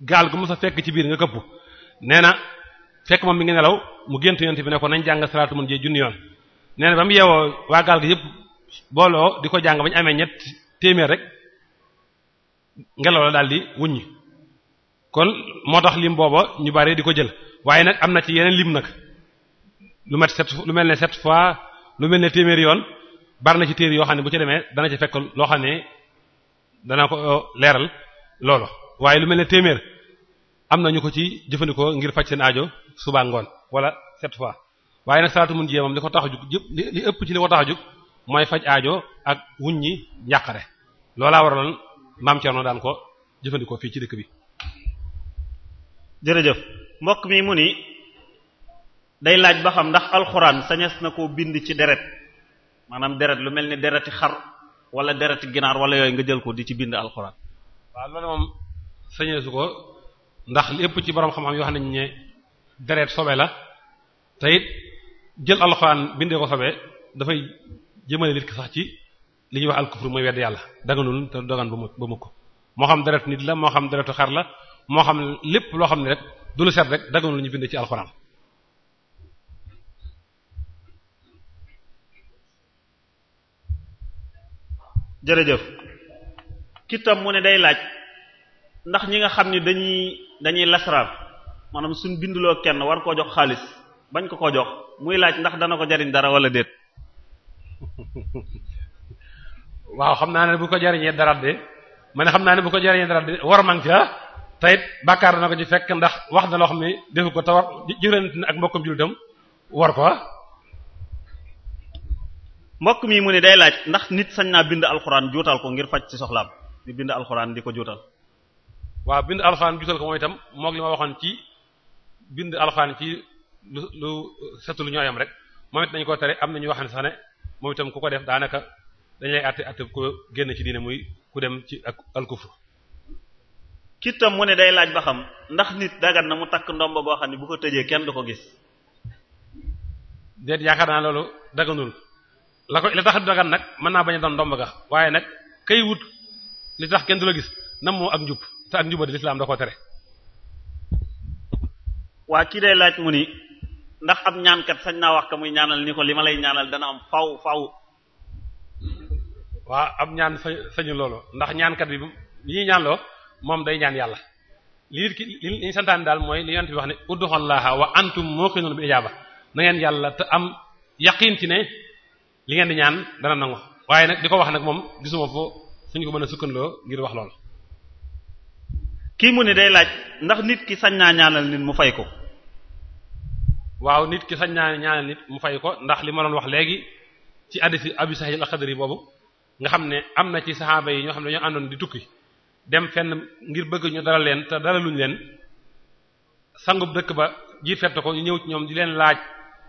gaal gu mos a fekk ci biir nga këpp nee na fekk moom mi ngi nelaw mu gént yonent bi ne ko nañ jàng salaatu mën jee junni yoon nee na ba mu yeewoo waa gaal gi yëpp booloo di ko jàng ba ñu amee ñett téeméer rek ngelaw la daal di wuññi kon moo tax lim booba ñu bari di ko jël waaye nag am na ci yeneen lim nag lu mat sept lu mel ne sept fois lu mel ne téeméer yoon bari na ci téere yoo xam ne bu ci demee dana ci fekk loo xam ne dana ko euh, leeral loolu waaye lu mel ne téeméer am na ñu ko ci jëfandikoo ngir faj seen aajo suba ngoon wala sept fois waaye nag salaatu mun jiyee moom li ko tax a jug li ëpp ci li ko tax a jug mooy faj aajo ak wuñ ñi njàqare loolaa waraloon maam Thierno daan ko jëfandikoo fii ci dëkk bi. jërëjëf mbokk mi mu ni day laaj ba xam ndax alxuraan sañes na ko bind ci deret maanaam deret lu mel ni dereti xar wala dereti ginaar wala yooyu nga jël ko di ci bind alxuraan. waaw loolu moom sañeesu ko ndax li ëpp ci borom xam-xam yoo xam ne deret sobe la te jël alxuraan bindee ko sobe dafay jëmale nit ki sax ci li ñuy wax alkufur mooy wedd yàlla daganul te dagan ba mu ba mu ko moo xam deret nit la moo xam deretu xar la moo xam lépp loo xam ne rek du lu set rek daganul ñu bind ci alxuraan. jërëjëf kitam mu ne day laaj ndax ñi nga xam ni dañuy dañuy lasaraar maanaam suñ binduloo kenn war koo jox xaalis. bañ ko ko jox muy laaj ndax dana ko jariñ dara wala déet <laughs> waaw xam naa ne bu ko jariñee dara de ma ne xam naa ne bu ko jariñee dara de war man ca tayit bàkkaar dana ko ci fekk ndax wax na loo xam ne defu ko tawar na ak mbokkum war ko mbokk mi mu ne day laaj ndax nit sañ naa bind alxuraan juutal ko ngir faj ci soxlaam di bind alxuraan di ko juutal waaw bind alxuraan juutal ko mooy itam moog li ma waxoon ci bind alxuraan ci lu lu setu lu ñoo yam rek moom it dañu ko tere am na ñu wax ne sax ne moom itam ku ko def daanaka dañu lay àtte àtte ku génn ci diine muy ku dem ci ak alkufr kittam mu ne day laaj ba xam ndax nit dagat na mu takk ndomba boo xam ne bu ko tëjee kenn du ko gis déet yaakaar naa loolu daganul la ko la tax du dagan nag mën naa bañ a doon ndomba ga waaye nag kay wut li tax kenn du la gis nam moo ak njub te ak njuba di lislaam da koo tere waa kii day laaj mu ni ndax ab ñaankat sañ naa wax ka muy ñaanal ni ko li ma lay ñaanal dana am faw faw waaw ab ñaan sa sañu loolu ndax ñaankat bi yi ñaanloo moom day ñaan yàlla li ki li ñu santaane daal mooy li yonent bi wax ne udduxallaaha wa antum muqinun bi ijaaba na ngeen yàlla te am yaqiin ci ne li ngeen di ñaan dana nangu waaye nag di ko wax nag moom gisuma fo suñu ko mën a sukkandoo ngir wax loolu kii mu ne day laaj ndax nit ki sañ naa ñaanal nit mu fay ko waaw nit ki sañ naa ñaanal nit mu fay ko ndax li ma doon wax léegi ci addisi Abi Sa'id al-Khudri boobu nga xam ne am na ci saxaaba yi ñoo xam ne dañoo àndoon di tukki dem fenn ngir bëgg ñu dalal leen te dalaluñ leen sangub dëkk ba jiit fett ko ñu ñëw ci ñoom di leen laaj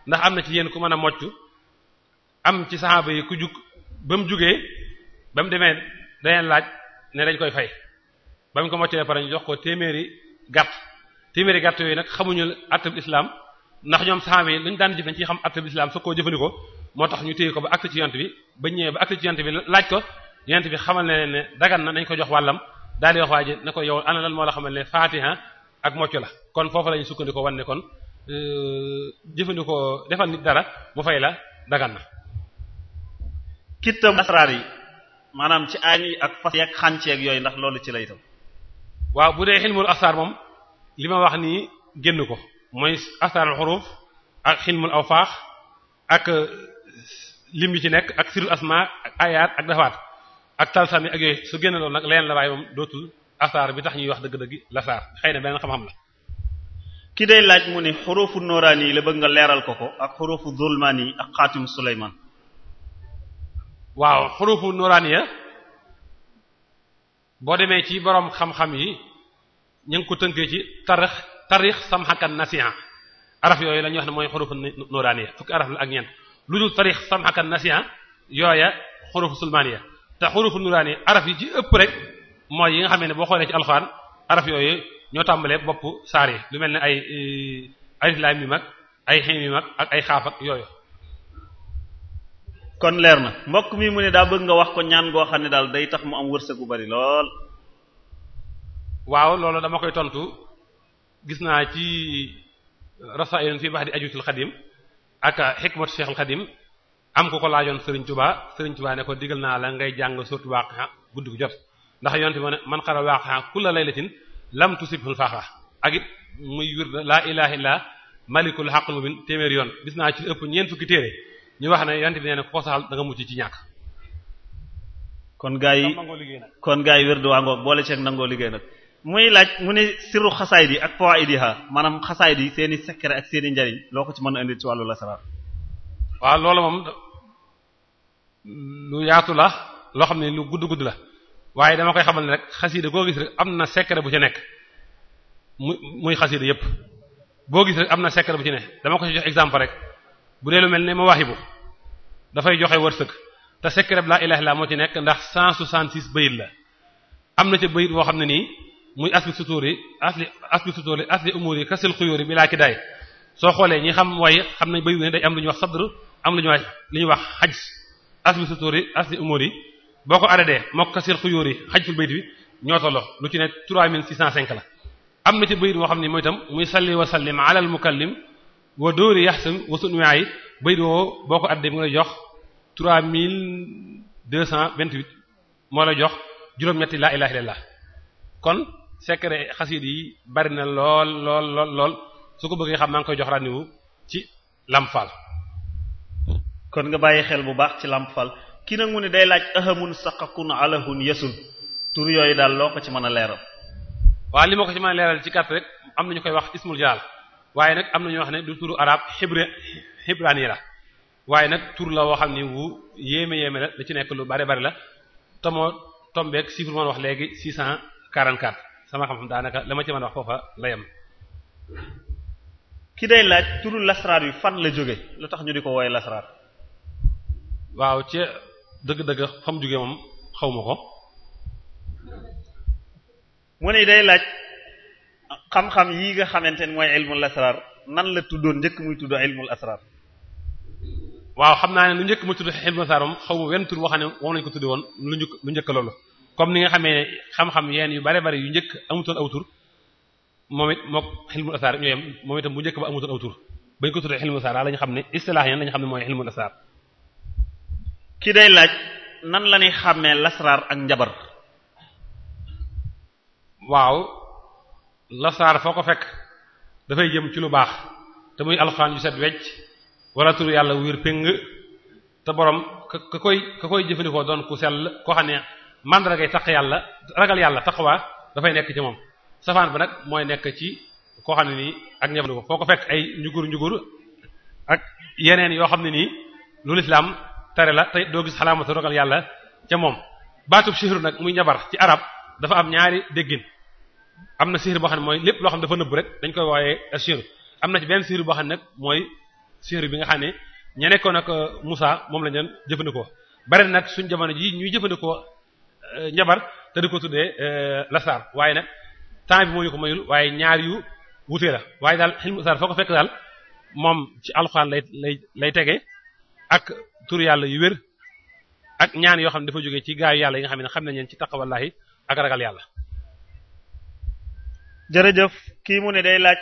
ndax am na ci yéen ku mën a mocc am ci saxaaba yi ku jug ba mu jugee ba mu demee dañeen laaj ne dañ koy fay ba mu ko moccee pare ñu jox ko téeméeri gàtt téeméeri gàtt yooyu nag xamuñu atab ndax ñoom saxaaba yi luñ daan jëf dañ ciy xam atte bi islam soo koo jëfandikoo moo tax ñu téye ko ba acte ci yant bi ba ñëwee ba acte ci yant bi laaj ko yant bi xamal ne leen ne dagan na nañ ko jox wàllam daal di wax waa ji ne ko yow ana lan moo la xamal ne fatiha ak mocc la kon foofu lañu sukkandikoo wan ne kon euh, jëfandikoo defal nit dara mu fay la dagan na kittam asraar yi maanaam ci ay ak fas yeeg xànceeg yooyu ndax loolu ci lay itam waaw bu dee xilmul asraar moom li ma wax nii génn ko mooy asraarul xuruuf ak xilmul awfaax ak euh, lim bi ci nekk ak sirul asma ak ayaat ak dafaat ak talsami ak yooyu su génne loolu nag leneen la waaye moom dootul asaar bi tax ñuy wax dëgg-dëgg la saar xëy na beneen xam-xam la. ki day laaj mu ne xurufu nooraani yi la bëgg nga leeral ko ko ak xurufu zulmaani yi ak xaatimu Sulaymaan. waaw xurufu nooraani ya boo demee ci borom xam-xam yi ñu ngi ko tënkee ci tarix. sarix samxakan nasiha araf yooyu la ñuy wax ne mooy xurufu nuraaniya fukki araf la ak ñeent lu dul sarix samxakan nasiha yooya xurufu sulmaaniya te xurufu nuraaniya araf yi ci ëpp rek mooy yi nga xam ne boo xoolee ci alxuraan araf yooyu ñoo tàmbalee bopp saar yi lu mel ni ay e, alif laam miim ak ay xiim miim ak ay xaaf yooyu. kon leer na mbokk mi mu ne daa bëgg nga wax ko ñaan goo xam ne daal day tax mu am wërsëg bu bari lool. waaw loolu dama gis naa ci euh, rasaayil fi baax di ajuutil xadim ak xikmatu Cheikhul Xadim am ko ko laajoon Serigne Touba Serigne Touba ne ko digal naa la ngay jàng surtout Waaqia guddi gu jot ndax yonte ma ne man xara Waaqia kulla laylatin lam tusibhul faaqa ak it muy wir laa ilaaha illa malikul haqqul mubin téeméer yoon gis naa ci ëpp ñeent fukki téere ñu wax ne yonte bi nee ne ko saxal da nga mucc ci ñàkk kon gaa yi kon gaa yi wér du waa ngoog boole ceeg nangoo liggéey nag muy laaj mu ne siru xasaay di ak fawaidiha maanaam xasaay di seen i secret ak seen njariñ loo ko ci mën a indi ci wàllu lasaraar waaw loolu moom lu yaatu la loo xam ne lu gudd gudd la waaye dama koy xamal ne rek xasiida koo gis rek am na secret bu ci nekk mu muy xasiida yépp boo gis rek am na secret bu ci ne dama ko jox exemple rek bu dee lu mel ne mawaahibu dafay joxe wërsëg te secret bi laa ilaaha laa moo ci nekk ndax 166 bayit la am na ci b woo xam ne nii muy asli sutuuri asli asli sutuuri asli umuri kasil xuyóori bi laa ki daay soo xoolee ñi xam waaye xam nañ bay ne day am lu ñuy wax sadr am lu ñuy wax li ñuy wax xaj asli sutuuri asli boo ko arrêté moo kasil xuyóori xaj ful bayt bi ñoo tolloo lu ci ne 3605 la am na ci bayit moo xam ne mooy tam muy salli wa sallim ala al mukallim wa dóori yaxsam wa sun waay bayit woo boo ko arrêté mu ngi lay jox 3228 moo lay jox juróom-ñetti laa ilaha illallah kon secret xasida yi bari na lool lool lool lool su ko bëggee xam maa ngi koy jox rendez ci Lamp Fall. kon nga bàyyi xel bu baax ci Lamp Fall ki nag mu ne day laaj ahamun saqakun alahun yesul tur yooyu daal loo ko ci mën a leeral. waaw li ma ko ci mën leeral ci kàtt rek am na ñu koy wax ismul jaal waaye nag am na ñoo xam ne du turu arab hébreu hébrani la waaye nag tur la woo xam ni wu yéeme yéeme la da ci nekk lu bari bari la te moo tombeeg chiffre man wax léegi 644 sama xam-xam daanaka la ma ci mën a wax foofa la yem ki day laaj turu lasraar wi fan la jóge lu tax ñu di ko wooye lasraar waaw ci dëgg-dëgg xam jóge moom xaw ma ko mu ne day laaj xam-xam yi nga xamante ne mooy ilmul lasraar nan la tuddoon njëkk muy tudd ilmul asraar waaw xam naa ne lu njëkk muy tudd ilmul asraar moom xaw wenn tur boo xam ne moom lañu ko tudde woon lu njëkk lu njëkk loolu comme ni nga xamee xam-xam yenn yu bare bare yu njëkk amutoon aw tur moom it mook xilmul asaar ñooyam moom itam bu njëkk ba amutoon aw tur bañ ko tuddee xilmul asaar la xam ne istilaax yan la ñu xam ne mooy xilmul asaar ki day laaj nan la ñuy xàmmee lasraar ak njabar waaw lastar foo ko fekk dafay jëm ci lu baax te muy alxaan yu set wecc wala tur yàlla wér péng te boroom ka koy ka koy jëfandikoo doon ku sell koo xam ne mandargay taq yàlla ragal yàlla taqwa dafay nekk ci moom safaan bi nag mooy nekk ci koo xam ne nii ak ñëfandiku foo ko fekk ay njugur njugur ak yeneen yoo xam ne nii lu lislaam tere la te doo gis xalaamatu ragal yàlla ca moom baatub sihru nag muy njabar ci arab dafa am ñaari déggin am na sihr boo xam ne mooy lépp loo xam dafa nëbb rek dañ koy wooyee sihr am na ci benn sihr boo xam ne nag mooy sihr bi nga xam ne ña nekkoon ak Musaa moom la ñu Euh, njabar te di euh, waaye nag temps moo ñu ko mayul waaye ñaar yu wutee la waaye daal xilmu sar foo ko fekk daal moom ci alxuraan lay tege ak tur yàlla yu wér ak ñaan yoo xam ne dafa jógee ci gaayu yàlla yi nga xam ne xam nañ leen ci taqwallahi ak ragal yàlla. jërëjëf kii mu ne day laaj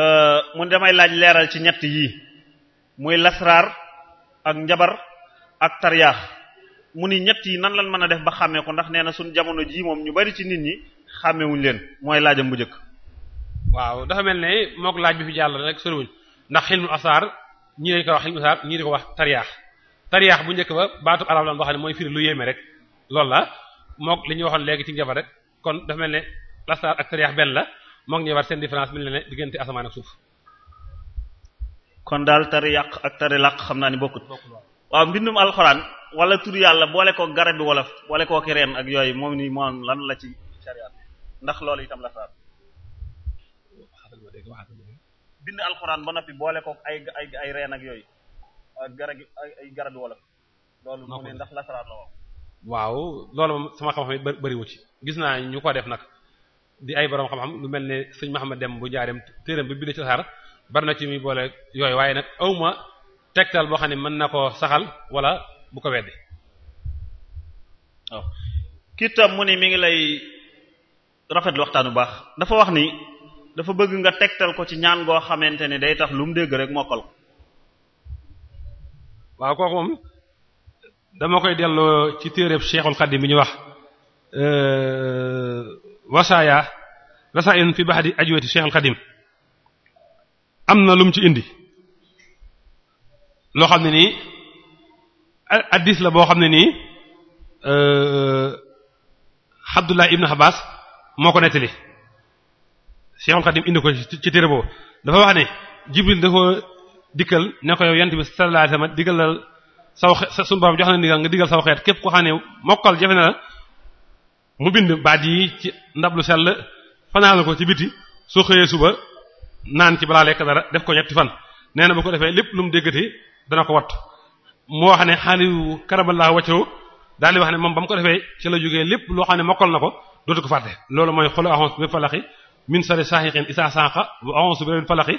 euh, mu ne damay laaj leeral ci ñett yii muy lasraar ak njabar ak tariyaax mu ni ñett yi nan lan mën a def ba xàmmee ndax nee na suñ jamono jii moom ñu bari ci nit ñi xàmmewuñ leen mooy laajam bu njëkk waaw dafa mel ne mook ko laaj bi fi jàll rek soriwuñ ndax xilmul asaar ñii dañ ko wax xilmul asaar ñii di ko wax tariyaax tariyaax bu njëkk ba baatu arab lan boo xam ne mooy firi lu yéeme rek loolu la mook li ñu waxoon léegi ci njabar rek kon dafa mel ne lasaar ak tariyaax benn la mook njabar seen différence bi ne ne diggante asamaan ak kon daal tari yàq ak tari làq xam naa ni bokkut waaw mbindum alxuraan wala tur yàlla boole ko garab bi wolof boole koo kireen ak yooyu moom ni moom lan la ci sariyaat ndax loolu itam la faat bind alxuraan ba noppi boole ko ay ay reen ak yooyu ak garab ay garabi wolof loolu mu ne ndax la saraat la waaw waaw loolu sama xam-xam it gis naa ñu ko def nag di ay borom xam-xam lu mel ne sëñ Mahamad dem bu jaareem téeram bi bi de ci saar bari na ci muy boole yooyu waaye nag awma tegtal boo xam ne mën na koo saxal wala bu ko weddi waaw mu ni mi ngi lay rafet waxtaan bu baax dafa wax ni dafa bëgg nga tegtal ko ci ñaan goo xamante ne day tax lu mu dégg rek mokkal ko waaw kooku dama koy delloo ci téereeb Cheikhul Xadim bi ñu wax euh, wasaaya wasaayun fi baxdi ajwati Cheikhul Xadim am na lu ci indi loo xam ne nii addis la boo xam ne nii euh, Abdullah ibn Abbas moo ko nettali Cheikhul Khadim indi ko ci téere boobu dafa wax ne Jibril da ko dikkal ne ko yow yant bi sallallahu alayhi wasallam diggalal saw sa suñu jox na ndigal nga diggal saw xeet képp ko xam ne mokkal jafe na la mu bind baat yi ci ndab lu sell fanaanal ko ci biti soo xëyee suba naan ci balaa lekk dara def ko ñetti fan nee na bu ko defee lépp lu mu déggati dana ko watt moo wax ne xaaliwu karaballahu waccawu daal di wax ne moom ba mu ko defee ci la jógee lépp loo xam ne mokkal na ko dootu ko fàtte loolu mooy xolo ahonse bi falaxi min sari saaxiqin isaa saaqa wa ahonse bi leen falaxi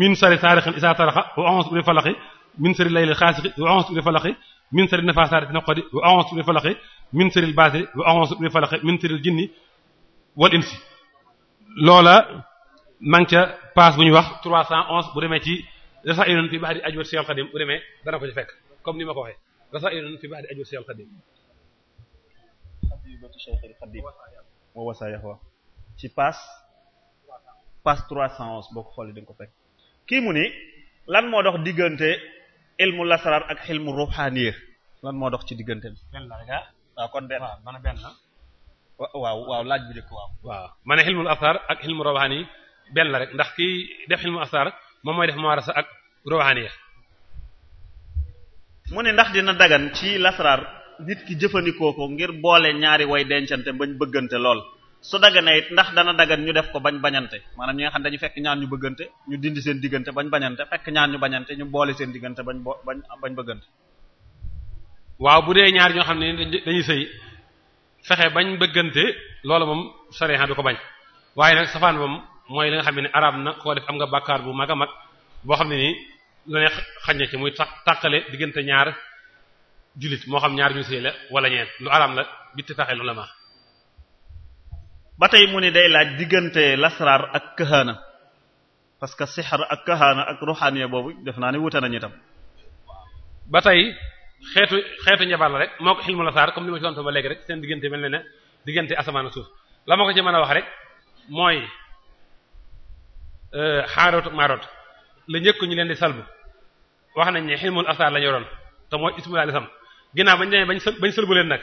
min sari saarixin isaa taraxa wa ahonse bi leen falaxi min sari laylil xaasixi wa ahonse bi leen falaxi min sari nafasaari fi naqadi wa ahonse bi leen falaxi min sari baasiri wa ahonse bi leen falaxi min sari jinni wal insi loola mang paas bu ñu wax 311 bu demee ci rasailun fi ba'di ajwat Seex Xadim bu demee ci fekk comme ni ma ko waxee rasailun fi ba'di ajwat Seex Xadim moo wasaa yax wax ci passe passe 311 boo ko xoolee di ko fekk kii mu ni lan moo dox diggante ilmu lasaraar ak ilmu ruhaniya lan moo dox ci diggante bi benn ah? waaw kon benn waaw waaw laaj bu njëkk waaw waaw ma ne ilmu ak ilmu ruhani benn la rek ndax kii def ilmu lasaraar moom mooy def maarasa ak ruhaniya mu ne ndax dina dagan ci lasaraar nit ki jëfandikoo ko ngir boole ñaari way dencante bañ bëggante lool su daganee it ndax dana dagan ñu def ko bañ bañante maanaam ñi nga xam dañu fekk ñaar ñu bëggante ñu dindi seen diggante bañ bañante fekk ñaan ñu bañante ñu boole seen diggante bañ bo bañ bañ bëggante. waaw bu dee ñaar ñoo xam ne dañuy sëy fexe bañ bëggante loolu moom sariya du ko bañ waaye nag safaan moom mooy li nga xam ne arab na koo def am nga bàkkaar bu mag a mag boo xam ne nii la ne xaññe ci muy tax tàqale diggante ñaar jullit moo xam ñaar ñu sëy la wala ñeen lu araam la bitti taxee lu la ma ba tey mu ni day laaj diggante lasraar ak kahana parce que sixar ak kahana ak ruxaaniya boobu def naa ne wute nañu tam ba tey xeetu xeetu njabar la rek moo ko xilmu lasraar comme ni ma ci doon ba rek seen diggante mel ne ne diggante asamaan suuf la ma mën a wax Euh, xaarootu maaroot la njëkk ñu leen di salbu wax nañ ne xilmul asaar la ñu yoroon te mooy ismul islam ginnaaw bañ demee bañ bañ sëlbu leen nag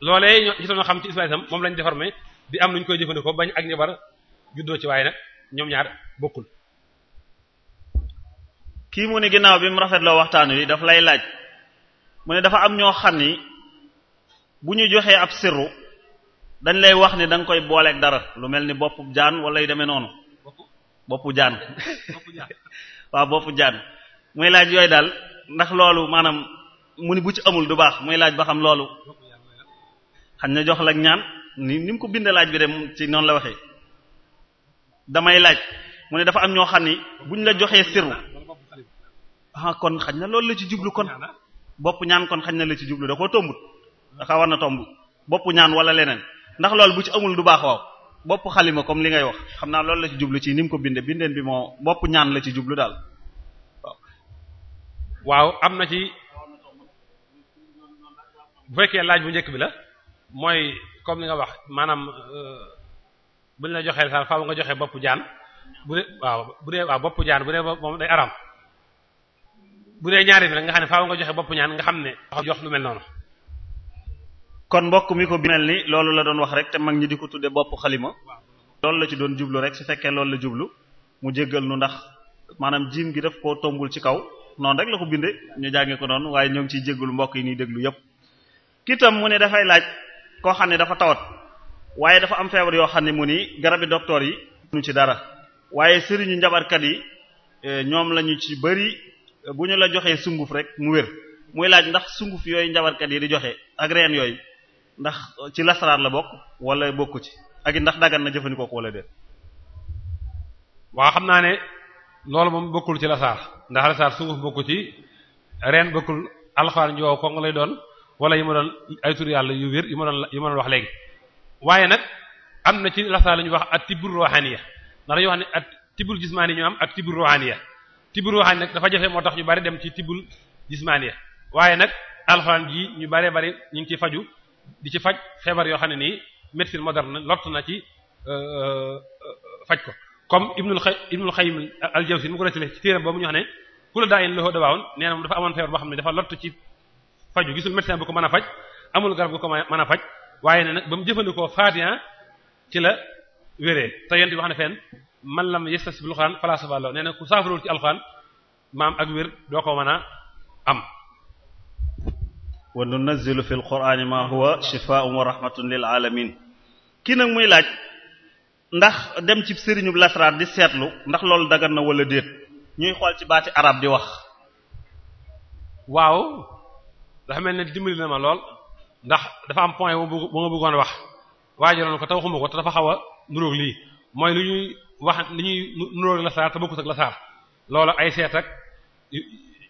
loolee ñoo xam ci ismul islam moom lañ déformé di am lu ñu koy jëfandikoo bañ ak ñu ñibar juddoo ci waaye nag ñoom ñaar bokkul. kii mu ne ginnaaw bi mu rafetloo waxtaan wi dafa lay laaj mu ne dafa am ñoo xam ni bu ñu joxee ab sirru dañ lay wax ni da koy booleeg dara lu mel ni bopp jaan wala yu demee noonu. boppu jaan waaw boppu jaan muy laaj yooyu daal ndax loolu maanaam mu ni bu ci amul du baax muy laaj ba xam loolu xañ na jox la ak ñaan ni ni mu ko bindee laaj bi de ci noonu la waxee damay laaj mu ne dafa am ñoo xam ni buñ la joxee sirru ah kon xañ na loolu la ci jublu kon bopp ñaan kon xañ na la ci jublu da koo tombut dafa war na tomb boppu ñaan wala leneen ndax loolu bu ci amul du baax waaw bopp xalima comme li ngay wax xam naa loolu la ci jublu ci ni ko binde bindeen bi moo bopp ñaan la ci jublu daal waaw am na ci bu fekkee laaj bu njëkk bi la mooy comme li nga wax maanaam euh, buñ la joxee sax faaw nga joxe bopp jaan bu dee waaw bu dee waaw bopp jaan bu dee moom day araam bu dee ñaari bi la nga xam ne faaw nga joxe bopp ñaan nga xam ne jox lu mel noonu kon mbokk mi ko binal ni loolu la doon wax rek te mag ñi di ko tuddee bopp xalima loolu la ci doon jublu rek su fekkee loolu la jublu mu jéggal nu ndax maanaam jiim gi daf koo tombul ci kaw noonu rek la ko binde ñu jànge ko noonu waaye ñoo ngi ciy jéggalu mbokk yi nii déglu yépp kiitam mu ne dafay laaj koo xam ne dafa tawat waaye dafa am feebar yoo xam ne mu ni garabi docteur yi nu ci dara waaye sëriñu njabarkat yi e, ñoom lañu ci bari bu ñu la joxee sunguf rek mu wér muy laaj ndax sunguf yooyu njabarkat yi di joxe ak yooyu ndax ci lasaraar la bokk wala bokku ci ak it ndax daggan na jëfandikoo ko wala déet. xam naa ne loolu moom bokkul ci lasaar ndax lasaar sunguf bokku ci reen bokkul alxuraan joo ko nga lay doon wala yi ma doon ay tur yàlla yu wér yi ma doon yi ma doon wax léegi waaye nag am na ci lasaar la ñuy wax at tibur ruhaniya ndax dañuy ne at tibur jismaani ñu am ak tibur ruhaniya tibur ruhani nag dafa jafe moo tax ñu bari dem ci tibur jismaaniya waaye nag alxuraan ji ñu bare bari ñu ngi ciy faju di ci faj feebar yoo xam ne nii médecine moderne lott na ci euh, euh, faj ko comme Ibnul Xay Ibnul Xayyim al-Jawzi mu ko rettale ci téeram boobu ñu wax ne ku la daayin loxo dawaawoon nee na moom dafa amoon feebar boo xam ne dafa lott ci faju gisul médecin bu ko mën a faj amul garab gu ko mën a faj waaye ne nag ba mu jëfandikoo Fatiha ci la wéree te yent wax ne fenn man lam yestas bi Alxuraan fala sabalo nee na ku saafarool ci Alxuraan maam ak wér doo ko mën a am wa nunazzilu fil qur'ani ma huwa shifaa'un wa rahmatun lil alamin kii nag muy laaj ndax dem ci sëriñub lasraar di seetlu ndax loolu daggan na wala déet ñuy xool ci baati arab di wax waaw dafa mel ne dimbali na ma lool ndax dafa am point bu ma bëggoon wax waajaloon ko te waxuma ko te dafa xaw a nuróog lii mooy lu ñuy wax li ñuy nuróog lasaar te bokkut ak lasaar loolu ay seet rek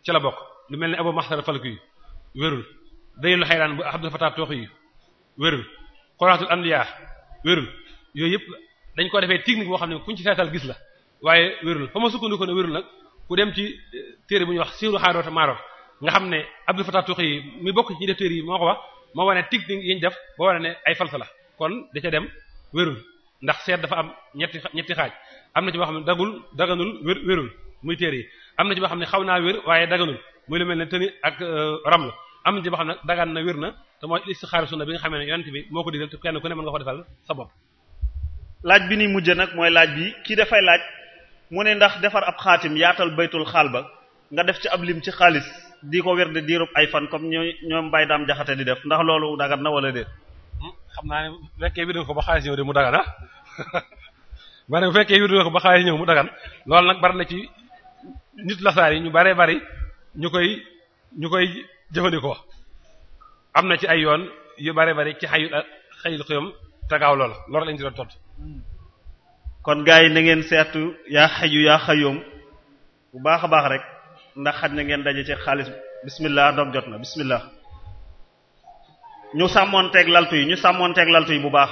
ci la bokk lu mel ni Abu Mahsar Falki wérul dayu la xayraan bu Abdul Fattah toox yi wérul xuraatul anbiya wérul yooyu yëpp dañ ko defee technique boo xam ne kuñ ci seetal gis la waaye wérul fa ma sukkandiku ne wérul nag ku dem ci eh, téere bu ñuy wax siiru xaaroota maaroot nga xam ne Abdul Fattah yi mi bokk ci ñi yi moo ko wax moo wane technique yi ñu def boo wane ne ay falsa la kon da ca dem wérul ndax seet dafa am ñetti ñetti xaaj am na ci boo xam ne dagul daganul wérul muy téere yi am na ci boo xam ne xaw naa wér waaye daganul muy lu mel ne tëni ak eh, ram la am nañu ci boo xam ne dagaan na wér na te mooy istixaara sunna bi nga xamee ne yonent bi moo ko digal te kenn ku ne mën nga ko defal sa laaj bi ni mujj nag mooy laaj bi kii dafay laaj mu ne ndax defar ab xaatim yaatal baytul xaal ba nga def ci ab lim ci xaalis di ko wér de diirub ay fan comme ñoom Baye daam Jaxate di def ndax loolu dagan na wala déet. Hmm, xam naa ne bu fekkee wér ko ba xaalis mu dagan ah ma <laughs> ne bu fekkee wér ko ba xaalis ñëw mu dagan lool nag bari na ci nit la saa yi ñu baree bari koy ñu jëfandikoo am na ci ay yoon yu bare bari ci xayul xayul xëyam tagaaw lool loolu lañ ci doon todd kon gars yi na ngeen seetu yaa xayu yaa xayoom bu baax a baax rek ndax xaj na ngeen daje ci xaalis bismillah dog jot na bismillah ñu sàmmoonteeg laltu yi ñu sàmmoonteeg laltu yi bu baax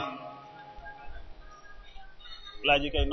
laaj yi kay